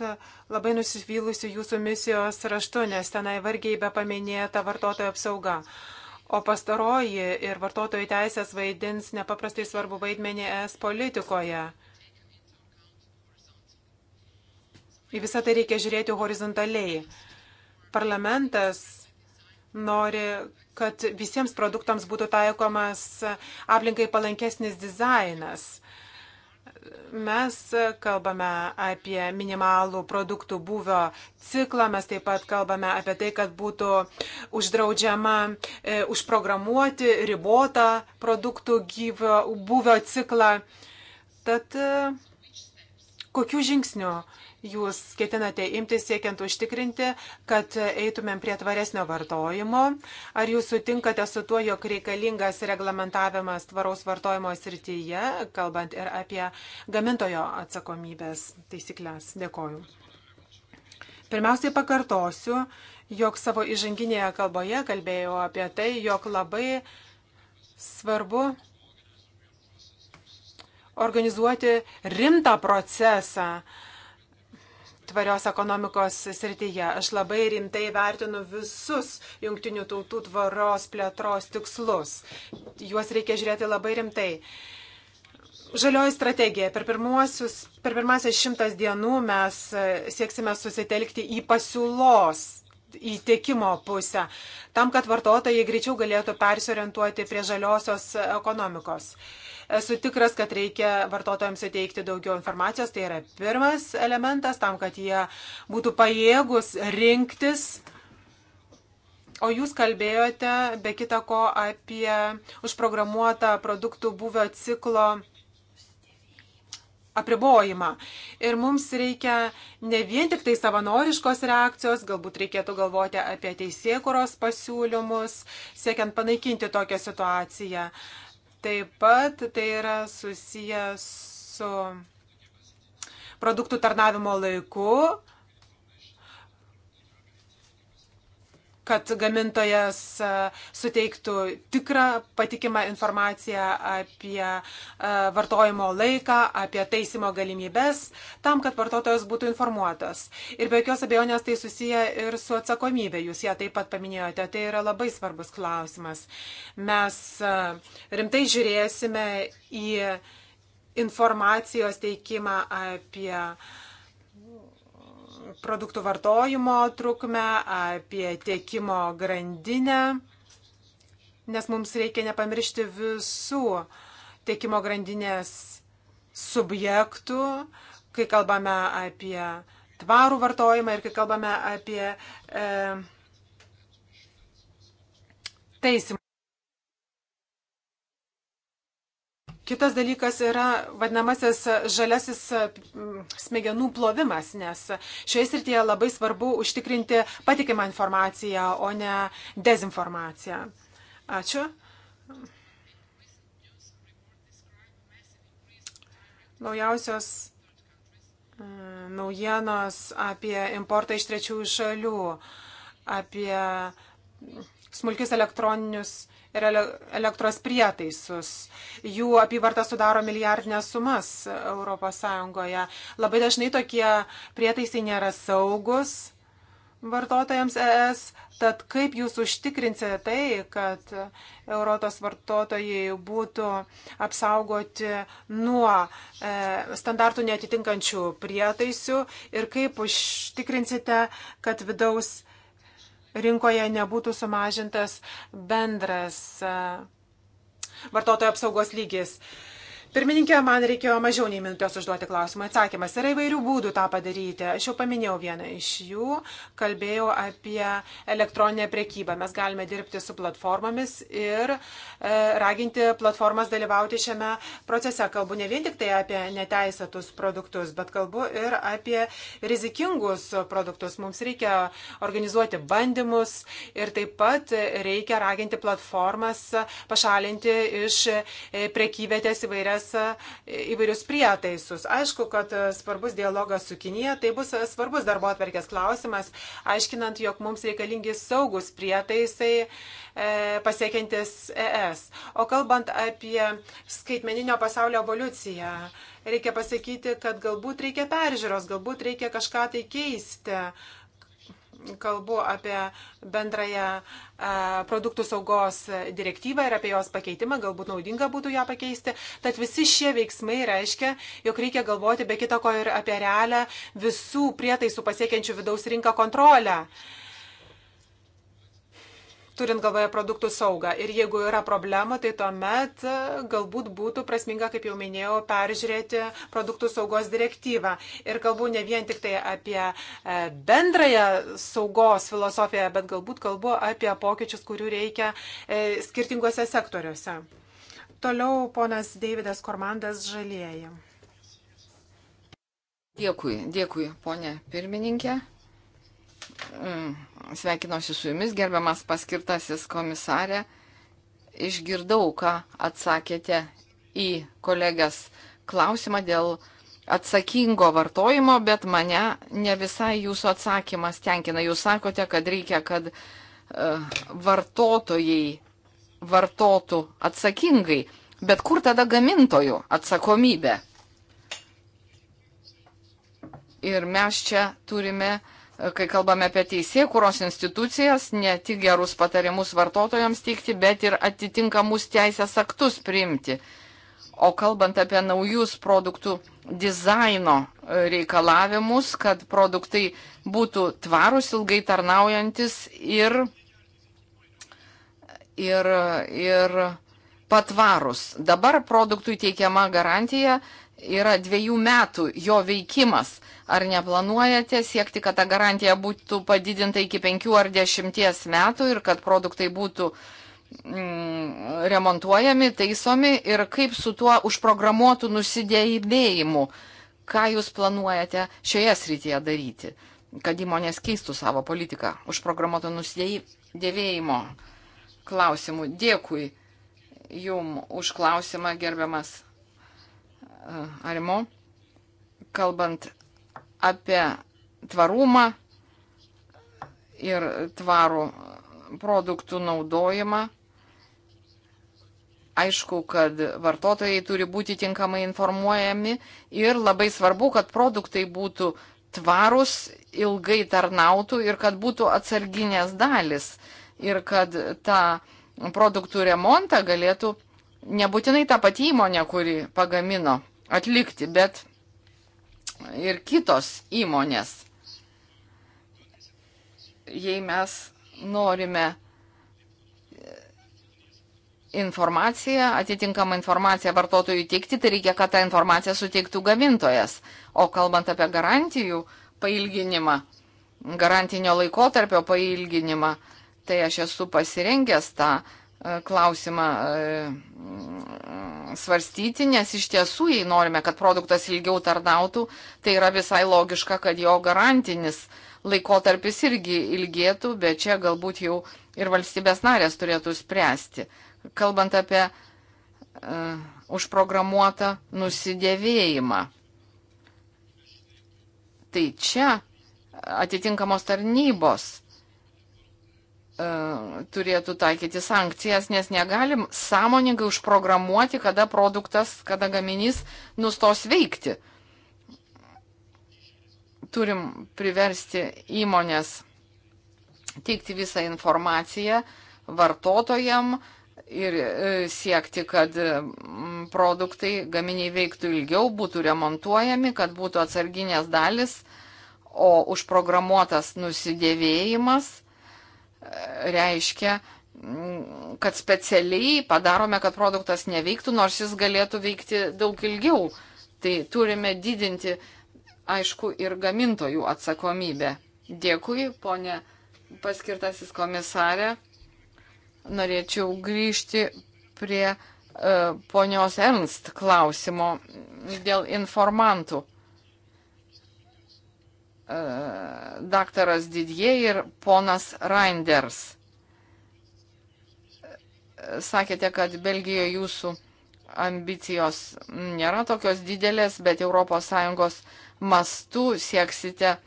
labai nusivylusi jūsų misijos raštu, nes tenai vargiai be paminėta vartotojo apsauga. O pastaroji ir vartotojų teisės vaidins nepaprastai svarbu vaidmenį es politikoje. Į visą tai reikia žiūrėti horizontaliai. Parlamentas nori, kad visiems produktams būtų taikomas aplinkai palankesnis dizainas. Mes kalbame apie minimalų produktų būvio ciklą, mes taip pat kalbame apie tai, kad būtų uždraudžiama e, užprogramuoti ribotą produktų gyvio, būvio ciklą. Tad e, kokių žingsnių jūs ketinate imtis siekiant užtikrinti, kad eitumėm prie tvaresnio vartojimo? Ar jūs sutinkate su tuo, jog reikalingas reglamentavimas tvaraus vartojimo srityje, kalbant ir apie gamintojo atsakomybės taisyklės? Dėkoju. Pirmiausiai pakartosiu, jog savo įžanginėje kalboje kalbėjau apie tai, jog labai svarbu organizuoti rimtą procesą, tvarios ekonomikos srityje. Aš labai rimtai vertinu visus jungtinių tautų tvaros plėtros tikslus. Juos reikia žiūrėti labai rimtai. Žalioji strategija. Per, per pirmąsias šimtas dienų mes sieksime susitelkti į pasiūlos į tiekimo pusę, tam, kad vartotojai greičiau galėtų persiorientuoti prie žaliosios ekonomikos. Esu tikras, kad reikia vartotojams suteikti daugiau informacijos, tai yra pirmas elementas, tam, kad jie būtų pajėgus rinktis. O jūs kalbėjote, be kita ko, apie užprogramuotą produktų buvio ciklo apribojimą. Ir mums reikia ne vien tik tai savanoriškos reakcijos, galbūt reikėtų galvoti apie teisėkuros pasiūlymus, siekiant panaikinti tokią situaciją. Taip pat tai yra susiję su produktų tarnavimo laiku, kad gamintojas e, suteiktų tikrą patikimą informaciją apie e, vartojimo laiką, apie taisimo galimybės, tam, kad vartotojas būtų informuotas. Ir be jokios abejonės tai susiję ir su atsakomybė, jūs ją taip pat paminėjote, tai yra labai svarbus klausimas. Mes e, rimtai žiūrėsime į informacijos teikimą apie uh, produktų vartojimo trukmę, apie tiekimo grandinę, nes mums reikia nepamiršti visų tiekimo grandinės subjektų, kai kalbame apie tvarų vartojimą ir kai kalbame apie e, taisimą. Kitas dalykas yra vadinamasis žalesis smegenų plovimas, nes šioje srityje labai svarbu užtikrinti patikimą informaciją, o ne dezinformaciją. Ačiū. Naujausios e, naujienos apie importą iš trečiųjų šalių, apie smulkius elektroninius ir elektros prietaisus. Jų apyvarta sudaro milijardinės sumas ES. Labai dažnai tokie prietaisai nėra saugus vartotojams ES. Tad kaip jūs užtikrinsite tai, kad Europos vartotojai būtų apsaugoti nuo e, standartų netitinkančių prietaisių ir kaip užtikrinsite, kad vidaus rinkoje nebūtų sumažintas bendras e, vartotojo apsaugos lygis. Pirmininkė, man reikėjo mažiau nei minutės užduoti klausimą. Atsakymas yra įvairių būdų tą padaryti. Aš jau paminėjau vieną iš jų, kalbėjau apie elektroninę priekybą. Mes galime dirbti su platformomis ir e, raginti platformas dalyvauti šiame procese. Kalbu ne vien tik tai apie neteisėtus produktus, bet kalbu ir apie rizikingus produktus. Mums reikia organizuoti bandymus ir taip pat reikia raginti platformas pašalinti iš e, priekybėtės įvairias įvairias, įvairius prietaisus. Aišku, kad e, svarbus dialogas su Kinija, tai bus e, svarbus darbo atverkės klausimas, aiškinant, jog mums reikalingi saugus prietaisai e, pasiekiantis ES. O kalbant apie skaitmeninio pasaulio evoliuciją, reikia pasakyti, kad galbūt reikia peržiūros, galbūt reikia kažką tai keisti kalbu apie bendrąją e, produktų saugos direktyvą ir apie jos pakeitimą, galbūt naudinga būtų ją pakeisti. Tad visi šie veiksmai reiškia, jog reikia galvoti be kitako ir apie realią visų prietaisų pasiekiančių vidaus rinką kontrolę. Uh, turint galvoje produktų saugą. Ir jeigu yra problemų, tai tuomet e, galbūt būtų prasminga, kaip jau minėjau, peržiūrėti produktų saugos direktyvą. Ir kalbu ne vien tik tai apie e, bendrąją saugos filosofiją, bet galbūt kalbu apie pokyčius, kurių reikia e, skirtingose sektoriuose. Toliau ponas Deividas Kormandas Žalieji. Dėkui, dėkui, ponė pirmininkė sveikinuosi su jumis, gerbiamas paskirtasis komisarė. Išgirdau, ką atsakėte į kolegės klausimą dėl atsakingo vartojimo, bet mane ne visai jūsų atsakymas tenkina. Jūs sakote, kad reikia, kad e, vartotojai vartotų atsakingai, bet kur tada gamintojų atsakomybė? Ir mes čia turime uh, kai kalbame apie teisėkuros institucijas, ne tik gerus patarimus vartotojams teikti, bet ir atitinkamus teisės aktus priimti. O kalbant apie naujus produktų dizaino e, reikalavimus, kad produktai būtų tvarus, ilgai tarnaujantis ir, ir, ir patvarus. Dabar produktui teikiama garantija yra dviejų metų jo veikimas. Ar neplanuojate siekti, kad ta garantija būtų padidinta iki penkių ar dešimties metų ir kad produktai būtų mm, remontuojami, taisomi ir kaip su tuo užprogramuotų nusidėjimėjimu, ką jūs planuojate šioje srityje daryti, kad įmonės keistų savo politiką užprogramuotų nusidėjimo klausimų. Dėkui jum už klausimą, gerbiamas Arimo, kalbant apie tvarumą ir tvarų produktų naudojimą. Aišku, kad vartotojai turi būti tinkamai informuojami ir labai svarbu, kad produktai būtų tvarus, ilgai tarnautų ir kad būtų atsarginės dalis ir kad tą produktų remontą galėtų nebūtinai ta pati įmonė, kuri pagamino atlikti, bet ir kitos įmonės. Jei mes norime informaciją, atitinkamą informaciją vartotojui teikti, tai reikia, kad tą informaciją suteiktų gamintojas. O kalbant apie garantijų pailginimą, garantinio laikotarpio pailginimą, tai aš esu pasirengęs tą uh, E, klausimą e, svarstyti, nes iš tiesų, jei norime, kad produktas ilgiau tarnautų, tai yra visai logiška, kad jo garantinis laikotarpis irgi ilgėtų, bet čia galbūt jau ir valstybės narės turėtų spręsti. Kalbant apie uh, užprogramuotą nusidėvėjimą. Tai čia atitinkamos tarnybos E, turėtų taikyti sankcijas, nes negalim sąmoningai užprogramuoti, kada produktas, kada gaminys nustos veikti. Turim priversti įmonės teikti visą informaciją vartotojam ir e, siekti, kad e, produktai gaminiai veiktų ilgiau, būtų remontuojami, kad būtų atsarginės dalis, o užprogramuotas nusidėvėjimas – reiškia, kad specialiai padarome, kad produktas neveiktų, nors jis galėtų veikti daug ilgiau. Tai turime didinti, aišku, ir gamintojų atsakomybę. Dėkui, ponė paskirtasis komisarė. Norėčiau grįžti prie uh, ponios Ernst klausimo dėl informantų. Uh, E, daktaras Didie ir ponas Reinders. Sakėte, kad Belgijoje jūsų ambicijos nėra tokios didelės, bet ES mastu sieksite e,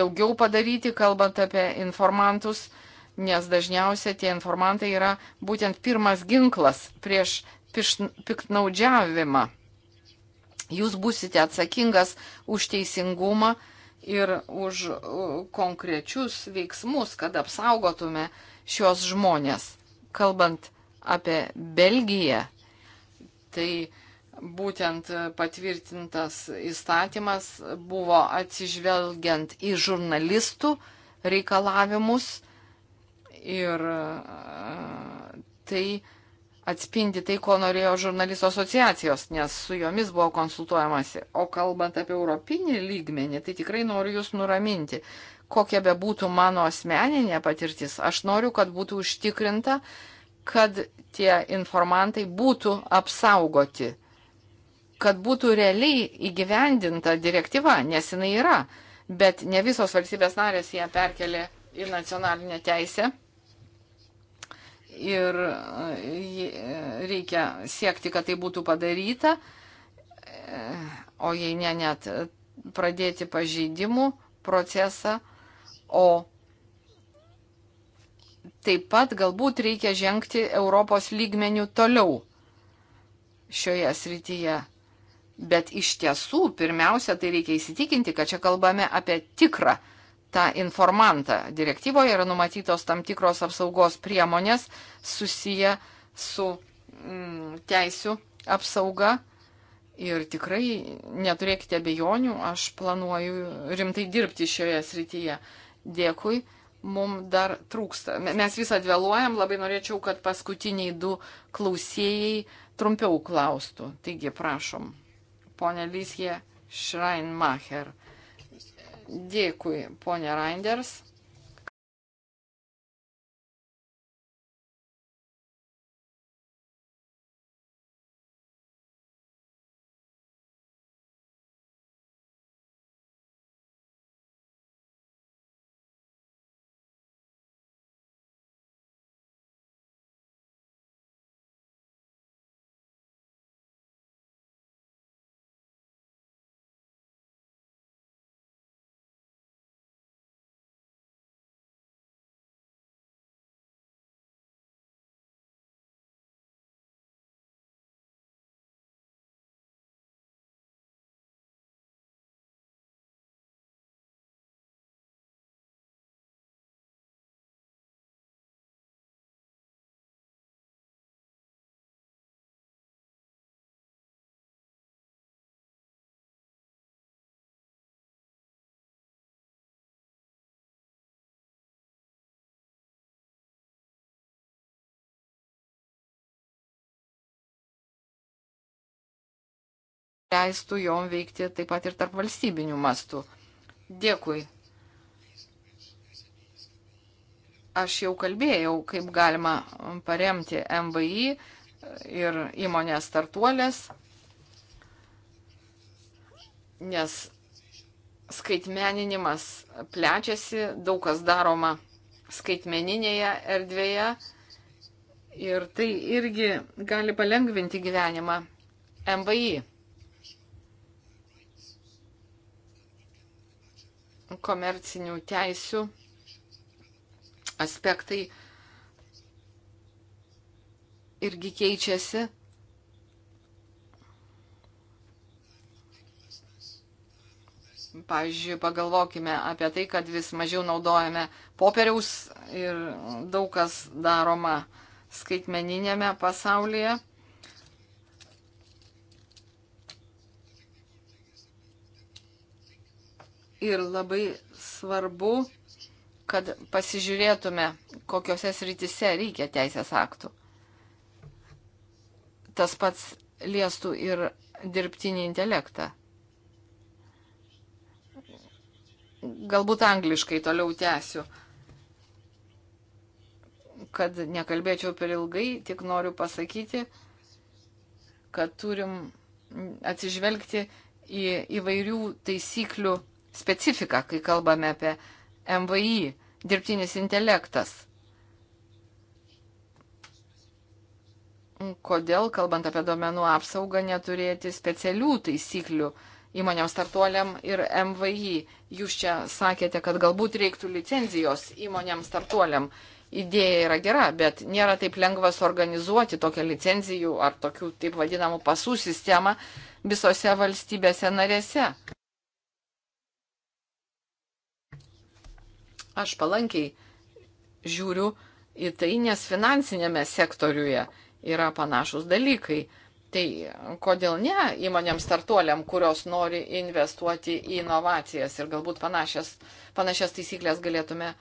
daugiau padaryti, kalbant apie informantus, nes dažniausiai tie informantai yra būtent pirmas ginklas prieš piktnaudžiavimą. Jūs būsite atsakingas už teisingumą, ir už konkrečius veiksmus, kad apsaugotume šios žmonės. Kalbant apie Belgiją, tai būtent patvirtintas įstatymas buvo atsižvelgiant į žurnalistų reikalavimus ir e, tai atspindi tai, ko norėjo žurnalistų asociacijos, nes su jomis buvo konsultuojamasi. O kalbant apie europinį lygmenį, tai tikrai noriu Jūs nuraminti. Kokia be būtų mano asmeninė patirtis, aš noriu, kad būtų užtikrinta, kad tie informantai būtų apsaugoti, kad būtų realiai įgyvendinta direktyva, nes jinai yra, bet ne visos valstybės narės ją perkelė į nacionalinę teisę ir e, reikia siekti, kad tai būtų padaryta, e, o jei ne net pradėti pažeidimų procesą, o taip pat galbūt reikia žengti Europos lygmenių toliau šioje srityje. Bet iš tiesų, pirmiausia, tai reikia įsitikinti, kad čia kalbame apie tikrą tą informantą. Direktyvoje yra numatytos tam tikros apsaugos priemonės susiję su mm, teisų apsauga. Ir tikrai neturėkite bejonių, aš planuoju rimtai dirbti šioje srityje. Dėkui, mums dar trūksta. Mes visą dvėluojam, labai norėčiau, kad paskutiniai du klausėjai trumpiau klaustų. Taigi, prašom, ponė Lysje Šrainmacher. Dėkui, ponė Reinders. leistų jom veikti taip pat ir tarp valstybinių mastų. Dėkui. Aš jau kalbėjau, kaip galima paremti MVI ir įmonės startuolės, nes skaitmeninimas plečiasi, daug kas daroma skaitmeninėje erdvėje ir tai irgi gali palengvinti gyvenimą MVI. komercinių teisių aspektai irgi keičiasi. Pavyzdžiui, pagalvokime apie tai, kad vis mažiau naudojame popieriaus ir daug kas daroma skaitmeninėme pasaulyje. Ir labai svarbu, kad pasižiūrėtume, kokiuose srityse reikia teisės aktų. Tas pats liestų ir dirbtinį intelektą. Galbūt angliškai toliau tęsiu kad nekalbėčiau per ilgai, tik noriu pasakyti, kad turim atsižvelgti į įvairių taisyklių specifiką, kai kalbame apie MVI, dirbtinis intelektas. Kodėl, kalbant apie duomenų apsaugą, neturėti specialių taisyklių įmonėms startuoliam ir MVI? Jūs čia sakėte, kad galbūt reiktų licenzijos įmonėms startuoliam idėja yra gera, bet nėra taip lengva suorganizuoti tokią licenzijų ar tokių taip vadinamų pasų sistemą visose valstybėse narėse. Aš palankiai žiūriu į tai, nes finansinėme sektoriuje yra panašus dalykai. Tai kodėl ne įmonėms startuoliam, kurios nori investuoti į inovacijas ir galbūt panašias, panašias taisyklės galėtume e,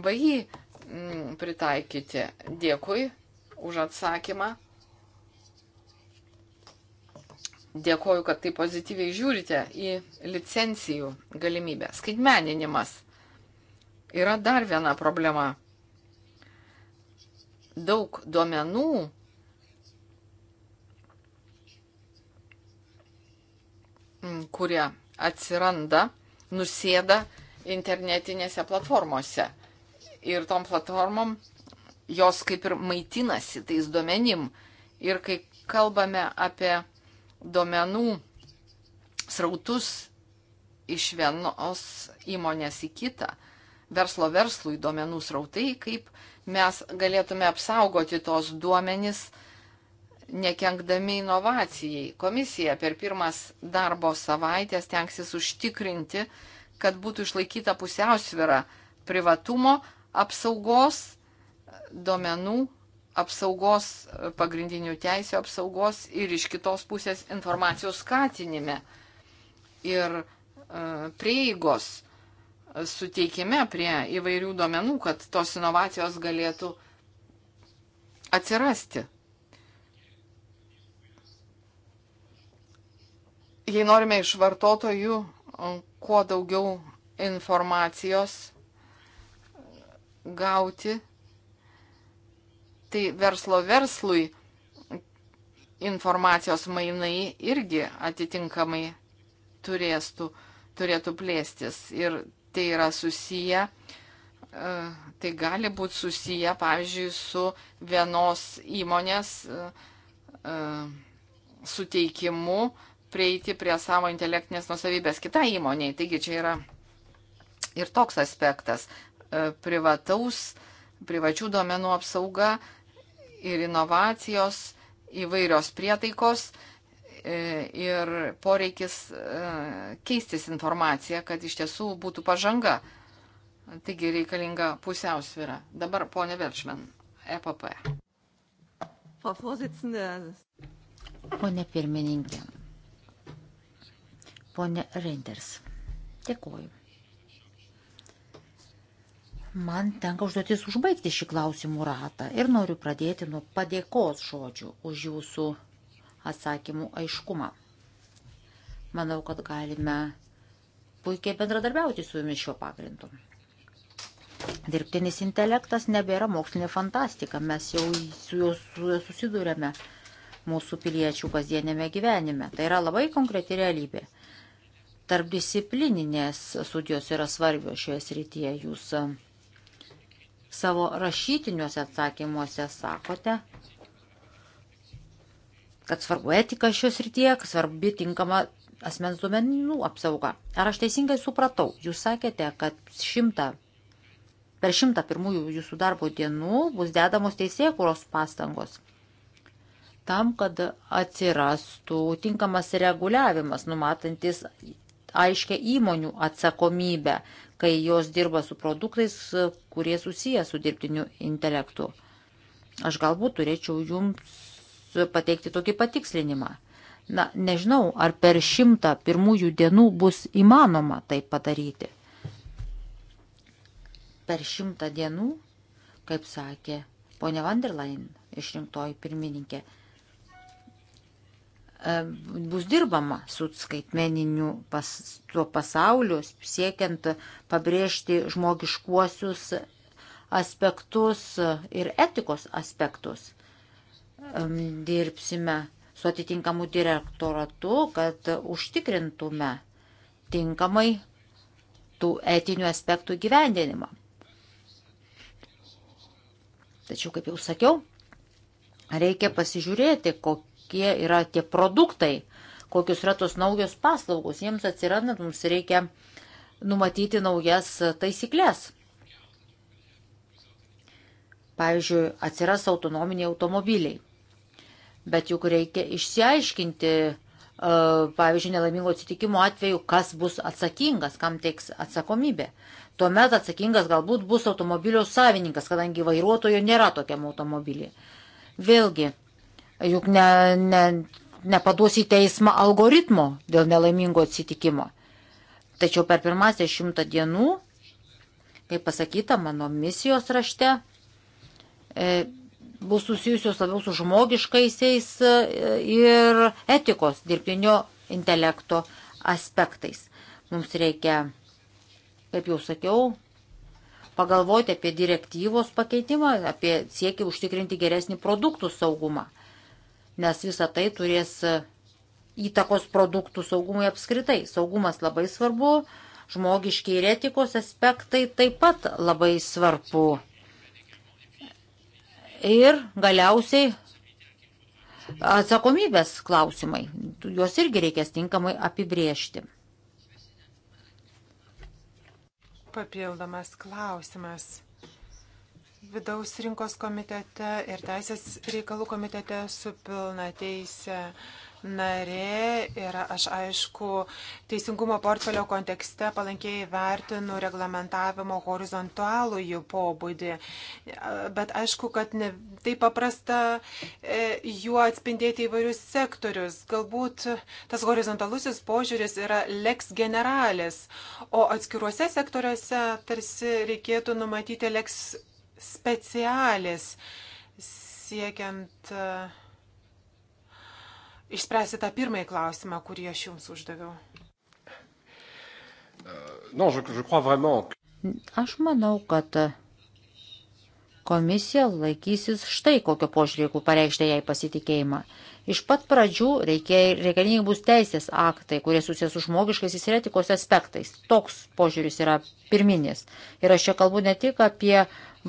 MVI mm, pritaikyti. Dėkui už atsakymą. Dėkoju, kad taip pozityviai žiūrite į licencijų galimybę. Skaitmeninimas. Yra dar viena problema. Daug duomenų kurie atsiranda, nusėda internetinėse platformose. Ir tom platformom jos kaip ir maitinasi tais duomenim. Ir kai kalbame apie duomenų srautus iš vienos įmonės į kitą, verslo verslui duomenų srautai, kaip mes galėtume apsaugoti tos duomenys, nekenkdami inovacijai. Komisija per pirmas darbo savaitės tenksis užtikrinti, kad būtų išlaikyta pusiausvėra privatumo apsaugos, duomenų apsaugos, pagrindinių teisų apsaugos ir iš kitos pusės informacijos skatinime ir e, prieigos suteikime prie įvairių duomenų, kad tos inovacijos galėtų atsirasti. Jei norime iš vartotojų um, kuo daugiau informacijos gauti, tai verslo verslui informacijos mainai irgi atitinkamai turėstų, turėtų plėstis. Ir tai yra susiję, e, tai gali būti susiję, pavyzdžiui, su vienos įmonės e, e, suteikimu prieiti prie savo intelektinės nusavybės kitai įmoniai. Taigi čia yra ir toks aspektas - privataus, privačių duomenų apsauga ir inovacijos įvairios prietaikos E, ir poreikis e, keistis informaciją, kad iš tiesų būtų pažanga. Taigi reikalinga pusiausvyrą. Dabar ponė Verčman, EPP. Pone pirmininkė, pone Reinders, dėkuoju. Man tenka užduotis užbaigti šį klausimų ratą ir noriu pradėti nuo padėkos žodžių už jūsų atsakymų aiškumą. Manau, kad galime puikiai bendradarbiauti su jumis šiuo pagrindu. Dirbtinis intelektas nebėra mokslinė fantastika, mes jau su juo susidūrėme mūsų piliečių kasdienėme gyvenime. Tai yra labai konkreti realybė. Tarp disciplininės studijos yra svarbios šioje srityje. Jūs e, savo rašytiniuose atsakymuose sakote, kad svarbu etika šios rytie, kad svarbi tinkama asmens duomenų apsauga. Ar aš teisingai supratau? Jūs sakėte, kad šimta, per šimtą pirmųjų jūsų darbo dienų bus dedamos teisėkuros pastangos tam, kad atsirastų tinkamas reguliavimas, numatantis aiškia įmonių atsakomybę, kai jos dirba su produktais, kurie susiję su dirbtiniu intelektu. Aš galbūt turėčiau jums pateikti tokį patikslinimą. Na, nežinau, ar per šimtą pirmųjų dienų bus įmanoma tai padaryti. Per šimtą dienų, kaip sakė ponia Vanderlain, išrinktoji pirmininkė, e, bus dirbama su skaitmeniniu pas, tuo pasauliu, siekiant pabrėžti žmogiškuosius aspektus ir etikos aspektus dirbsime su atitinkamu direktoratu, kad užtikrintume tinkamai tų etinių aspektų gyvendinimą. Tačiau, kaip jau sakiau, reikia pasižiūrėti, kokie yra tie produktai, kokius yra tos naujos paslaugos. Jiems atsirandant mums reikia numatyti naujas taisyklės. Pavyzdžiui, atsiras autonominiai automobiliai bet juk reikia išsiaiškinti, e, pavyzdžiui, nelaimingo atsitikimo atveju, kas bus atsakingas, kam teiks atsakomybė. Tuomet atsakingas galbūt bus automobilio savininkas, kadangi vairuotojo nėra tokiam automobilį. Vėlgi, juk ne, ne, nepaduos į teismą algoritmo dėl nelaimingo atsitikimo. Tačiau per pirmąsias šimtą dienų, kaip pasakyta mano misijos rašte, e, bus susijusios labiau su žmogiškaisiais e, ir etikos dirbtinio intelekto aspektais. Mums reikia, kaip jau sakiau, pagalvoti apie direktyvos pakeitimą, apie siekį užtikrinti geresnį produktų saugumą, nes visa tai turės įtakos produktų saugumui apskritai. Saugumas labai svarbu, žmogiškiai ir etikos aspektai taip pat labai svarbu. Ir galiausiai atsakomybės klausimai. Juos irgi reikės tinkamai apibriežti. Papildomas klausimas. Vidaus rinkos komitete ir teisės reikalų komitete su pilna teisė narė ir aš aišku teisingumo portfelio kontekste palankiai vertinu reglamentavimo horizontalų jų pobūdį. Bet aišku, kad ne, tai paprasta e, juo atspindėti įvairius sektorius. Galbūt tas horizontalusis požiūris yra leks generalis, o atskiruose sektoriuose tarsi reikėtų numatyti leks specialis siekiant uh, išspręsti tą pirmąjį klausimą, kurį aš jums uždaviau. Aš manau, kad komisija laikysis štai kokio požiūrį, jeigu pareikštė jai pasitikėjimą. Iš pat pradžių reikalingi bus teisės aktai, kurie susijęs su žmogiškais ir etikos aspektais. Toks požiūris yra pirminis. Ir aš čia kalbu ne tik apie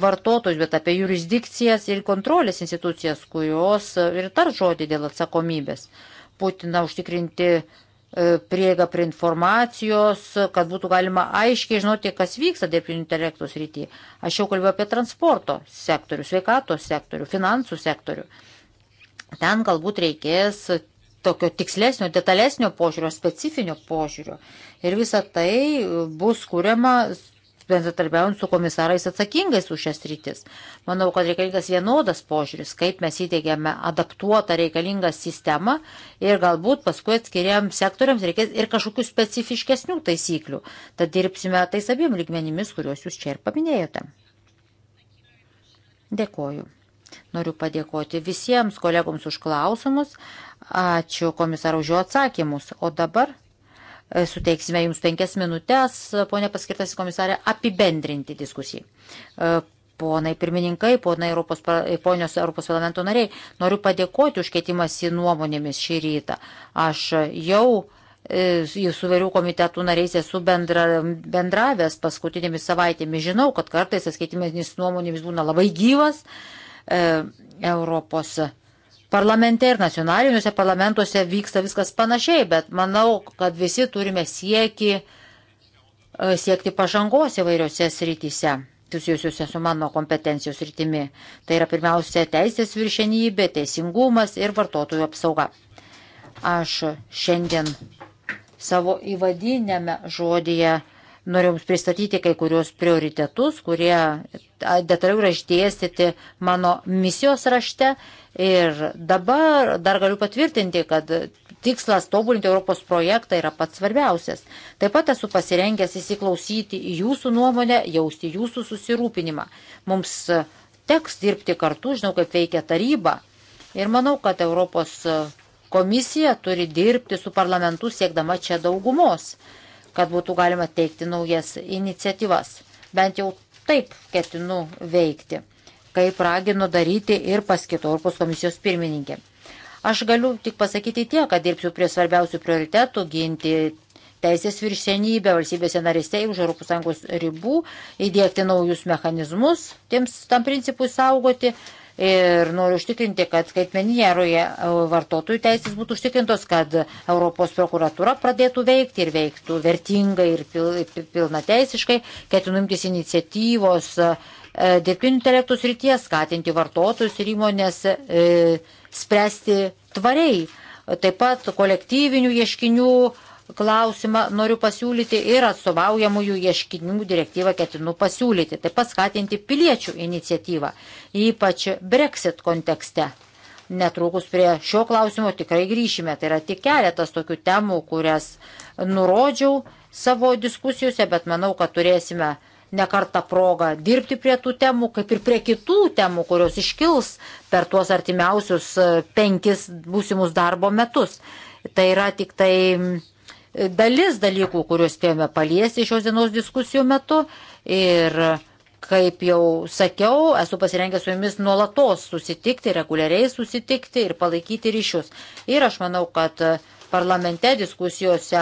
vartotojus, bet apie jurisdikcijas ir kontrolės institucijas, kurios ir tar žodį dėl atsakomybės. Būtina užtikrinti e, prieiga prie informacijos, kad būtų galima aiškiai žinoti, kas vyksta dirbtinio intelektų srityje. Aš jau kalbėjau apie transporto sektorių, sveikatos sektorių, finansų sektorių. Ten galbūt reikės tokio tikslesnio, detalesnio požiūrio, specifinio požiūrio. Ir visa tai bus kuriama bendratarbiaujant su komisarais atsakingais už šias rytis. Manau, kad reikalingas vienodas požiūris, kaip mes įteigiame adaptuotą reikalingą sistemą ir galbūt paskui atskiriam sektoriams reikės ir kažkokių specifiškesnių taisyklių. Tad dirbsime tais abiem lygmenimis, kuriuos jūs čia ir paminėjote. Dėkoju. Noriu padėkoti visiems kolegoms už klausimus. Ačiū komisarų už jo atsakymus. O dabar e, suteiksime jums penkias minutės, ponė paskirtas komisarė, apibendrinti diskusijai. E, ponai pirmininkai, ponai Europos, ponios Europos parlamento nariai, noriu padėkoti už keitimąsi nuomonėmis šį rytą. Aš jau e, su vairių komitetų nariais esu bendra, bendravęs paskutinėmis savaitėmis. Žinau, kad kartais atskaitimis nuomonėmis būna labai gyvas, E, Europos parlamente ir nacionaliniuose parlamentuose vyksta viskas panašiai, bet manau, kad visi turime sieki, e, siekti pažangos įvairiose srityse susijusiuose su mano kompetencijos rytimi. Tai yra pirmiausia teisės viršenybė, teisingumas ir vartotojų apsauga. Aš šiandien savo įvadinėme žodėje noriu Jums pristatyti kai kurios prioritetus, kurie detaliau yra išdėstyti mano misijos rašte. Ir dabar dar galiu patvirtinti, kad tikslas tobulinti Europos projektą yra pats svarbiausias. Taip pat esu pasirengęs įsiklausyti į jūsų nuomonę, jausti jūsų susirūpinimą. Mums teks dirbti kartu, žinau, kaip veikia taryba. Ir manau, kad Europos komisija turi dirbti su parlamentu siekdama čia daugumos, kad būtų galima teikti naujas iniciatyvas. Bent jau taip ketinu veikti, kaip ragino daryti ir pas kito Europos komisijos pirmininkė. Aš galiu tik pasakyti tiek, kad dirbsiu prie svarbiausių prioritetų ginti teisės viršenybę valstybėse narėse už ES ribų, įdėkti naujus mechanizmus tiems tam principui saugoti ir noriu užtikrinti, kad skaitmeninėroje e, vartotojų teisės būtų užtikrintos, kad Europos prokuratura pradėtų veikti ir veiktų vertingai ir pilna teisiškai, ketinu imtis iniciatyvos e, dirbtinių intelektų srityje, skatinti vartotojus ir įmonės e, spręsti tvariai. Taip pat kolektyvinių ieškinių klausimą noriu pasiūlyti ir atstovaujamųjų ieškinių direktyvą ketinu pasiūlyti. Taip pat skatinti piliečių iniciatyvą, ypač Brexit kontekste. Netrukus prie šio klausimo tikrai grįšime. Tai yra tik keletas tokių temų, kurias nurodžiau savo diskusijose, bet manau, kad turėsime nekartą progą dirbti prie tų temų, kaip ir prie kitų temų, kurios iškils per tuos artimiausius penkis būsimus darbo metus. Tai yra tik tai dalis dalykų, kuriuos spėjome paliesti šios dienos diskusijų metu. Ir kaip jau sakiau, esu pasirengęs su jumis nuolatos susitikti, reguliariai susitikti ir palaikyti ryšius. Ir aš manau, kad parlamente diskusijose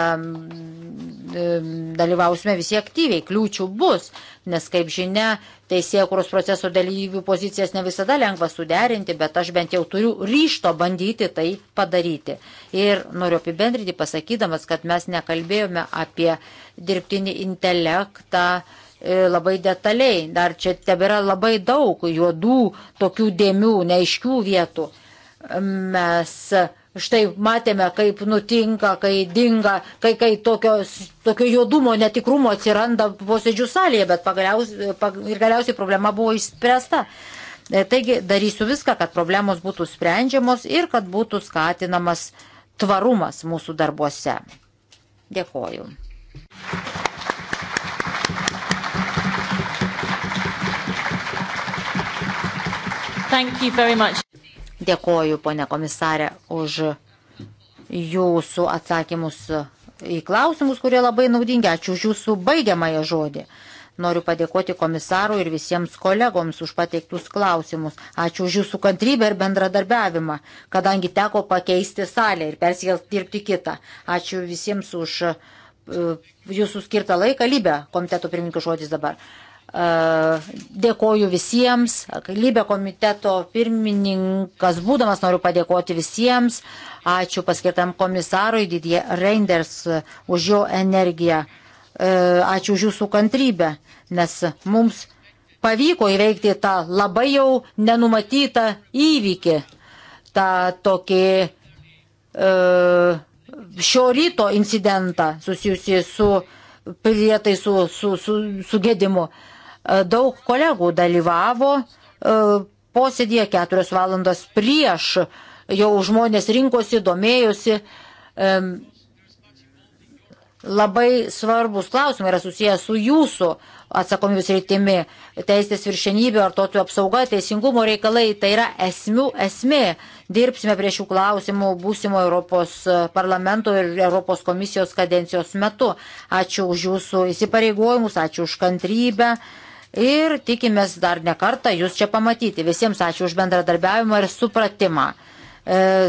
dalyvausime visi aktyviai, kliūčių bus, nes kaip žinia, teisėjų kuros proceso dalyvių pozicijas ne visada lengva suderinti, bet aš bent jau turiu ryšto bandyti tai padaryti. Ir noriu apibendrinti pasakydamas, kad mes nekalbėjome apie dirbtinį intelektą e, labai detaliai, dar čia tebėra labai daug juodų tokių dėmių, neaiškių vietų. Mes Štai matėme, kaip nutinka, kai dinga, kai, kai tokios, tokio juodumo, netikrumo atsiranda posėdžių salėje, bet pagaliausiai, pag, ir galiausiai problema buvo išspręsta. E, taigi darysiu viską, kad problemos būtų sprendžiamos ir kad būtų skatinamas tvarumas mūsų darbuose. Dėkoju. Thank you very much. Dėkoju, ponė komisarė, už jūsų atsakymus į klausimus, kurie labai naudingi. Ačiū už jūsų baigiamąją žodį. Noriu padėkoti komisarui ir visiems kolegoms už pateiktus klausimus. Ačiū už jūsų kantrybę ir bendradarbiavimą, kadangi teko pakeisti salę ir persikelti dirbti kitą. Ačiū visiems už uh, jūsų skirtą laiką. Lybę komiteto pirmininkų žodis dabar. Dėkoju visiems. Lybė komiteto pirmininkas būdamas noriu padėkoti visiems. Ačiū paskirtam komisarui Didie Reinders už jo energiją. Ačiū už jūsų kantrybę, nes mums pavyko įveikti tą labai jau nenumatytą įvykį, tą tokį šio ryto incidentą susijusi su prietai su, su, su, su gėdimu. E, daug kolegų dalyvavo e, posėdėje keturios valandos prieš, jau žmonės rinkosi, domėjosi. E, labai svarbus klausimai yra susijęs su jūsų atsakomybės reitimi, teisės viršenybė, vartotojų apsauga, teisingumo reikalai, tai yra esmių esmė. Dirbsime prie šių klausimų būsimo Europos parlamento ir Europos komisijos kadencijos metu. Ačiū už jūsų įsipareigojimus, ačiū už kantrybę ir tikimės dar ne kartą jūs čia pamatyti. Visiems ačiū už bendradarbiavimą ir supratimą e,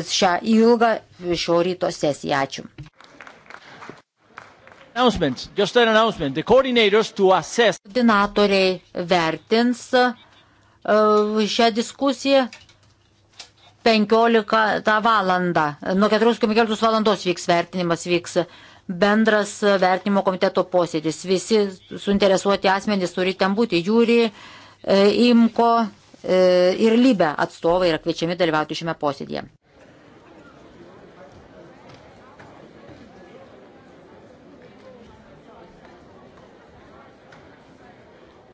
šią ilgą šio ryto sesiją. Ačiū. Koordinatoriai vertins e, šią diskusiją 15 valandą. Nuo 14 valandos vyks vertinimas, vyks bendras vertinimo komiteto posėdis. Visi suinteresuoti asmenys turi ten būti. Jūri, e, Imko e, ir Libe atstovai yra kviečiami dalyvauti šiame posėdėje.